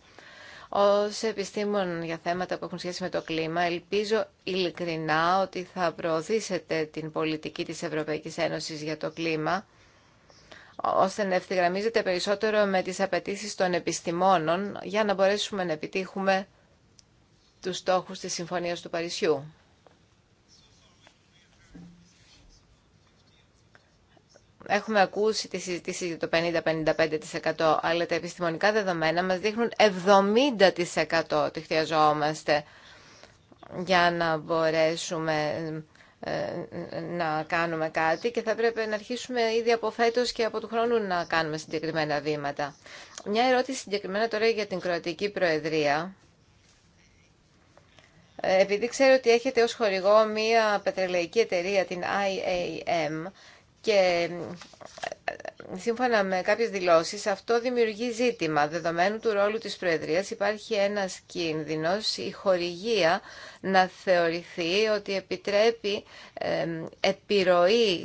Ω επιστήμον για θέματα που έχουν σχέση με το κλίμα, ελπίζω ειλικρινά ότι θα προωθήσετε την πολιτική της Ευρωπαϊκής Ένωσης για το κλίμα ώστε να ευθυγραμμίζεται περισσότερο με τις απαιτήσεις των επιστημόνων για να μπορέσουμε να επιτύχουμε τους στόχους της Συμφωνίας του Παρισιού. Έχουμε ακούσει τις συζήτηση για το 50-55% αλλά τα επιστημονικά δεδομένα μας δείχνουν 70% ότι χρειαζόμαστε για να μπορέσουμε ε, ε, να κάνουμε κάτι και θα πρέπει να αρχίσουμε ήδη από φέτο και από του χρόνου να κάνουμε συγκεκριμένα βήματα. Μια ερώτηση συγκεκριμένα τώρα για την Κροατική Προεδρία. Ε, επειδή ξέρω ότι έχετε ως χορηγό μία πετρελαϊκή εταιρεία, την IAM, και ε, ε, σύμφωνα με κάποιες δηλώσεις αυτό δημιουργεί ζήτημα. Δεδομένου του ρόλου της Προεδρίας υπάρχει ένας κίνδυνος, η χορηγία να θεωρηθεί ότι επιτρέπει επιρροή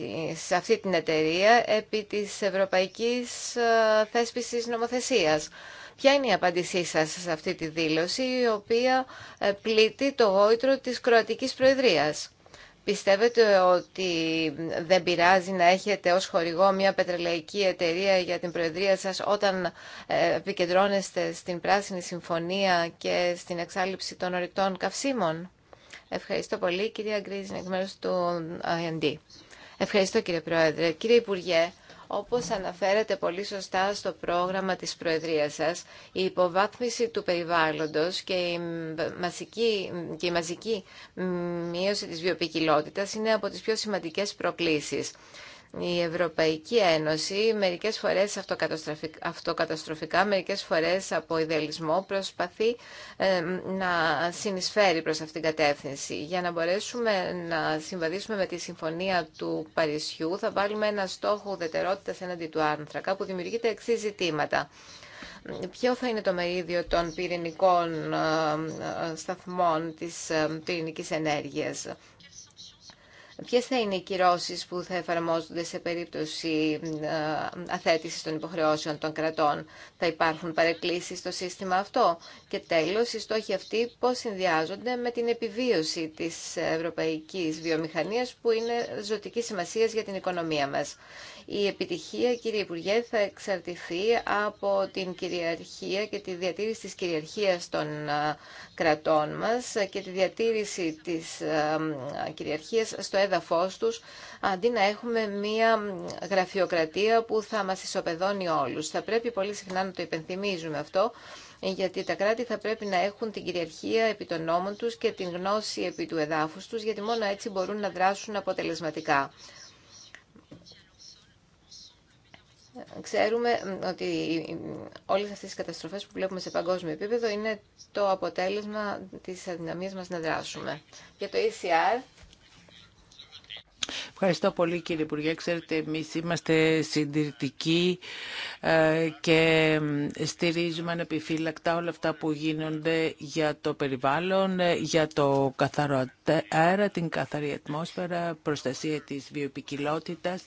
σε αυτή την εταιρεία επί της ευρωπαϊκής ε, θέσπισης νομοθεσίας. Ποια είναι η απάντησή σας σε αυτή τη δήλωση η οποία πλήττει το γόητρο της Κροατικής Προεδρίας. Πιστεύετε ότι δεν πειράζει να έχετε ως χορηγό μια πετρελαϊκή εταιρεία για την Προεδρία σας όταν ε, επικεντρώνεστε στην Πράσινη Συμφωνία και στην εξάλληψη των ορυκτών καυσίμων. Ευχαριστώ πολύ, κυρία Γκρίζιν, εκ μέρους του IND. Ε, Ευχαριστώ, κύριε Πρόεδρε. Κύριε Υπουργέ, όπως αναφέρετε πολύ σωστά στο πρόγραμμα της Προεδρίας σας, η υποβάθμιση του περιβάλλοντος και η μαζική, και η μαζική μείωση της βιοπικιλότητας είναι από τις πιο σημαντικές προκλήσεις η Ευρωπαϊκή Ένωση μερικές φορές αυτοκαταστροφικά, μερικές φορές από ιδεαλισμό προσπαθεί ε, να συνεισφέρει προς αυτήν την κατεύθυνση. Για να μπορέσουμε να συμβαδίσουμε με τη Συμφωνία του Παρισιού θα βάλουμε ένα στόχο ουδετερότητας έναντι του άνθρακα που δημιουργείται εξή ζητήματα. Ποιο θα είναι το μερίδιο των πυρηνικών ε, ε, σταθμών της πυρηνικής ενέργειας Ποιε θα είναι οι κυρώσει που θα εφαρμόζονται σε περίπτωση ε, αθέτησης των υποχρεώσεων των κρατών. Θα υπάρχουν παρεκκλήσει στο σύστημα αυτό. Και τέλος, οι στόχοι αυτοί πώς συνδυάζονται με την επιβίωση της ευρωπαϊκής βιομηχανίας που είναι ζωτική σημασία για την οικονομία μας. Η επιτυχία, κύριε Υπουργέ, θα εξαρτηθεί από την κυριαρχία και τη διατήρηση της κυριαρχίας των κρατών μας και τη διατήρηση της κυριαρχίας στο έδαφος τους, αντί να έχουμε μία γραφειοκρατία που θα μας ισοπεδώνει όλους. Θα πρέπει πολύ συχνά να το υπενθυμίζουμε αυτό, γιατί τα κράτη θα πρέπει να έχουν την κυριαρχία επί των νόμων τους και την γνώση επί του εδάφους τους, γιατί μόνο έτσι μπορούν να δράσουν αποτελεσματικά. Ξέρουμε ότι όλες αυτές οι καταστροφές που βλέπουμε σε παγκόσμιο επίπεδο είναι το αποτέλεσμα της αδυναμίας μας να δράσουμε. Για το ECR, Ευχαριστώ πολύ κύριε Υπουργέ. Ξέρετε, εμεί είμαστε συντηρητικοί ε, και στηρίζουμε ανεπιφύλακτα όλα αυτά που γίνονται για το περιβάλλον, ε, για το καθαρό αέρα, την καθαρή ατμόσφαιρα, προστασία της βιοπικιλότητας.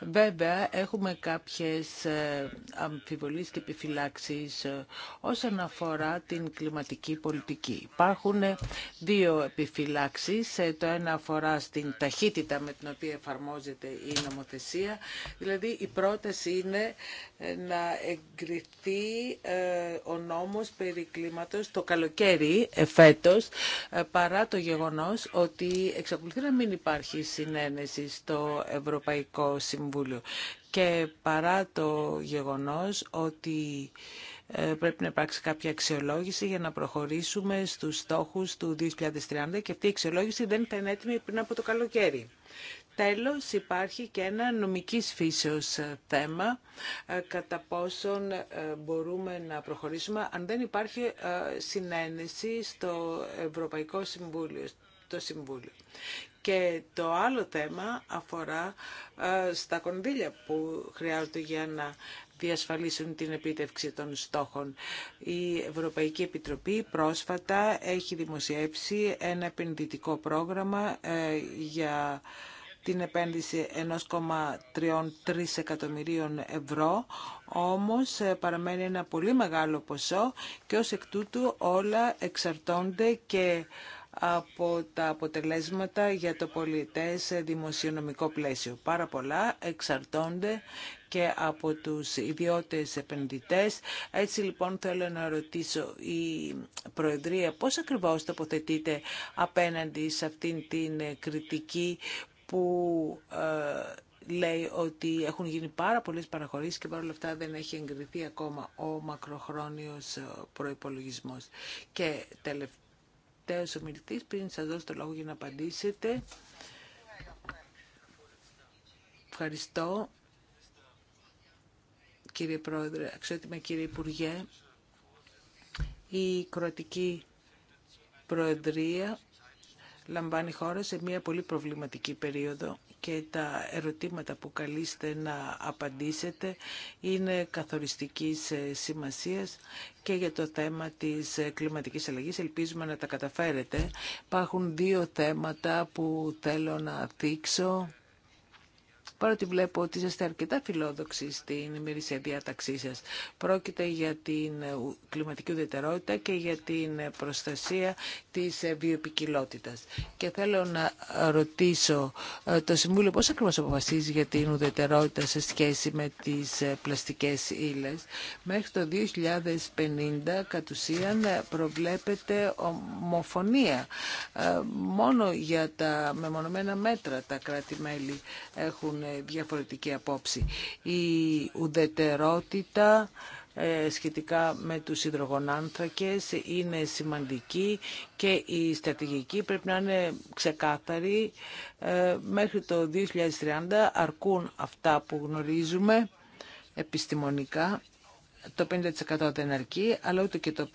Βέβαια, έχουμε κάποιες ε, αμφιβολίες και επιφυλάξεις ε, όσον αφορά την κλιματική πολιτική. Υπάρχουν ε, δύο επιφυλάξεις. Το ένα αφορά στην ταχύτητα με την οποία εφαρμόζεται η νομοθεσία. Δηλαδή, η πρόταση είναι να εγκριθεί ε, ο νόμος περί κλίματος το καλοκαίρι ε, φέτος ε, παρά το γεγονός ότι εξακολουθεί να μην υπάρχει συνένεση στο Ευρωπαϊκό Συμβούλιο και παρά το γεγονός ότι πρέπει να υπάρξει κάποια αξιολόγηση για να προχωρήσουμε στους στόχους του 2030 και αυτή η αξιολόγηση δεν θα έτοιμη πριν από το καλοκαίρι. Τέλος υπάρχει και ένα νομικής φύσεως ε, θέμα ε, κατά πόσον ε, μπορούμε να προχωρήσουμε αν δεν υπάρχει συνένεση στο Ευρωπαϊκό Συμβούλιο. Το Συμβούλιο. Και το άλλο θέμα αφορά στα κονδύλια που χρειάζονται για να διασφαλίσουν την επίτευξη των στόχων. Η Ευρωπαϊκή Επιτροπή πρόσφατα έχει δημοσιεύσει ένα επενδυτικό πρόγραμμα για την επένδυση 1,3 εκατομμυρίων ευρώ, όμως ε, παραμένει ένα πολύ μεγάλο ποσό και ως εκ τούτου όλα εξαρτώνται και από τα αποτελέσματα για το πολιτές δημοσιονομικό πλαίσιο. Πάρα πολλά εξαρτώνται και από τους ιδιώτες επενδυτές. Έτσι λοιπόν θέλω να ρωτήσω η Προεδρία πώς ακριβώς τοποθετείτε απέναντι σε αυτήν την κριτική που ε, λέει ότι έχουν γίνει πάρα πολλές παραχωρήσεις και παρόλα αυτά δεν έχει εγκριθεί ακόμα ο μακροχρόνιος ε, προϋπολογισμός. Και τελευταίος ομιλητής, πριν σας δώσω το λόγο για να απαντήσετε, ευχαριστώ κύριε Πρόεδρε, αξιότιμα κύριε Υπουργέ, η Κροατική Προεδρία λαμβάνει χώρα σε μια πολύ προβληματική περίοδο και τα ερωτήματα που καλείστε να απαντήσετε είναι καθοριστικής ε, σημασίας και για το θέμα της ε, κλιματικής αλλαγής. Ελπίζουμε να τα καταφέρετε. Υπάρχουν δύο θέματα που θέλω να θίξω παρότι βλέπω ότι είστε αρκετά φιλόδοξοι στην ημερήσια διάταξή σα. Πρόκειται για την ε, κλιματική ουδετερότητα και για την ε, προστασία της ε, βιοπικιλότητας. Και θέλω να ρωτήσω το Συμβούλιο πώς ακριβώ αποφασίζει για την ουδετερότητα σε σχέση με τις πλαστικές ύλε. Μέχρι το 2050 κατ' ουσίαν προβλέπεται ομοφωνία μόνο για τα μεμονωμένα μέτρα τα κράτη-μέλη έχουν διαφορετική απόψη. Η ουδετερότητα ε, σχετικά με τους υδρογονάνθρακες είναι σημαντική και η στρατηγική πρέπει να είναι ξεκάθαρη. Ε, μέχρι το 2030 αρκούν αυτά που γνωρίζουμε επιστημονικά το 50% δεν αρκεί, αλλά ούτε και το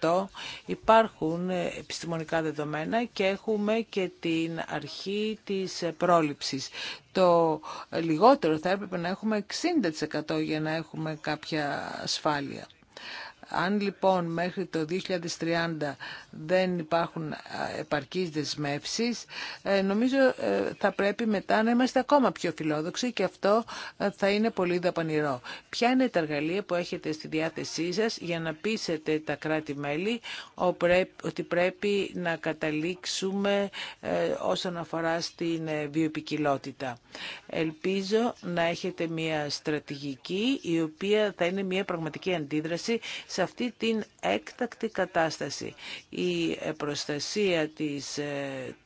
55%. Υπάρχουν ε, επιστημονικά δεδομένα και έχουμε και την αρχή της ε, πρόληψης. Το ε, λιγότερο θα έπρεπε να έχουμε 60% για να έχουμε κάποια ασφάλεια. Αν λοιπόν μέχρι το 2030 δεν υπάρχουν επαρκείς δεσμεύσεις, ε, νομίζω ε, θα πρέπει μετά να είμαστε ακόμα πιο φιλόδοξοι και αυτό ε, θα είναι πολύ δαπανηρό. Ποια είναι τα εργαλεία που έχετε στη διάθεσή σας για να πείσετε τα κράτη-μέλη ότι πρέπει να καταλήξουμε όσον αφορά στην βιοπικιλότητα. Ελπίζω να έχετε μια στρατηγική η οποία θα είναι μια πραγματική αντίδραση σε αυτή την έκτακτη κατάσταση. Η ε, προστασία της, ε,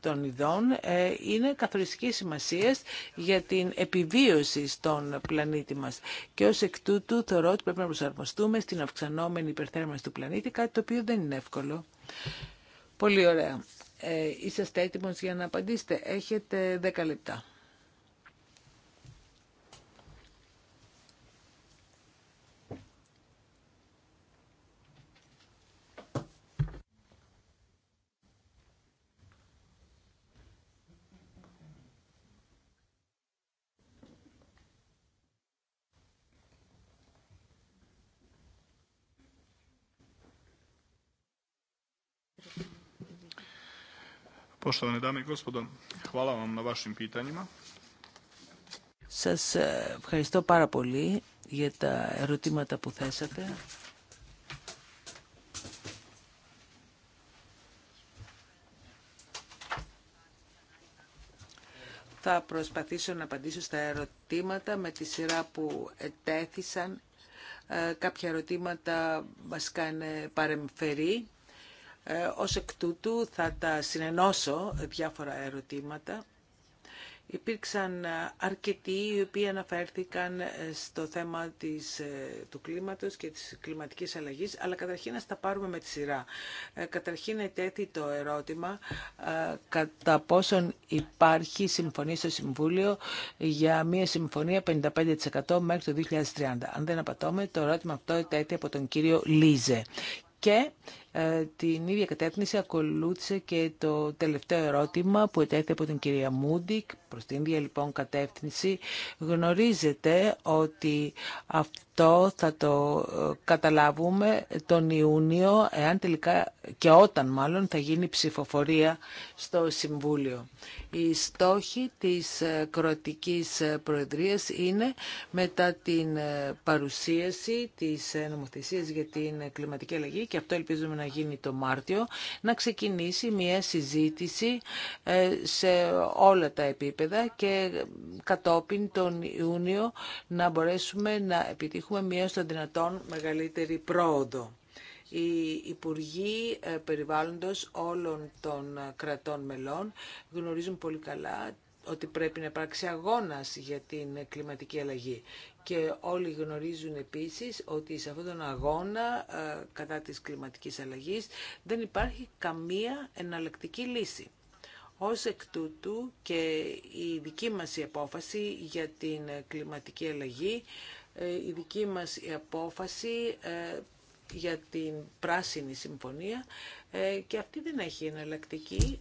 των ειδών ε, είναι καθοριστική σημασία για την επιβίωση στον πλανήτη μας. Και ως εκ τούτου θεωρώ ότι πρέπει να προσαρμοστούμε στην αυξανόμενη υπερθέρμανση του πλανήτη, κάτι το οποίο δεν είναι εύκολο. Πολύ ωραία. Ε, είσαστε έτοιμος για να απαντήσετε. Έχετε 10 λεπτά. Poštovane dame i gospodo, hvala Σας ε, ευχαριστώ πάρα πολύ για τα ερωτήματα που θέσατε. Θα προσπαθήσω να απαντήσω στα ερωτήματα με τη σειρά που ετέθησαν. Ε, κάποια ερωτήματα βασικά είναι παρεμφερή. Ε, ως εκ τούτου θα τα συνενώσω διάφορα ερωτήματα. Υπήρξαν αρκετοί οι οποίοι αναφέρθηκαν ε, στο θέμα της, ε, του κλίματος και της κλιματικής αλλαγής, αλλά καταρχήν να τα πάρουμε με τη σειρά. Καταρχήν ετέθη το ερώτημα κατά πόσον υπάρχει συμφωνία στο Συμβούλιο για μια συμφωνία 55% μέχρι το 2030. Αν δεν απατώμε, το ερώτημα αυτό ετέθη από τον κύριο Λίζε. Και ε, την ίδια κατεύθυνση ακολούθησε και το τελευταίο ερώτημα που ετέθη από την κυρία Μούντικ προς την ίδια λοιπόν κατεύθυνση. Γνωρίζετε ότι αυτό θα το ε, καταλάβουμε τον Ιούνιο εάν τελικά και όταν μάλλον θα γίνει ψηφοφορία στο Συμβούλιο. Οι στόχοι της ε, Κροατικής Προεδρίας είναι μετά την παρουσίαση της νομοθεσίας για την κλιματική αλλαγή και αυτό ελπίζουμε να γίνει το Μάρτιο, να ξεκινήσει μια συζήτηση ε, σε όλα τα επίπεδα και κατόπιν τον Ιούνιο να μπορέσουμε να επιτύχουμε μια στον δυνατόν μεγαλύτερη πρόοδο. Οι Υπουργοί ε, Περιβάλλοντος όλων των κρατών μελών γνωρίζουν πολύ καλά ότι πρέπει να υπάρξει αγώνας για την κλιματική αλλαγή. Και όλοι γνωρίζουν επίσης ότι σε αυτόν τον αγώνα ε, κατά της κλιματικής αλλαγής δεν υπάρχει καμία εναλλακτική λύση. Ως εκ τούτου και η δική μας η απόφαση για την ε, κλιματική αλλαγή, ε, η δική μας η απόφαση για την Πράσινη Συμφωνία και αυτή δεν έχει εναλλακτική,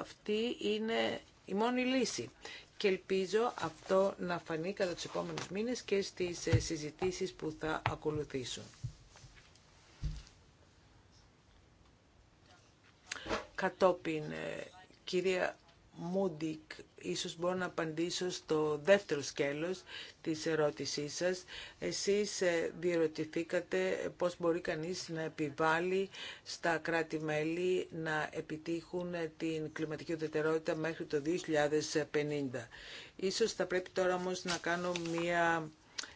αυτή είναι η μόνη λύση. Και ελπίζω αυτό να φανεί κατά τους επόμενους μήνες και στις ε, συζητήσεις που θα ακολουθήσουν. Κατόπιν, ε, κυρία Μούντικ, ίσως μπορώ να απαντήσω στο δεύτερο σκέλος της ερώτησής σας. Εσείς ε, διερωτηθήκατε πώς μπορεί κανείς να επιβάλλει στα κράτη-μέλη να επιτύχουν την κλιματική ουδετερότητα μέχρι το 2050. Ίσως θα πρέπει τώρα όμως να κάνω μία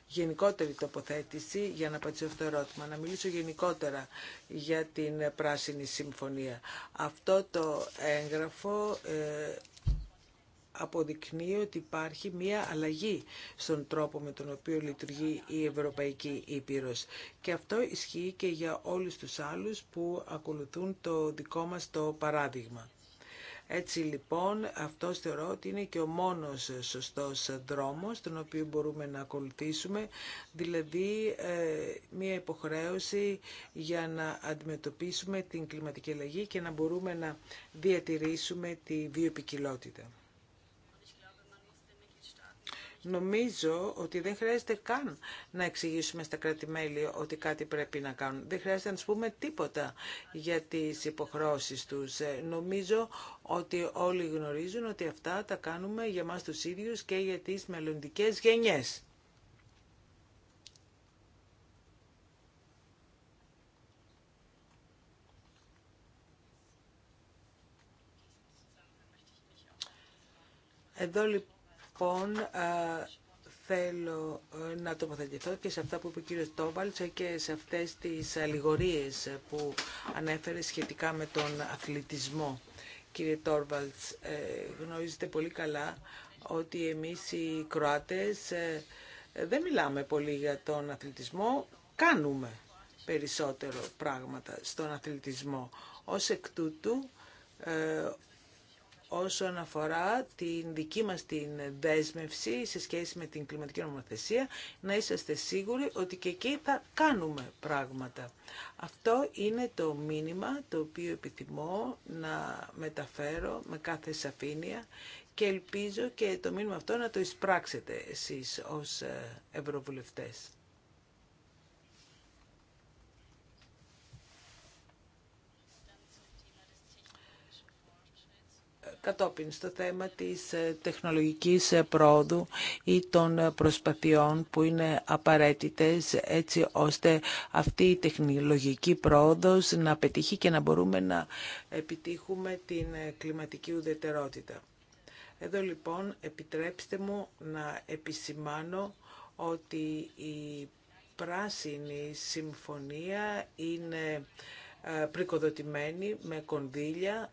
γενικότερη τοποθέτηση για να απαντήσω αυτό το ερώτημα, να μιλήσω γενικότερα για την Πράσινη Συμφωνία. Αυτό το έγγραφο ε, αποδεικνύει ότι υπάρχει μία αλλαγή στον τρόπο με τον οποίο λειτουργεί η Ευρωπαϊκή Ήπειρος. Και αυτό ισχύει και για όλους τους άλλους που ακολουθούν το δικό μας το παράδειγμα. Έτσι λοιπόν αυτό θεωρώ ότι είναι και ο μόνος σωστός δρόμος τον οποίο μπορούμε να ακολουθήσουμε, δηλαδή ε, μια υποχρέωση για να αντιμετωπίσουμε την κλιματική αλλαγή και να μπορούμε να διατηρήσουμε τη βιοπικιλότητα. Νομίζω ότι δεν χρειάζεται καν να εξηγήσουμε στα κρατη ότι κάτι πρέπει να κάνουν. Δεν χρειάζεται να τους πούμε τίποτα για τις υποχρώσεις τους. Ε, νομίζω ότι όλοι γνωρίζουν ότι αυτά τα κάνουμε για μας τους ίδιους και για τις μελλοντικέ γενιές. Εδώ λοιπόν λοιπόν θέλω ε, να τοποθετηθώ και σε αυτά που είπε ο κύριος Τόμπαλτς και σε αυτές τις αλληγορίες που ανέφερε σχετικά με τον αθλητισμό. Κύριε Τόρβαλτς, ε, γνωρίζετε πολύ καλά ότι εμείς οι Κροάτες ε, δεν μιλάμε πολύ για τον αθλητισμό, κάνουμε περισσότερο πράγματα στον αθλητισμό. Ως εκ τούτου, όσον αφορά την δική μας την δέσμευση σε σχέση με την κλιματική νομοθεσία, να είσαστε σίγουροι ότι και εκεί θα κάνουμε πράγματα. Αυτό είναι το μήνυμα το οποίο επιθυμώ να μεταφέρω με κάθε σαφήνεια και ελπίζω και το μήνυμα αυτό να το εισπράξετε εσείς ως ε, Ευρωβουλευτές. κατόπιν στο θέμα της ε, τεχνολογικής ε, πρόοδου ή των ε, προσπαθειών που είναι απαραίτητες έτσι ώστε αυτή η τεχνολογική πρόοδος να πετύχει και να μπορούμε να επιτύχουμε την κλιματική ουδετερότητα. Εδώ λοιπόν επιτρέψτε μου να επισημάνω ότι η Πράσινη Συμφωνία είναι πρικοδοτημένη με κονδύλια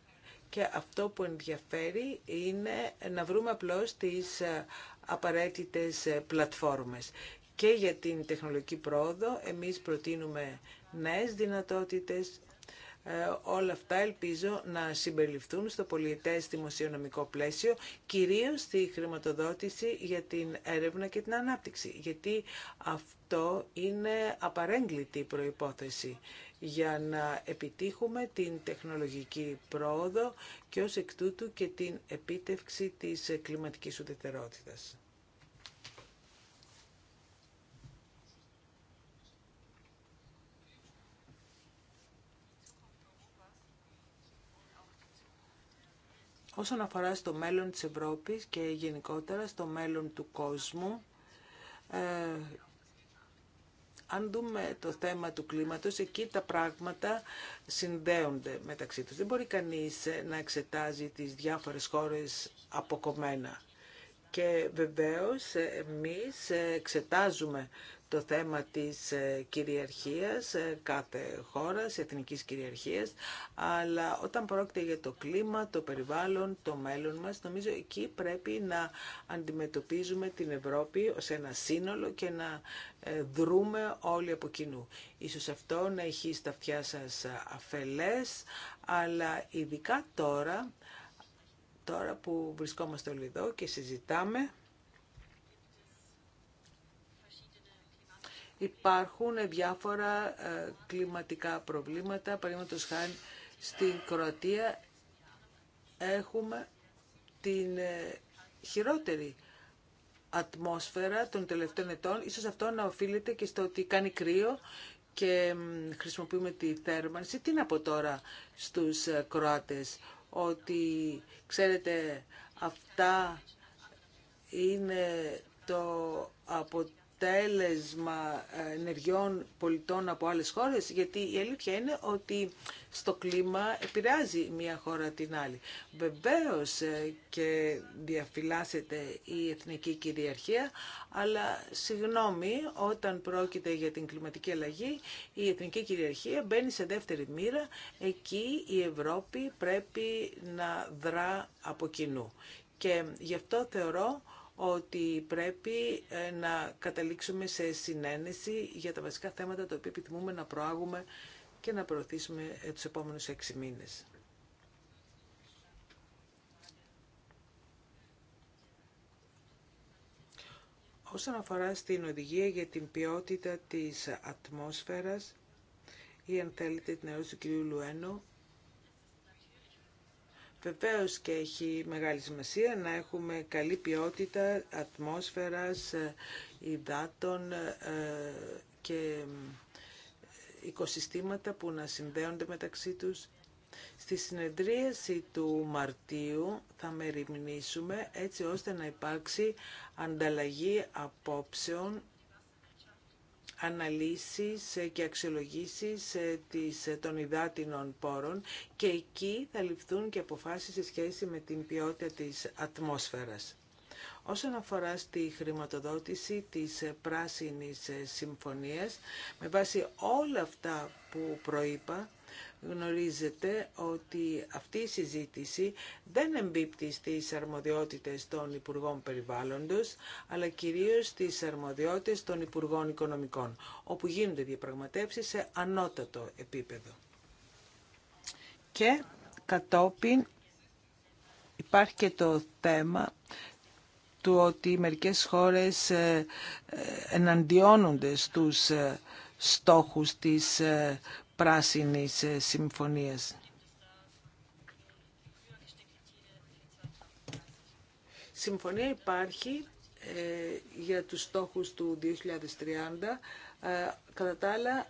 και αυτό που ενδιαφέρει είναι να βρούμε απλώς τις ε, απαραίτητες ε, πλατφόρμες. Και για την τεχνολογική πρόοδο εμείς προτείνουμε νέες δυνατότητες, ε, όλα αυτά ελπίζω να συμπεριληφθούν στο πολιτευστημο δημοσιονομικό πλαίσιο, κυρίως στη χρηματοδότηση για την έρευνα και την ανάπτυξη, γιατί αυτό είναι απαρέγκλητη προϋπόθεση για να επιτύχουμε την τεχνολογική πρόοδο και ως εκ τούτου και την επίτευξη της κλιματικής ουδετερότητας. Όσον αφορά στο μέλλον της Ευρώπης και γενικότερα στο μέλλον του κόσμου, ε, αν δούμε το θέμα του κλίματος, εκεί τα πράγματα συνδέονται μεταξύ τους. Δεν μπορεί κανείς ε, να εξετάζει τις διάφορες χώρες αποκομμένα. Και βεβαίως εμείς ε, εξετάζουμε το θέμα της ε, κυριαρχίας ε, κάθε χώρας, εθνικής κυριαρχίας, αλλά όταν πρόκειται για το κλίμα, το περιβάλλον, το μέλλον μας, νομίζω εκεί πρέπει να αντιμετωπίζουμε την Ευρώπη ως ένα σύνολο και να ε, δρούμε όλοι από κοινού. Ίσως αυτό να έχει στα αυτιά σας αφελές, αλλά ειδικά τώρα, τώρα που βρισκόμαστε όλοι εδώ και συζητάμε, υπάρχουν διάφορα ε, κλιματικά προβλήματα. Παραδείγματο χάρη στην Κροατία έχουμε την ε, χειρότερη ατμόσφαιρα των τελευταίων ετών. Ίσως αυτό να οφείλεται και στο ότι κάνει κρύο και χρησιμοποιούμε τη θέρμανση. Τι να πω τώρα στους ε, Κροάτες, ότι ξέρετε αυτά είναι το από αποτέλεσμα ε, ενεργειών πολιτών από άλλες χώρες, γιατί η αλήθεια είναι ότι στο κλίμα επηρεάζει μία χώρα την άλλη. Βεβαίως ε, και διαφυλάσσεται η εθνική κυριαρχία, αλλά συγγνώμη, όταν πρόκειται για την κλιματική αλλαγή, η εθνική κυριαρχία μπαίνει σε δεύτερη μοίρα, εκεί η Ευρώπη πρέπει να δρά από κοινού. Και γι' αυτό θεωρώ ότι πρέπει ε, να καταλήξουμε σε συνένεση για τα βασικά θέματα τα οποία επιθυμούμε να προάγουμε και να προωθήσουμε ε, τους επόμενους έξι μήνες. Όσον αφορά στην οδηγία για την ποιότητα της ατμόσφαιρας ή αν θέλετε την ερώτηση του κ. Λουένου, Βεβαίω και έχει μεγάλη σημασία να έχουμε καλή ποιότητα ατμόσφαιρας, ε, υδάτων ε, και ε, οικοσυστήματα που να συνδέονται μεταξύ τους. Στη συνεδρίαση του Μαρτίου θα μεριμνήσουμε έτσι ώστε να υπάρξει ανταλλαγή απόψεων αναλύσεις και αξιολογήσεις των υδάτινων πόρων και εκεί θα ληφθούν και αποφάσεις σε σχέση με την ποιότητα της ατμόσφαιρας. Όσον αφορά στη χρηματοδότηση της Πράσινης Συμφωνίας, με βάση όλα αυτά που προείπα, γνωρίζετε ότι αυτή η συζήτηση δεν εμπίπτει στις αρμοδιότητες των Υπουργών Περιβάλλοντος, αλλά κυρίως στις αρμοδιότητες των Υπουργών Οικονομικών, όπου γίνονται διαπραγματεύσεις σε ανώτατο επίπεδο. Και κατόπιν υπάρχει και το θέμα του ότι μερικές χώρες ε, ε, εναντιώνονται στους ε, στόχους της πράσινης ε, συμφωνίας. Συμφωνία υπάρχει ε, για τους στόχους του 2030. Ε, κατά τα άλλα,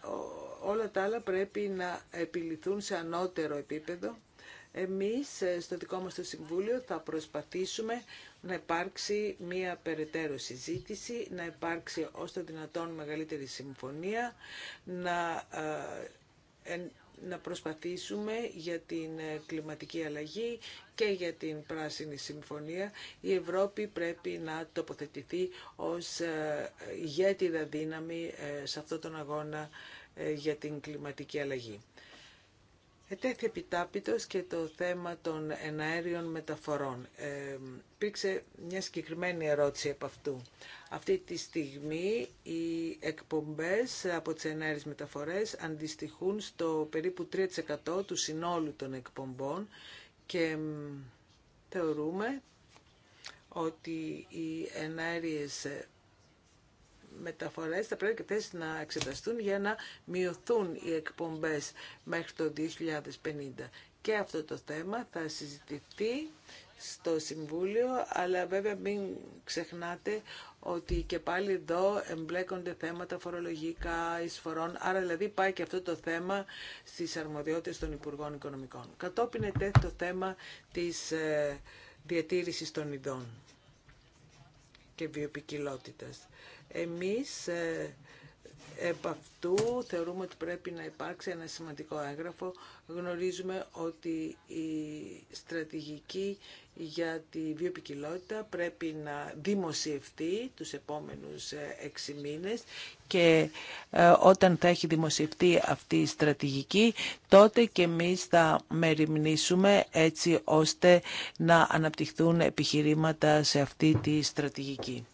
όλα τα άλλα πρέπει να επιληθούν σε ανώτερο επίπεδο. Εμείς στο δικό μας το Συμβούλιο θα προσπαθήσουμε να υπάρξει μία περαιτέρω συζήτηση, να υπάρξει ως δυνατόν μεγαλύτερη συμφωνία, να ε, να προσπαθήσουμε για την ε, κλιματική αλλαγή και για την Πράσινη Συμφωνία. Η Ευρώπη πρέπει να τοποθετηθεί ως ε, ηγέτιδα δύναμη σε αυτόν τον αγώνα για την κλιματική αλλαγή. Ετέθη επιτάπητος και το θέμα των εναέριων μεταφορών. Ε, υπήρξε μια συγκεκριμένη ερώτηση από αυτού. Αυτή τη στιγμή οι εκπομπές από τις εναέριες μεταφορές αντιστοιχούν στο περίπου 3% του συνόλου των εκπομπών και θεωρούμε ότι οι εναέριες μεταφορές θα πρέπει και αυτές να εξεταστούν για να μειωθούν οι εκπομπές μέχρι το 2050. Και αυτό το θέμα θα συζητηθεί στο Συμβούλιο, αλλά βέβαια μην ξεχνάτε ότι και πάλι εδώ εμπλέκονται θέματα φορολογικά, εισφορών, άρα δηλαδή πάει και αυτό το θέμα στις αρμοδιότητες των Υπουργών Οικονομικών. Κατόπιν ετέθη το θέμα της ε, διατήρησης των ειδών και βιοπικιλότητας. Εμείς ε, επ' αυτού θεωρούμε ότι πρέπει να υπάρξει ένα σημαντικό έγγραφο. Γνωρίζουμε ότι η στρατηγική για τη βιοπικιλότητα πρέπει να δημοσιευτεί τους επόμενους ε, έξι μήνες και ε, όταν θα έχει δημοσιευτεί αυτή η στρατηγική τότε και εμείς θα μεριμνήσουμε έτσι ώστε να αναπτυχθούν επιχειρήματα σε αυτή τη στρατηγική.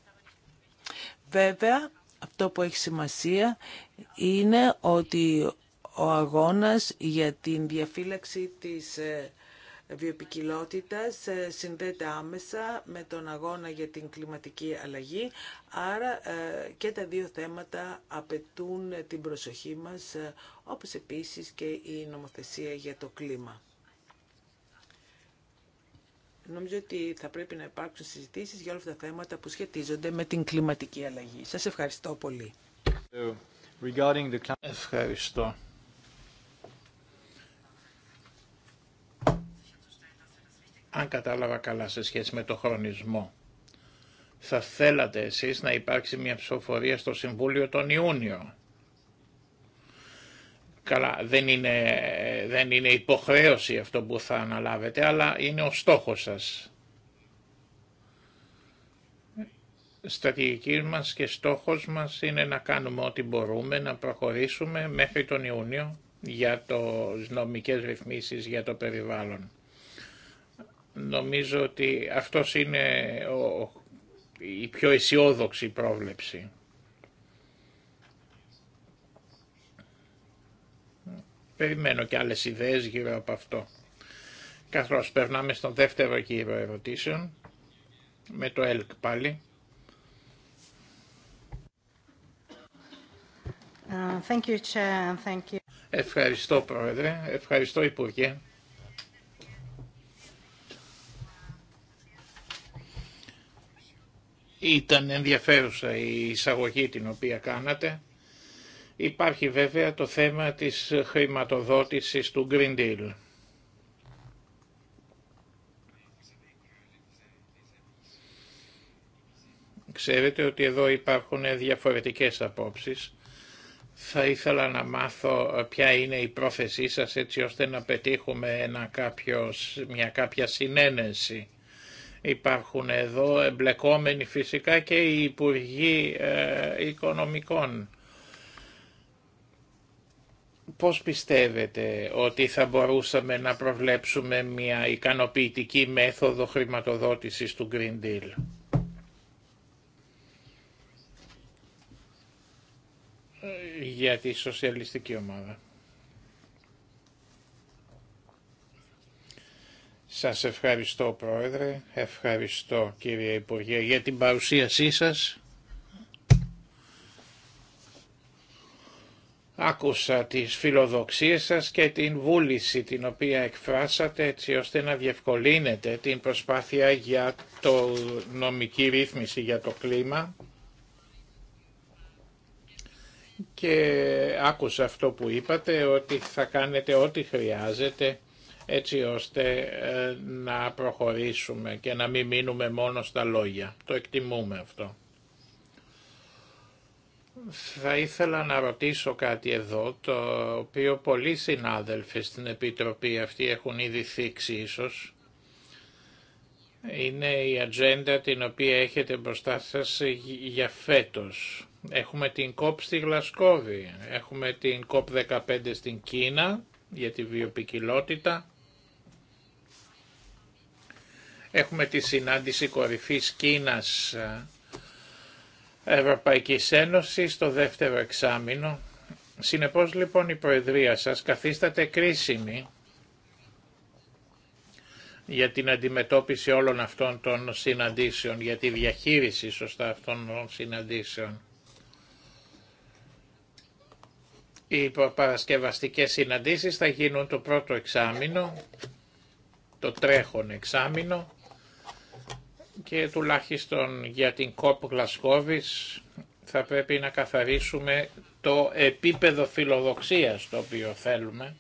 Βέβαια, αυτό που έχει σημασία είναι ότι ο αγώνας για την διαφύλαξη της ε, βιοπικιλότητας ε, συνδέεται άμεσα με τον αγώνα για την κλιματική αλλαγή, άρα ε, και τα δύο θέματα απαιτούν την προσοχή μας, όπως επίσης και η νομοθεσία για το κλίμα. Νομίζω ότι θα πρέπει να υπάρξουν συζητήσεις για όλα αυτά τα θέματα που σχετίζονται με την κλιματική αλλαγή. Σας ευχαριστώ πολύ. Ευχαριστώ. Αν κατάλαβα καλά σε σχέση με το χρονισμό, θα θέλατε εσείς να υπάρξει μια ψηφοφορία στο Συμβούλιο τον Ιούνιο. Καλά, δεν είναι, δεν είναι υποχρέωση αυτό που θα αναλάβετε, αλλά είναι ο στόχος σας. Στρατηγική μας και στόχος μας είναι να κάνουμε ό,τι μπορούμε, να προχωρήσουμε μέχρι τον Ιούνιο για το νομικές ρυθμίσεις για το περιβάλλον. Νομίζω ότι αυτός είναι ο, η πιο αισιόδοξη πρόβλεψη. Περιμένω και άλλες ιδέες γύρω από αυτό. Καθώς περνάμε στο δεύτερο γύρο ερωτήσεων, με το ΕΛΚ πάλι. Uh, ευχαριστώ Πρόεδρε, ευχαριστώ Υπουργέ. Ήταν ενδιαφέρουσα η εισαγωγή την οποία κάνατε. Υπάρχει βέβαια το θέμα της χρηματοδότησης του Green Deal. Ξέρετε ότι εδώ υπάρχουν διαφορετικές απόψεις. Θα ήθελα να μάθω ποια είναι η πρόθεσή σας έτσι ώστε να πετύχουμε ένα κάποιος, μια κάποια συνένεση. Υπάρχουν εδώ εμπλεκόμενοι φυσικά και οι Υπουργοί ε, Οικονομικών. Πώς πιστεύετε ότι θα μπορούσαμε να προβλέψουμε μια ικανοποιητική μέθοδο χρηματοδότησης του Green Deal. για τη σοσιαλιστική ομάδα. Σας ευχαριστώ Πρόεδρε, ευχαριστώ κύριε Υπουργέ για την παρουσίασή σας. Άκουσα τις φιλοδοξίες σας και την βούληση την οποία εκφράσατε έτσι ώστε να διευκολύνετε την προσπάθεια για το νομική ρύθμιση για το κλίμα και άκουσα αυτό που είπατε ότι θα κάνετε ό,τι χρειάζεται έτσι ώστε ε, να προχωρήσουμε και να μην μείνουμε μόνο στα λόγια. Το εκτιμούμε αυτό. Θα ήθελα να ρωτήσω κάτι εδώ, το οποίο πολλοί συνάδελφοι στην Επιτροπή αυτή έχουν ήδη θίξει ίσως. Είναι η ατζέντα την οποία έχετε μπροστά σας για φέτος. Έχουμε την COP στη Γλασκόβη, έχουμε την COP15 στην Κίνα για τη βιοπικιλότητα, έχουμε τη συνάντηση κορυφής Κίνας Ευρωπαϊκής Ένωση το δεύτερο εξάμεινο. Συνεπώς λοιπόν η Προεδρία σας καθίσταται κρίσιμη για την αντιμετώπιση όλων αυτών των συναντήσεων, για τη διαχείριση σωστά αυτών των συναντήσεων. Οι παρασκευαστικές συναντήσεις θα γίνουν το πρώτο εξάμεινο, το τρέχον εξάμεινο, και τουλάχιστον για την ΚΟΠ Γλασκόβης θα πρέπει να καθαρίσουμε το επίπεδο φιλοδοξίας το οποίο θέλουμε.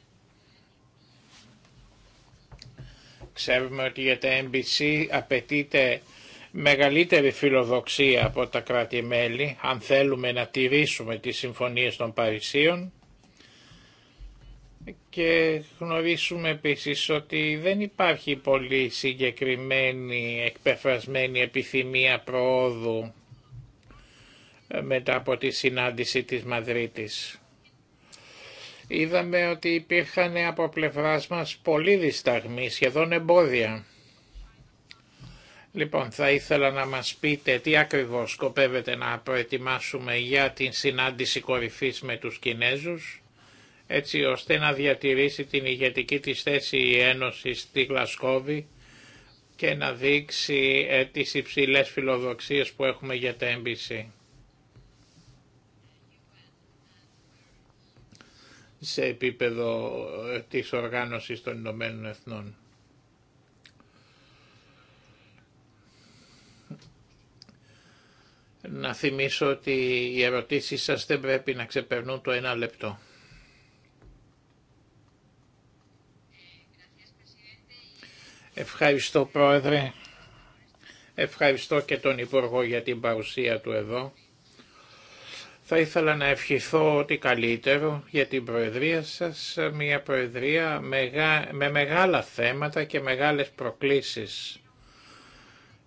Ξέρουμε ότι για τα MBC απαιτείται μεγαλύτερη φιλοδοξία από τα κράτη-μέλη αν θέλουμε να τηρήσουμε τις συμφωνίες των Παρισίων και γνωρίσουμε επίσης ότι δεν υπάρχει πολύ συγκεκριμένη εκπεφρασμένη επιθυμία προόδου ε, μετά από τη συνάντηση της Μαδρίτης. Είδαμε ότι υπήρχαν από πλευράς μας πολλοί δισταγμοί, σχεδόν εμπόδια. Λοιπόν, θα ήθελα να μας πείτε τι ακριβώς σκοπεύετε να προετοιμάσουμε για την συνάντηση κορυφής με τους Κινέζους έτσι ώστε να διατηρήσει την ηγετική της θέση η Ένωση στη Γλασκόβη και να δείξει ε, τις υψηλές φιλοδοξίες που έχουμε για τα MBC. σε επίπεδο ε, της οργάνωσης των Ηνωμένων Εθνών. Να θυμίσω ότι οι ερωτήσεις σας δεν πρέπει να ξεπερνούν το ένα λεπτό. Ευχαριστώ Πρόεδρε. Ευχαριστώ και τον Υπουργό για την παρουσία του εδώ. Θα ήθελα να ευχηθώ ότι καλύτερο για την Προεδρία σας, μια Προεδρία με μεγάλα θέματα και μεγάλες προκλήσεις.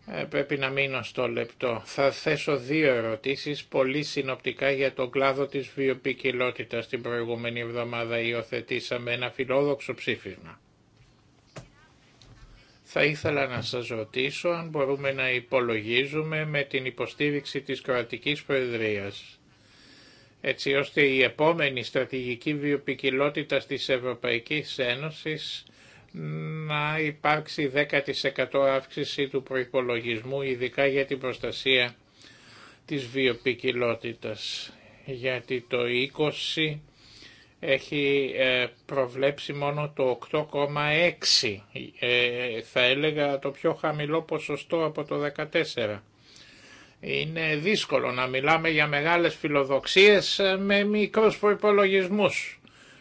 Ε, πρέπει να μείνω στο λεπτό. Θα θέσω δύο ερωτήσεις πολύ συνοπτικά για τον κλάδο της βιοπικιλότητας. Την προηγούμενη εβδομάδα υιοθετήσαμε ένα φιλόδοξο ψήφισμα θα ήθελα να σας ρωτήσω αν μπορούμε να υπολογίζουμε με την υποστήριξη της Κροατικής Προεδρίας, έτσι ώστε η επόμενη στρατηγική βιοπικιλότητα της Ευρωπαϊκής Ένωσης να υπάρξει 10% αύξηση του προϋπολογισμού, ειδικά για την προστασία της βιοπικιλότητας, γιατί το 20 έχει ε, προβλέψει μόνο το 8,6, ε, θα έλεγα το πιο χαμηλό ποσοστό από το 14. Είναι δύσκολο να μιλάμε για μεγάλες φιλοδοξίες ε, με μικρούς προϋπολογισμούς.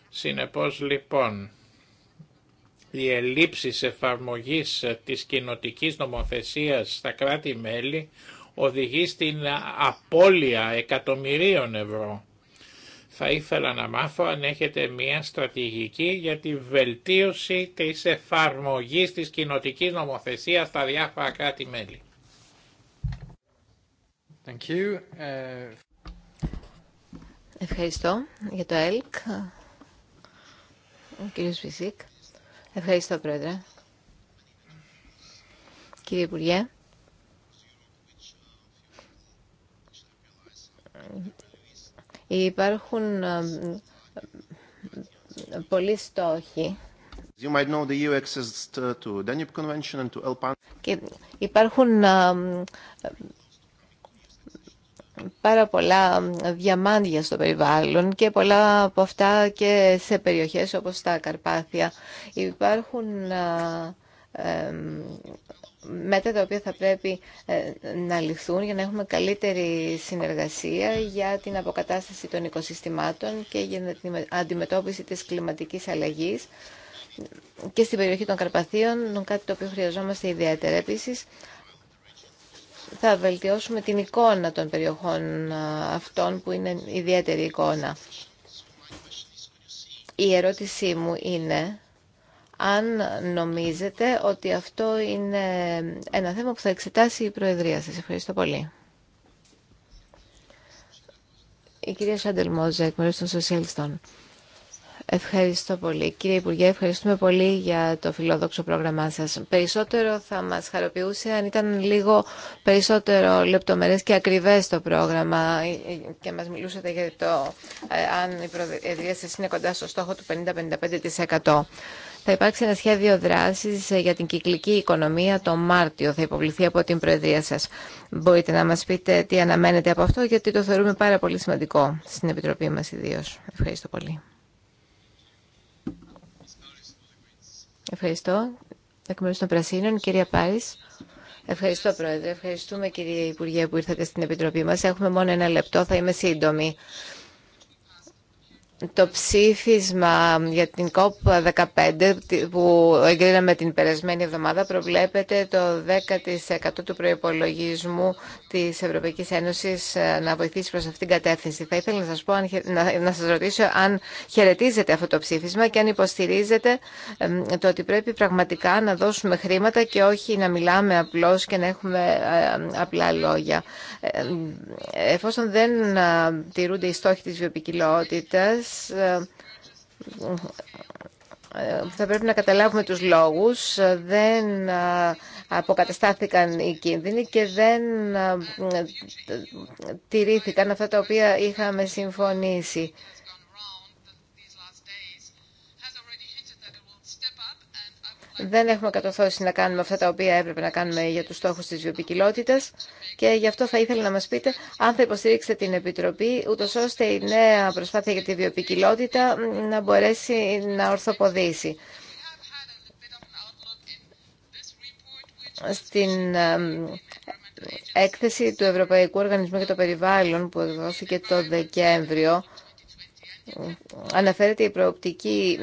Συνεπώς λοιπόν, οι ελλείψεις εφαρμογής της κοινοτικής νομοθεσίας στα κράτη-μέλη οδηγεί στην απώλεια εκατομμυρίων ευρώ θα ήθελα να μάθω αν έχετε μία στρατηγική για τη βελτίωση της εφαρμογής της κοινοτικής νομοθεσίας στα διάφορα κράτη-μέλη. Ε, Ευχαριστώ για το ΕΛΚ. Ο κύριος Βυσίκ. Ευχαριστώ, Πρόεδρε. Κύριε Υπουργέ, Υπάρχουν ε, ε, πολλοί στόχοι. You might know the EU access uh, to Danube Convention and to Elpan. Και υπάρχουν ε, πάρα πολλά διαμάντια στο περιβάλλον και πολλά από αυτά και σε περιοχές όπως τα Καρπάθια. Υπάρχουν μέτρα τα οποία θα πρέπει ε, να ληφθούν για να έχουμε καλύτερη συνεργασία για την αποκατάσταση των οικοσυστημάτων και για την αντιμετώπιση της κλιματικής αλλαγής και στην περιοχή των Καρπαθίων, κάτι το οποίο χρειαζόμαστε ιδιαίτερα. επίση, θα βελτιώσουμε την εικόνα των περιοχών ε, αυτών που είναι ιδιαίτερη εικόνα. Η ερώτησή μου είναι αν νομίζετε ότι αυτό είναι ένα θέμα που θα εξετάσει η Προεδρία σας. Ευχαριστώ πολύ. Η κυρία Σάντελ Μόζα, εκ μέρους των Σοσιαλιστών. Ευχαριστώ πολύ. Κύριε Υπουργέ, ευχαριστούμε πολύ για το φιλόδοξο πρόγραμμά σας. Περισσότερο θα μας χαροποιούσε αν ήταν λίγο περισσότερο λεπτομερές και ακριβές το πρόγραμμα και μας μιλούσατε για το ε, αν η προεδρία σας είναι κοντά στο στόχο του 50-55%. Θα υπάρξει ένα σχέδιο δράση ε, για την κυκλική οικονομία το Μάρτιο. Θα υποβληθεί από την Προεδρία σα. Μπορείτε να μα πείτε τι αναμένετε από αυτό, γιατί το θεωρούμε πάρα πολύ σημαντικό στην Επιτροπή μα ιδίω. Ευχαριστώ πολύ. Ευχαριστώ. Εκ μέρου των Πρασίνων, κυρία Πάρη. Ευχαριστώ, Πρόεδρε. Ευχαριστούμε, κύριε Υπουργέ, που ήρθατε στην Επιτροπή μα. Έχουμε μόνο ένα λεπτό. Θα είμαι σύντομη το ψήφισμα για την COP15 που εγκρίναμε την περασμένη εβδομάδα προβλέπεται το 10% του προϋπολογισμού της Ευρωπαϊκής Ένωσης ε, να βοηθήσει προς αυτήν την κατεύθυνση. Θα ήθελα να σας, πω, να σας ρωτήσω αν χαιρετίζετε αυτό το ψήφισμα και αν υποστηρίζετε το ότι πρέπει πραγματικά να δώσουμε χρήματα και όχι να μιλάμε απλώς και να έχουμε ε, απλά λόγια. Ε, εφόσον δεν τηρούνται οι στόχοι της βιοποικιλότητας, ε, ε, θα πρέπει να καταλάβουμε τους λόγους. Δεν ε, αποκαταστάθηκαν οι κίνδυνοι και δεν τηρήθηκαν αυτά τα οποία είχαμε συμφωνήσει. δεν έχουμε κατορθώσει να κάνουμε αυτά τα οποία έπρεπε να κάνουμε για τους στόχους της βιοπικιλότητας και γι' αυτό θα ήθελα να μας πείτε αν θα υποστηρίξετε την Επιτροπή ούτως ώστε η νέα προσπάθεια για τη βιοπικιλότητα να μπορέσει να ορθοποδήσει. Στην έκθεση του Ευρωπαϊκού Οργανισμού για το Περιβάλλον που εκδόθηκε το Δεκέμβριο αναφέρεται η προοπτική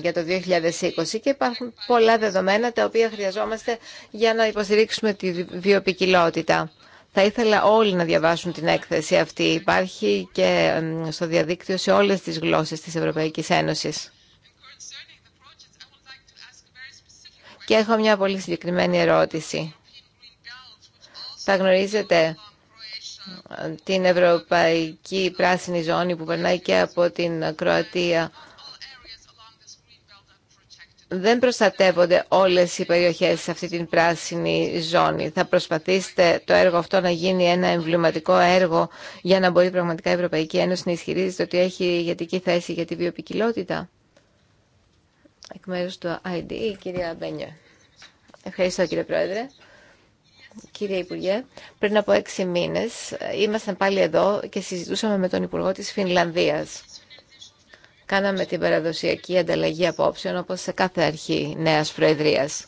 για το 2020 και υπάρχουν πολλά δεδομένα τα οποία χρειαζόμαστε για να υποστηρίξουμε τη βιοπικιλότητα. Θα ήθελα όλοι να διαβάσουν την έκθεση αυτή. Υπάρχει και στο διαδίκτυο σε όλες τις γλώσσες της Ευρωπαϊκής Ένωσης. Και έχω μια πολύ συγκεκριμένη ερώτηση. Θα γνωρίζετε την Ευρωπαϊκή Πράσινη Ζώνη που περνάει και από την Κροατία δεν προστατεύονται όλες οι περιοχές σε αυτή την πράσινη ζώνη. Θα προσπαθήσετε το έργο αυτό να γίνει ένα εμβληματικό έργο για να μπορεί πραγματικά η Ευρωπαϊκή Ένωση να ισχυρίζεται ότι έχει ηγετική θέση για τη βιοπικιλότητα. Εκ μέρους του ID, η κυρία Μπένιο. Ευχαριστώ κύριε Πρόεδρε. Κύριε Υπουργέ, πριν από έξι μήνες ε, ήμασταν πάλι εδώ και συζητούσαμε με τον Υπουργό της Φινλανδίας. Κάναμε την παραδοσιακή ανταλλαγή απόψεων όπως σε κάθε αρχή νέας Προεδρίας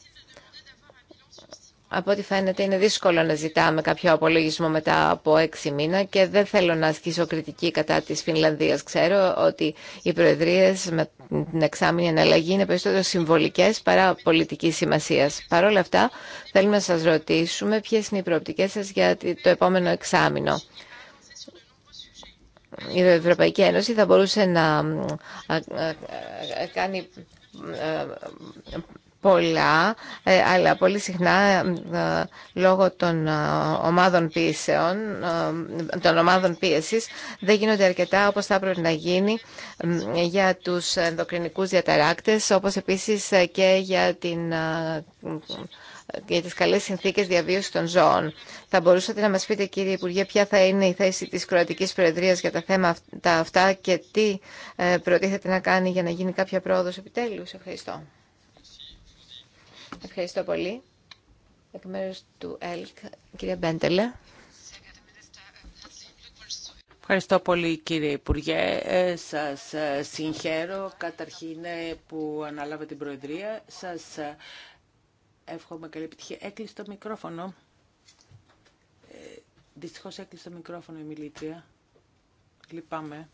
από ό,τι φαίνεται είναι δύσκολο να ζητάμε κάποιο απολογισμό μετά από έξι μήνα και δεν θέλω να ασκήσω κριτική κατά της Φινλανδίας. Ξέρω ότι οι προεδρίες με την εξάμεινη ανάλλαγη είναι περισσότερο συμβολικές παρά πολιτικής σημασίας. Παρ' όλα αυτά θέλουμε να σας ρωτήσουμε ποιες είναι οι προοπτικές σας για το επόμενο εξάμεινο. Η Ευρωπαϊκή Ένωση θα μπορούσε να κάνει πολλά, ε, αλλά πολύ συχνά ε, λόγω των ε, ομάδων πίεσεων, των ομάδων πίεσης, δεν γίνονται αρκετά όπως θα έπρεπε να γίνει για τους ενδοκρινικούς διαταράκτες, όπως επίσης και για την για τις καλές συνθήκες διαβίωσης των ζώων. Θα μπορούσατε να μας πείτε, κύριε Υπουργέ, ποια θα είναι η θέση της Κροατικής Προεδρίας για τα θέματα αυτά και τι προτίθεται να κάνει για να γίνει κάποια πρόοδος επιτέλους. Ευχαριστώ. Ευχαριστώ πολύ. Εκ μέρους του ΕΛΚ, κυρία Μπέντελε. Ευχαριστώ πολύ κύριε Υπουργέ. Ε, σας ε, συγχαίρω καταρχήν ε, που αναλάβατε την Προεδρία. Σας εύχομαι καλή επιτυχία. Έκλεισε το μικρόφωνο. Δυστυχώς έκλεισε το μικρόφωνο η μιλήτρια. Λυπάμαι.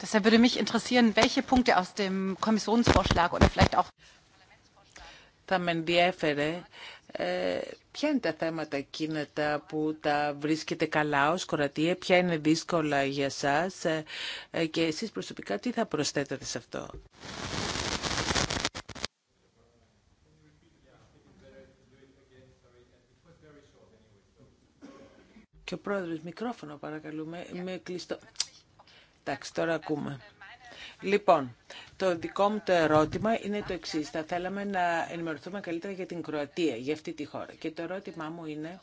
Deshalb würde mich interessieren, welche Punkte aus dem Kommissionsvorschlag oder vielleicht auch θα με ενδιέφερε ε, ποια είναι τα θέματα εκείνα που τα βρίσκετε καλά ως κορατία, ποια είναι δύσκολα για σας ε, ε, και εσείς προσωπικά τι θα προσθέτατε σε αυτό. Και ο πρόεδρος, μικρόφωνο παρακαλούμε, με κλειστό. Εντάξει, τώρα ακούμε. Λοιπόν, το δικό μου το ερώτημα είναι το εξής. Θα θέλαμε να ενημερωθούμε καλύτερα για την Κροατία, για αυτή τη χώρα. Και το ερώτημά μου είναι,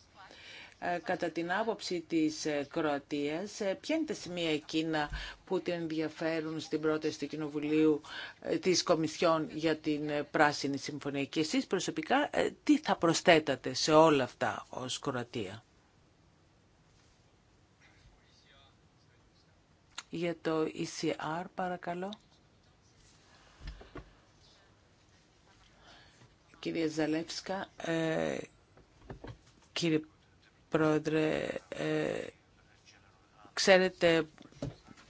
ε, κατά την άποψη της ε, Κροατίας, ε, ποια είναι τα σημεία εκείνα που την ενδιαφέρουν στην πρόταση του Κοινοβουλίου της Κομισιόν για την Πράσινη Συμφωνία. Και εσείς προσωπικά, τι θα προσθέτατε σε όλα αυτά ως Κροατία. για το ECR, παρακαλώ. Κυρία Ζαλεύσκα, ε, κύριε Πρόεδρε, ε, ξέρετε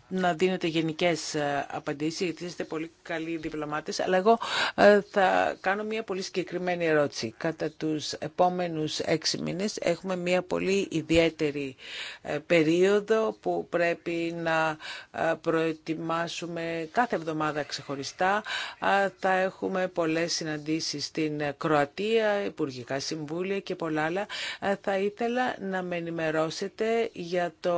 να δίνετε γενικές ε, απαντήσεις, γιατί είστε πολύ καλοί διπλωμάτες, αλλά εγώ ε, θα κάνω μια πολύ συγκεκριμένη ερώτηση. Κατά τους επόμενους έξι μήνες έχουμε μια πολύ ιδιαίτερη ε, περίοδο που πρέπει να προετοιμάσουμε κάθε εβδομάδα ξεχωριστά. Θα έχουμε πολλές συναντήσεις στην Κροατία, Υπουργικά Συμβούλια και πολλά άλλα. Θα ήθελα να με ενημερώσετε για το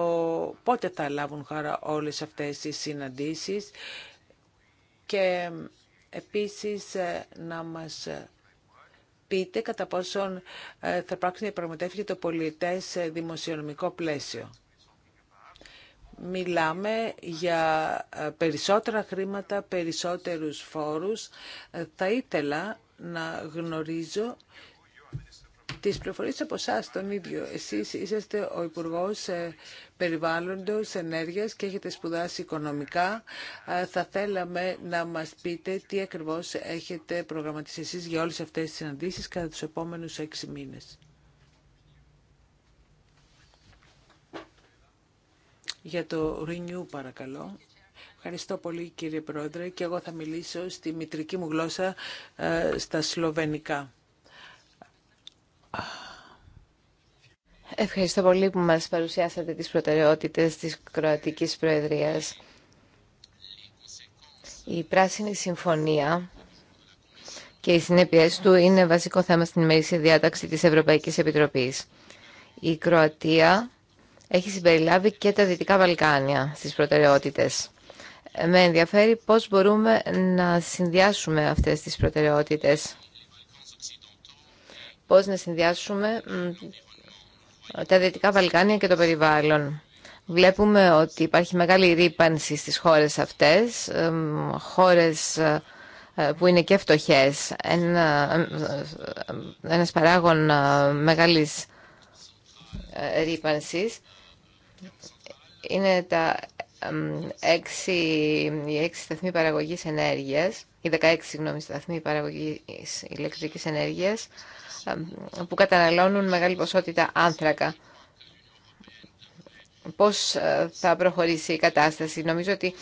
πότε θα λάβουν χώρα όλες όλες αυτές οι συναντήσεις και επίσης ε, να μας πείτε κατά πόσον ε, θα πράξουν οι για το πολιτές ε, δημοσιονομικό πλαίσιο. Μιλάμε για περισσότερα χρήματα, περισσότερους φόρους. Θα ήθελα να γνωρίζω τις πληροφορίες από εσά τον ίδιο. Εσείς είσαστε ο Υπουργός ε, Περιβάλλοντος Ενέργειας και έχετε σπουδάσει οικονομικά. Ε, θα θέλαμε να μας πείτε τι ακριβώς έχετε προγραμματίσει εσείς για όλες αυτές τις συναντήσεις κατά τους επόμενους έξι μήνες. Για το Renew παρακαλώ. Ευχαριστώ πολύ κύριε Πρόεδρε και εγώ θα μιλήσω στη μητρική μου γλώσσα ε, στα σλοβενικά. Ευχαριστώ πολύ που μας παρουσιάσατε τις προτεραιότητες της Κροατικής Προεδρίας. Η Πράσινη Συμφωνία και οι συνέπειε του είναι βασικό θέμα στην ημερήσια διάταξη της Ευρωπαϊκής Επιτροπής. Η Κροατία έχει συμπεριλάβει και τα Δυτικά Βαλκάνια στις προτεραιότητες. Με ενδιαφέρει πώς μπορούμε να συνδυάσουμε αυτές τις προτεραιότητες πώς να συνδυάσουμε τα Δυτικά Βαλκάνια και το περιβάλλον. Βλέπουμε ότι υπάρχει μεγάλη ρήπανση στις χώρες αυτές, χώρες ε, που είναι και φτωχές. Ένα, ε, ένας παράγων ε, μεγάλης ρήπανσης είναι τα έξι οι 6 σταθμοί ενέργειας, οι 16 συγγνώμη, σταθμοί παραγωγής ηλεκτρικής ενέργειας, ε, που καταναλώνουν μεγάλη ποσότητα άνθρακα. Πώς ε, θα προχωρήσει η κατάσταση. Νομίζω ότι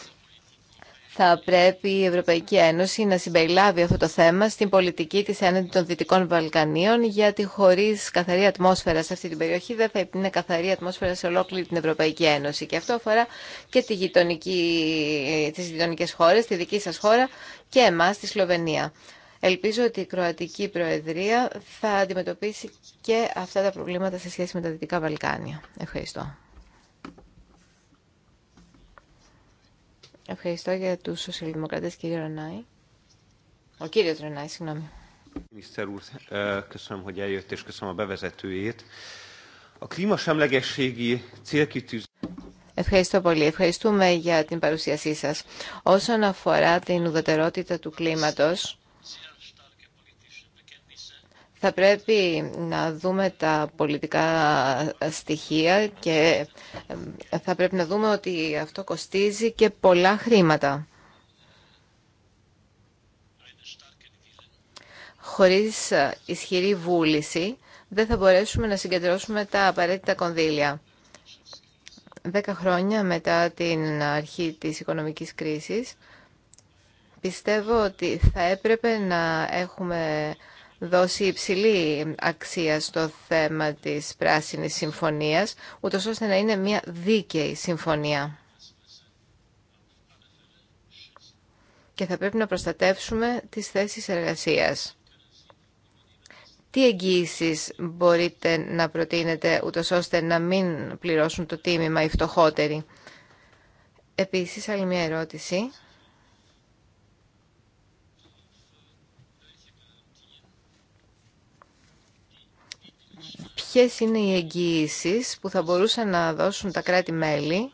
θα πρέπει η Ευρωπαϊκή Ένωση να συμπεριλάβει αυτό το θέμα στην πολιτική της έναντι των Δυτικών Βαλκανίων, γιατί χωρίς καθαρή ατμόσφαιρα σε αυτή την περιοχή δεν θα είναι καθαρή ατμόσφαιρα σε ολόκληρη την Ευρωπαϊκή Ένωση. Και αυτό αφορά και τη γειτονική, τις γειτονικές χώρες, τη δική σας χώρα και εμάς, τη Σλοβενία. Ελπίζω ότι η Κροατική Προεδρία θα αντιμετωπίσει και αυτά τα προβλήματα σε σχέση με τα Δυτικά Βαλκάνια. Ευχαριστώ. Ευχαριστώ για τους σοσιαλδημοκρατές, κύριε Ρανάη. Ο κύριο Ρανάη, συγγνώμη. Ευχαριστώ πολύ. Ευχαριστούμε για την παρουσίασή σας. Όσον αφορά την ουδετερότητα του κλίματος, θα πρέπει να δούμε τα πολιτικά στοιχεία και ε, θα πρέπει να δούμε ότι αυτό κοστίζει και πολλά χρήματα. Χωρίς ε, ισχυρή βούληση δεν θα μπορέσουμε να συγκεντρώσουμε τα απαραίτητα κονδύλια. Δέκα χρόνια μετά την αρχή της οικονομικής κρίσης, πιστεύω ότι θα έπρεπε να έχουμε δώσει υψηλή αξία στο θέμα της Πράσινης Συμφωνίας, ούτως ώστε να είναι μια δίκαιη συμφωνία. Και θα πρέπει να προστατεύσουμε τις θέσεις εργασίας. Τι εγγύησει μπορείτε να προτείνετε ούτως ώστε να μην πληρώσουν το τίμημα οι φτωχότεροι. Επίσης, άλλη μια ερώτηση ποιες είναι οι εγγυήσει που θα μπορούσαν να δώσουν τα κράτη-μέλη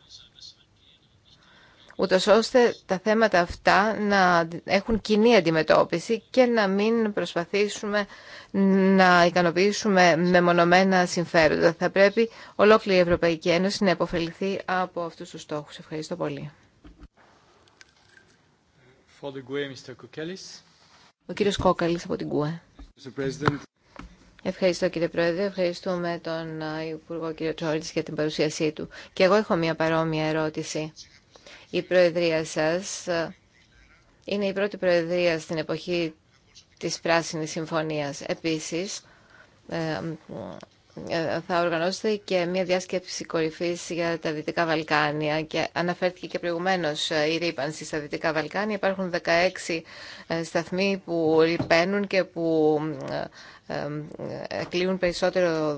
ούτω, ώστε τα θέματα αυτά να έχουν κοινή αντιμετώπιση και να μην προσπαθήσουμε να ικανοποιήσουμε μεμονωμένα συμφέροντα. Θα πρέπει ολόκληρη η Ευρωπαϊκή Ένωση να υποφεληθεί από αυτούς τους στόχους. Ευχαριστώ πολύ. E, Ο κύριος Ευχαριστώ κύριε Πρόεδρε, ευχαριστούμε τον ε, Υπουργό κύριο Τσόλτης για την παρουσίασή του. Και εγώ έχω μια παρόμοια ερώτηση. Η Προεδρία σας ε, είναι η πρώτη Προεδρία στην εποχή της Πράσινης Συμφωνίας. Επίσης, ε, ε, θα οργανώσετε και μια διάσκεψη κορυφή για τα Δυτικά Βαλκάνια και αναφέρθηκε και προηγουμένω ε, η ρήπανση στα Δυτικά Βαλκάνια. Υπάρχουν 16 ε, σταθμοί που ρηπαίνουν και που κλείουν περισσότερο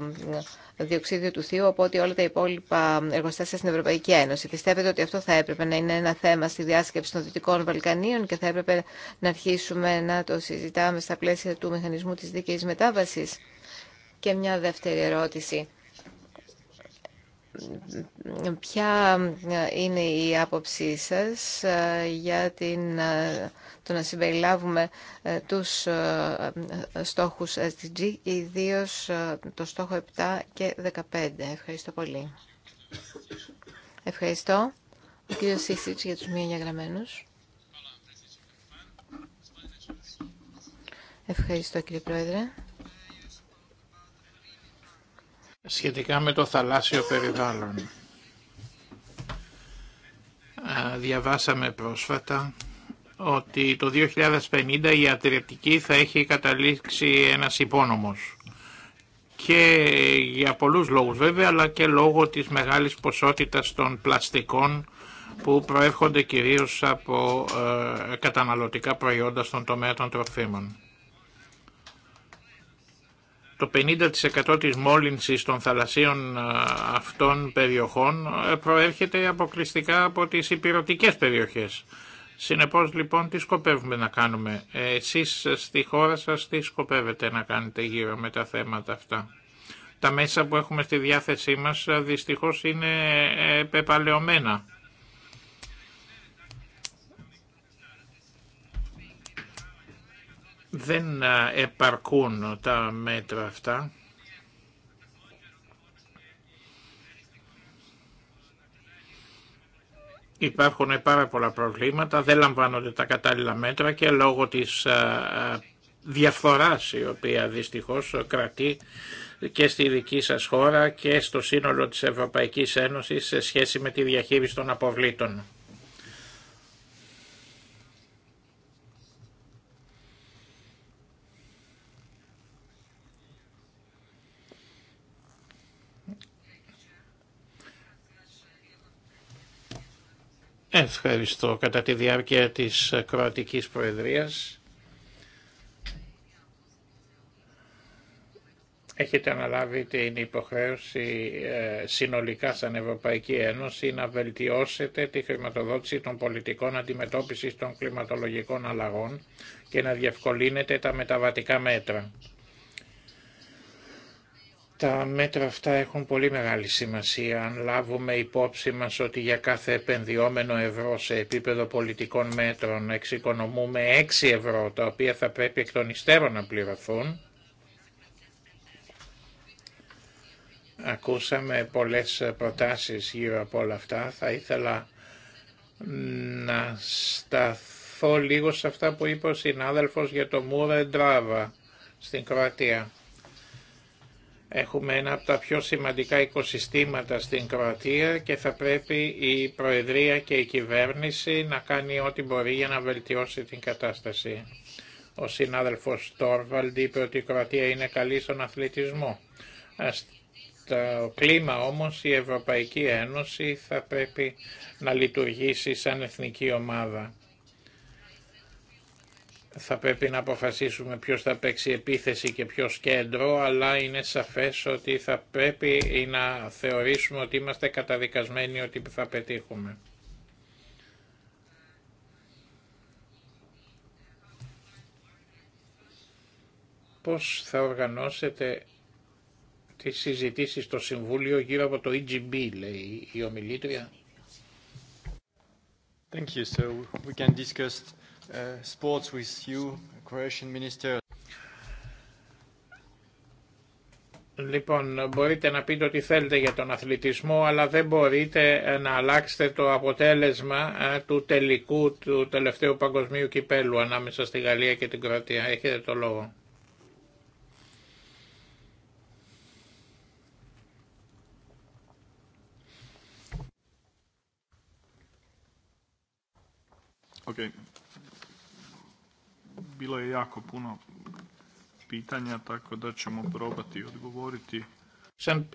διοξίδιο του θείου από ότι όλα τα υπόλοιπα εργοστάσια στην Ευρωπαϊκή Ένωση. Πιστεύετε ότι αυτό θα έπρεπε να είναι ένα θέμα στη διάσκεψη των Δυτικών Βαλκανίων και θα έπρεπε να αρχίσουμε να το συζητάμε στα πλαίσια του μηχανισμού της δίκαιης μετάβαση και μια δεύτερη ερώτηση. Ποια είναι η άποψή σας ε, για την, ε, το να συμπεριλάβουμε ε, τους στόχους SDG, ιδίως το στόχο 7 και 15. Ευχαριστώ πολύ. Ευχαριστώ. Ο κύριος Σίσιτς για τους μη γραμμένους. Ευχαριστώ κύριε Πρόεδρε σχετικά με το θαλάσσιο περιβάλλον. Διαβάσαμε πρόσφατα ότι το 2050 η ατριετική θα έχει καταλήξει ένας υπόνομος. Και για πολλούς λόγους βέβαια, αλλά και λόγω της μεγάλης ποσότητας των πλαστικών που προέρχονται κυρίως από ε, καταναλωτικά προϊόντα στον τομέα των τροφίμων το 50% της μόλυνσης των θαλασσίων ε, αυτών περιοχών ε, προέρχεται αποκλειστικά από τις υπηρετικές περιοχές. Συνεπώς λοιπόν τι σκοπεύουμε να κάνουμε. Ε, εσείς στη χώρα σας τι σκοπεύετε να κάνετε γύρω με τα θέματα αυτά. Τα μέσα που έχουμε στη διάθεσή μας δυστυχώς είναι πεπαλαιωμένα. δεν επαρκούν τα μέτρα αυτά. Υπάρχουν πάρα πολλά προβλήματα, δεν λαμβάνονται τα κατάλληλα μέτρα και λόγω της διαφθοράς η οποία δυστυχώς κρατεί και στη δική σας χώρα και στο σύνολο της Ευρωπαϊκής Ένωσης σε σχέση με τη διαχείριση των αποβλήτων. Ευχαριστώ. Κατά τη διάρκεια της Κροατικής Προεδρίας έχετε αναλάβει την υποχρέωση ε, συνολικά σαν Ευρωπαϊκή Ένωση να βελτιώσετε τη χρηματοδότηση των πολιτικών αντιμετώπισης των κλιματολογικών αλλαγών και να διευκολύνετε τα μεταβατικά μέτρα. Τα μέτρα αυτά έχουν πολύ μεγάλη σημασία αν λάβουμε υπόψη μας ότι για κάθε επενδυόμενο ευρώ σε επίπεδο πολιτικών μέτρων εξοικονομούμε 6 ευρώ τα οποία θα πρέπει εκ των υστέρων να πληρωθούν. Ακούσαμε πολλές προτάσεις γύρω από όλα αυτά. Θα ήθελα να σταθώ λίγο σε αυτά που είπε ο συνάδελφος για το Μούρα Ντράβα στην Κροατία. Έχουμε ένα από τα πιο σημαντικά οικοσυστήματα στην Κροατία και θα πρέπει η Προεδρία και η κυβέρνηση να κάνει ό,τι μπορεί για να βελτιώσει την κατάσταση. Ο συνάδελφος Τόρβαλντ είπε ότι η Κροατία είναι καλή στον αθλητισμό. Στο κλίμα όμως η Ευρωπαϊκή Ένωση θα πρέπει να λειτουργήσει σαν εθνική ομάδα θα πρέπει να αποφασίσουμε ποιος θα παίξει επίθεση και ποιος κέντρο, αλλά είναι σαφές ότι θα πρέπει να θεωρήσουμε ότι είμαστε καταδικασμένοι ότι θα πετύχουμε. Πώς θα οργανώσετε τις συζητήσεις στο Συμβούλιο γύρω από το EGB, λέει η ομιλήτρια. Thank you. So we can discuss ε, sports with you, Croatian Minister. Λοιπόν, μπορείτε να πείτε ό,τι θέλετε για τον αθλητισμό, αλλά δεν μπορείτε ε, να αλλάξετε το αποτέλεσμα ε, του τελικού του τελευταίου παγκοσμίου κυπέλου ανάμεσα στη Γαλλία και την Κροατία. Έχετε το λόγο. Okay. Bilo je jako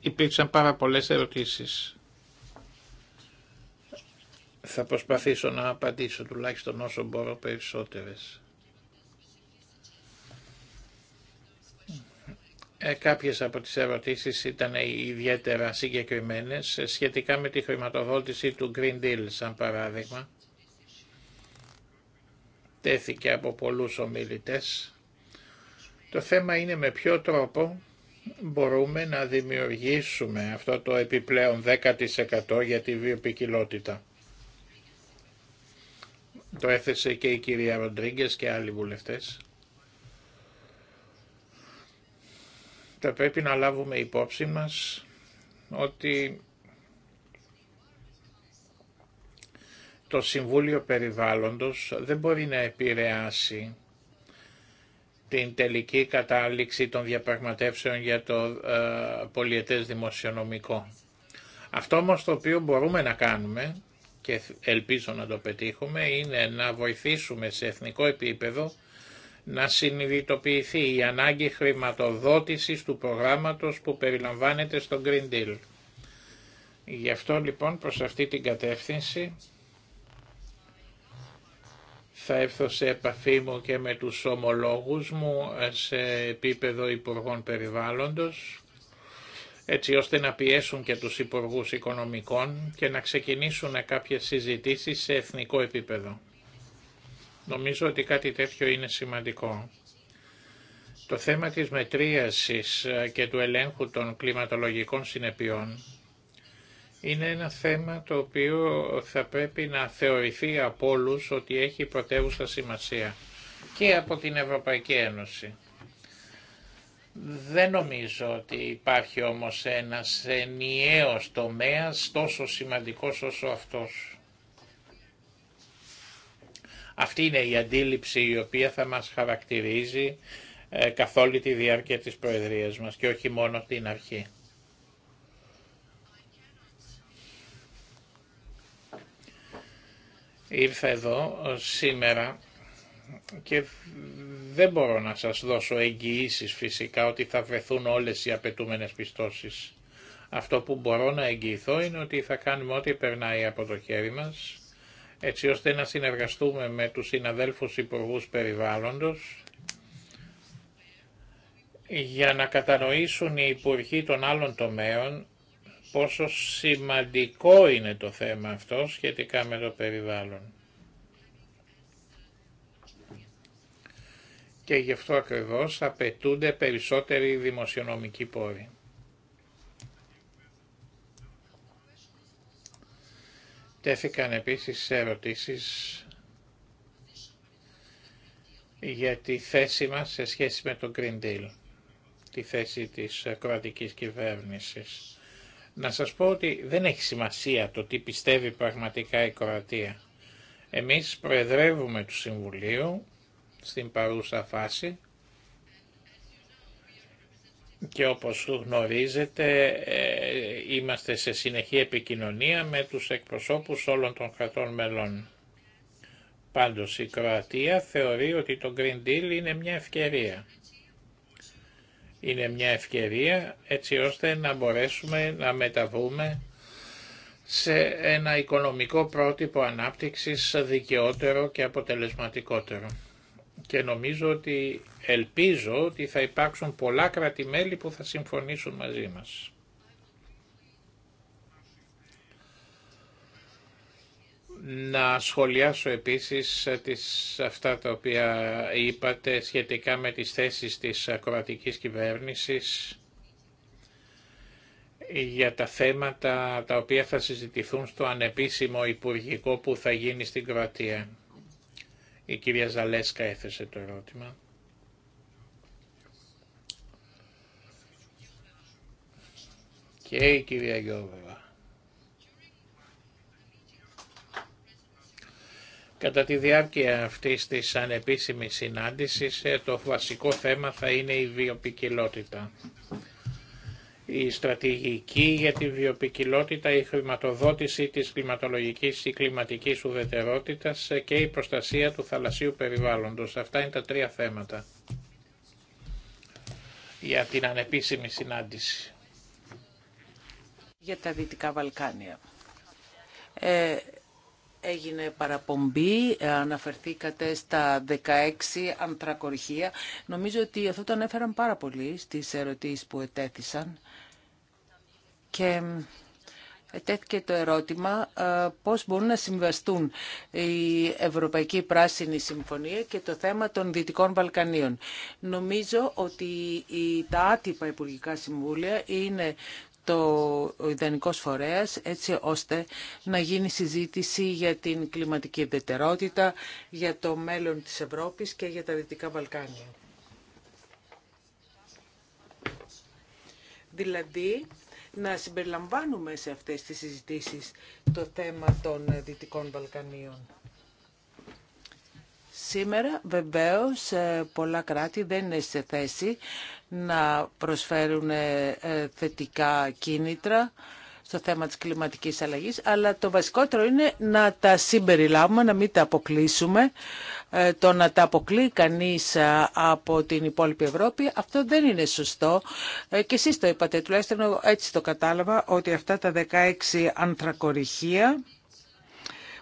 Υπήρξαν πάρα πολλές ερωτήσεις. Θα προσπαθήσω να απαντήσω τουλάχιστον όσο μπορώ περισσότερες. Ε, κάποιες από τις ερωτήσεις ήταν ιδιαίτερα συγκεκριμένες ε, σχετικά με τη χρηματοδότηση του Green Deal, σαν παράδειγμα τέθηκε από πολλούς ομιλητές. Το θέμα είναι με ποιο τρόπο μπορούμε να δημιουργήσουμε αυτό το επιπλέον 10% για τη βιοπικιλότητα. Το έθεσε και η κυρία Ροντρίγκε και άλλοι βουλευτές. Θα πρέπει να λάβουμε υπόψη μας ότι το Συμβούλιο Περιβάλλοντος δεν μπορεί να επηρεάσει την τελική κατάληξη των διαπραγματεύσεων για το ε, δημοσιονομικό. Αυτό όμω το οποίο μπορούμε να κάνουμε και ελπίζω να το πετύχουμε είναι να βοηθήσουμε σε εθνικό επίπεδο να συνειδητοποιηθεί η ανάγκη χρηματοδότησης του προγράμματος που περιλαμβάνεται στο Green Deal. Γι' αυτό λοιπόν προς αυτή την κατεύθυνση θα έρθω σε επαφή μου και με τους ομολόγους μου σε επίπεδο Υπουργών Περιβάλλοντος, έτσι ώστε να πιέσουν και τους Υπουργούς Οικονομικών και να ξεκινήσουν κάποιες συζητήσεις σε εθνικό επίπεδο. Νομίζω ότι κάτι τέτοιο είναι σημαντικό. Το θέμα της μετρίασης και του ελέγχου των κλιματολογικών συνεπειών είναι ένα θέμα το οποίο θα πρέπει να θεωρηθεί από όλου ότι έχει πρωτεύουσα σημασία και από την Ευρωπαϊκή Ένωση. Δεν νομίζω ότι υπάρχει όμως ένας ενιαίος τομέας τόσο σημαντικός όσο αυτός. Αυτή είναι η αντίληψη η οποία θα μας χαρακτηρίζει ε, καθ' όλη τη διάρκεια της Προεδρίας μας και όχι μόνο την αρχή. ήρθα εδώ ε, σήμερα και δεν μπορώ να σας δώσω εγγυήσει φυσικά ότι θα βρεθούν όλες οι απαιτούμενε πιστώσεις. Αυτό που μπορώ να εγγυηθώ είναι ότι θα κάνουμε ό,τι περνάει από το χέρι μας, έτσι ώστε να συνεργαστούμε με τους συναδέλφους υπουργούς περιβάλλοντος, για να κατανοήσουν οι υπουργοί των άλλων τομέων πόσο σημαντικό είναι το θέμα αυτό σχετικά με το περιβάλλον. Και γι' αυτό ακριβώς απαιτούνται περισσότεροι δημοσιονομικοί πόροι. Τέθηκαν επίσης ερωτήσεις για τη θέση μας σε σχέση με τον Green Deal, τη θέση της κρατικής κυβέρνησης. Να σας πω ότι δεν έχει σημασία το τι πιστεύει πραγματικά η Κροατία. Εμείς προεδρεύουμε του Συμβουλίου στην παρούσα φάση και όπως γνωρίζετε ε, είμαστε σε συνεχή επικοινωνία με τους εκπροσώπους όλων των κρατών μελών. Πάντως η Κροατία θεωρεί ότι το Green Deal είναι μια ευκαιρία είναι μια ευκαιρία έτσι ώστε να μπορέσουμε να μεταβούμε σε ένα οικονομικό πρότυπο ανάπτυξης δικαιότερο και αποτελεσματικότερο. Και νομίζω ότι ελπίζω ότι θα υπάρξουν πολλά κρατημέλη που θα συμφωνήσουν μαζί μας. Να σχολιάσω επίσης ε, τις, αυτά τα οποία είπατε σχετικά με τις θέσεις της κρατικής κυβέρνησης για τα θέματα τα οποία θα συζητηθούν στο ανεπίσημο υπουργικό που θα γίνει στην Κροατία. Η κυρία Ζαλέσκα έθεσε το ερώτημα. Και η κυρία Γιώργο. Κατά τη διάρκεια αυτής της ανεπίσημης συνάντησης ε, το βασικό θέμα θα είναι η βιοπικιλότητα. Η στρατηγική για τη βιοπικιλότητα, η χρηματοδότηση της κλιματολογικής ή κλιματικής ουδετερότητας ε, και η προστασία του θαλασσίου περιβάλλοντος. Αυτά είναι τα τρία θέματα για την ανεπίσημη συνάντηση. Για τα Δυτικά Βαλκάνια. Ε, Έγινε παραπομπή, ε, αναφερθήκατε στα 16 ανθρακορχεία. Νομίζω ότι αυτό το ανέφεραν πάρα πολύ στις ερωτήσεις που ετέθησαν. Και ε, ετέθηκε το ερώτημα ε, πώς μπορούν να συμβαστούν η Ευρωπαϊκή Πράσινη Συμφωνία και το θέμα των Δυτικών Βαλκανίων. Νομίζω ότι τα άτυπα Υπουργικά Συμβούλια είναι το ιδανικός φορέας έτσι ώστε να γίνει συζήτηση για την κλιματική ευδετερότητα, για το μέλλον της Ευρώπης και για τα Δυτικά Βαλκάνια. Δηλαδή, να συμπεριλαμβάνουμε σε αυτές τις συζητήσεις το θέμα των Δυτικών Βαλκανίων. Σήμερα βεβαίως ε, πολλά κράτη δεν είναι σε θέση να προσφέρουν ε, ε, θετικά κίνητρα στο θέμα της κλιματικής αλλαγής, αλλά το βασικότερο είναι να τα συμπεριλάβουμε, να μην τα αποκλείσουμε. Το να τα αποκλεί κανείς από την υπόλοιπη Ευρώπη, αυτό δεν είναι σωστό. Και εσείς το είπατε, τουλάχιστον έτσι το κατάλαβα, ότι αυτά τα 16 ανθρακοριχεία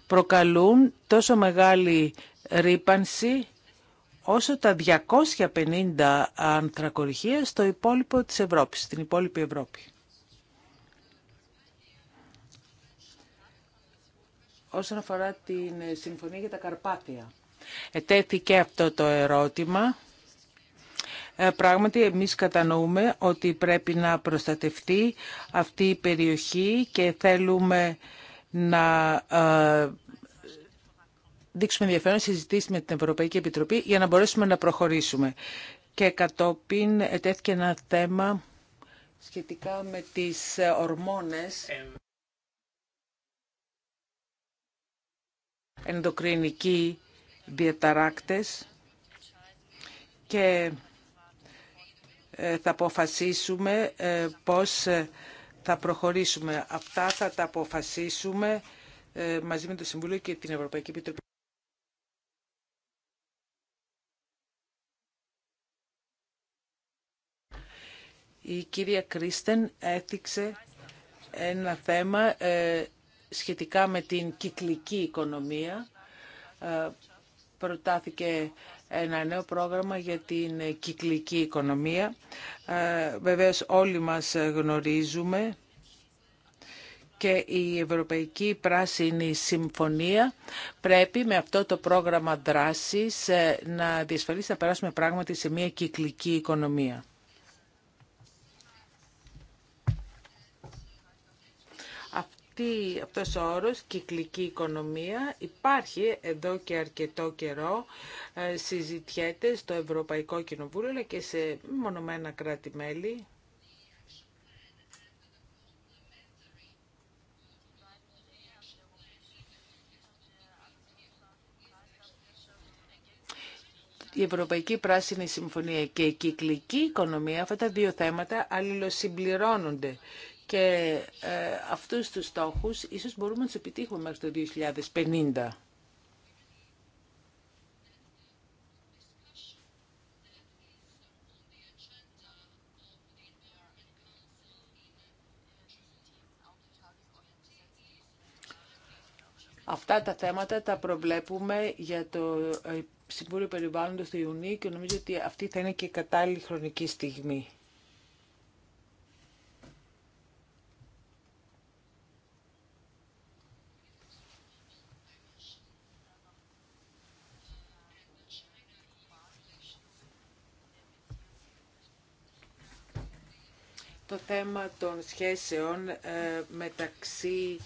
προκαλούν τόσο μεγάλη ρήπανση όσο τα 250 ανθρακοριχεία στο υπόλοιπο της Ευρώπης, στην υπόλοιπη Ευρώπη. Όσον αφορά την συμφωνία για τα Καρπάτια, ετέθηκε αυτό το ερώτημα. Ε, πράγματι, εμείς κατανοούμε ότι πρέπει να προστατευτεί αυτή η περιοχή και θέλουμε να ε, δείξουμε ενδιαφέρον συζητήσει με την Ευρωπαϊκή Επιτροπή για να μπορέσουμε να προχωρήσουμε. Και κατόπιν ετέθηκε ένα θέμα σχετικά με τις ε, ορμόνες ενδοκρινικοί διαταράκτες και ε, θα αποφασίσουμε ε, πώς θα προχωρήσουμε. Αυτά θα τα αποφασίσουμε μαζί με το Συμβούλιο και την Ευρωπαϊκή Επιτροπή. Η κυρία Κρίστεν έθιξε ένα θέμα ε, σχετικά με την κυκλική οικονομία. Ε, προτάθηκε ένα νέο πρόγραμμα για την κυκλική οικονομία. Ε, βεβαίως όλοι μας γνωρίζουμε και η Ευρωπαϊκή Πράσινη Συμφωνία πρέπει με αυτό το πρόγραμμα δράσης να διασφαλίσει να περάσουμε πράγματι σε μια κυκλική οικονομία. αυτή, αυτός ο όρος, κυκλική οικονομία, υπάρχει εδώ και αρκετό καιρό, ε, συζητιέται στο Ευρωπαϊκό Κοινοβούλιο αλλά και σε μονομένα κράτη-μέλη. η Ευρωπαϊκή Πράσινη Συμφωνία και η κυκλική οικονομία, αυτά τα δύο θέματα αλληλοσυμπληρώνονται και ε, αυτούς τους στόχους ίσως μπορούμε να τους επιτύχουμε μέχρι το 2050. Αυτά τα θέματα τα προβλέπουμε για το ε, Συμβούλιο Περιβάλλοντος του Ιουνίου και νομίζω ότι αυτή θα είναι και η κατάλληλη χρονική στιγμή. το θέμα των σχέσεων ε, μεταξύ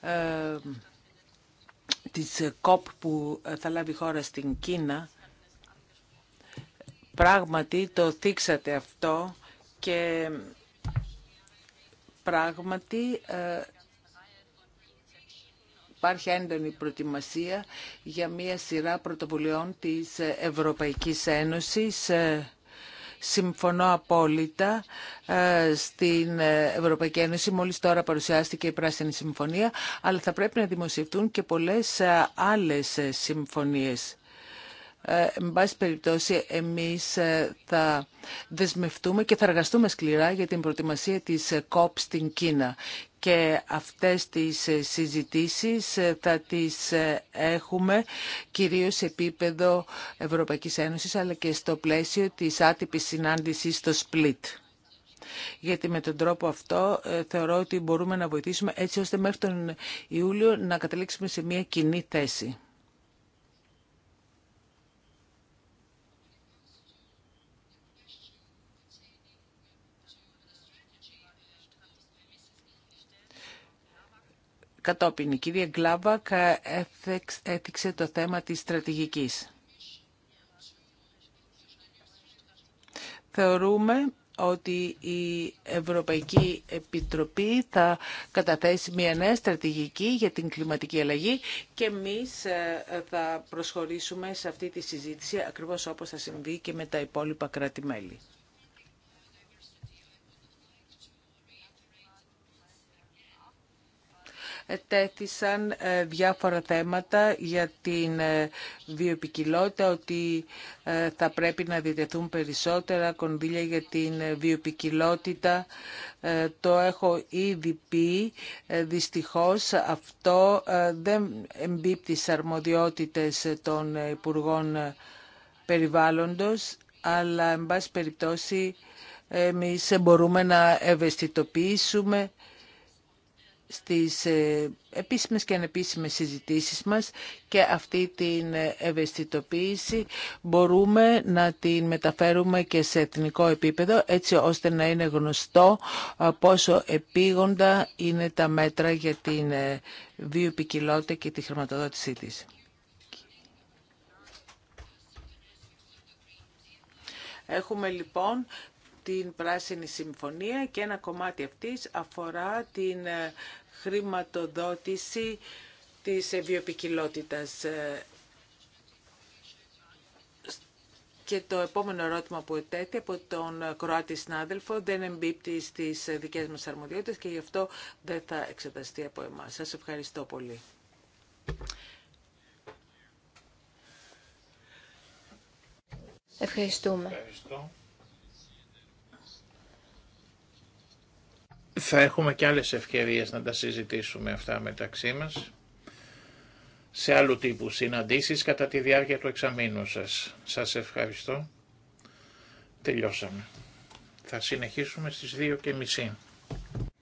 ε, της ΚΟΠ που θα λάβει η χώρα στην Κίνα. Πράγματι το θίξατε αυτό και πράγματι ε, υπάρχει έντονη προετοιμασία για μία σειρά πρωτοβουλειών της Ευρωπαϊκής Ένωσης Συμφωνώ απόλυτα ε, στην Ευρωπαϊκή Ένωση. Μόλις τώρα παρουσιάστηκε η Πράσινη Συμφωνία, αλλά θα πρέπει να δημοσιευτούν και πολλές ε, άλλες ε, συμφωνίες. Ε, εν πάση περιπτώσει, εμείς θα δεσμευτούμε και θα εργαστούμε σκληρά για την προετοιμασία της ΚΟΠ στην Κίνα και αυτές τις ε, συζητήσεις ε, θα τις ε, έχουμε κυρίως σε επίπεδο Ευρωπαϊκής Ένωσης αλλά και στο πλαίσιο της άτυπης συνάντησης στο Split. Γιατί με τον τρόπο αυτό θεωρώ ότι μπορούμε να βοηθήσουμε έτσι ώστε μέχρι τον Ιούλιο να καταλήξουμε σε μια κοινή θέση. Κατόπιν, η κυρία Γκλάμπακ έθιξε το θέμα της στρατηγικής. Θεωρούμε ότι η Ευρωπαϊκή Επιτροπή θα καταθέσει μια νέα στρατηγική για την κλιματική αλλαγή και εμείς ε, θα προσχωρήσουμε σε αυτή τη συζήτηση ακριβώς όπως θα συμβεί και με τα υπόλοιπα κράτη-μέλη. τέθησαν ε, διάφορα θέματα για την ε, βιοπικιλότητα, ότι ε, θα πρέπει να διδεθούν περισσότερα κονδύλια για την βιοπικιλότητα. Το έχω ήδη πει, δυστυχώς αυτό δεν εμπίπτει στις αρμοδιότητες των Υπουργών Περιβάλλοντος, αλλά εν πάση περιπτώσει εμείς μπορούμε να ευαισθητοποιήσουμε στις ε, επίσημες και ανεπίσημες συζητήσεις μας και αυτή την ευαισθητοποίηση μπορούμε να την μεταφέρουμε και σε εθνικό επίπεδο έτσι ώστε να είναι γνωστό ε, πόσο επίγοντα είναι τα μέτρα για την ε, βιοπικιλότητα και τη χρηματοδότησή της. Έχουμε λοιπόν την Πράσινη Συμφωνία και ένα κομμάτι αυτής αφορά την ε, χρηματοδότηση της ε, βιοπικιλότητας. Ε, και το επόμενο ερώτημα που ετέθη από τον Κροάτη συνάδελφο δεν εμπίπτει στις δικές μας αρμοδιότητες και γι' αυτό δεν θα εξεταστεί από εμάς. Σας ευχαριστώ πολύ. Ευχαριστούμε. Θα έχουμε και άλλες ευκαιρίες να τα συζητήσουμε αυτά μεταξύ μας σε άλλου τύπου συναντήσεις κατά τη διάρκεια του εξαμήνου σας. Σας ευχαριστώ. Τελειώσαμε. Θα συνεχίσουμε στις 2.30.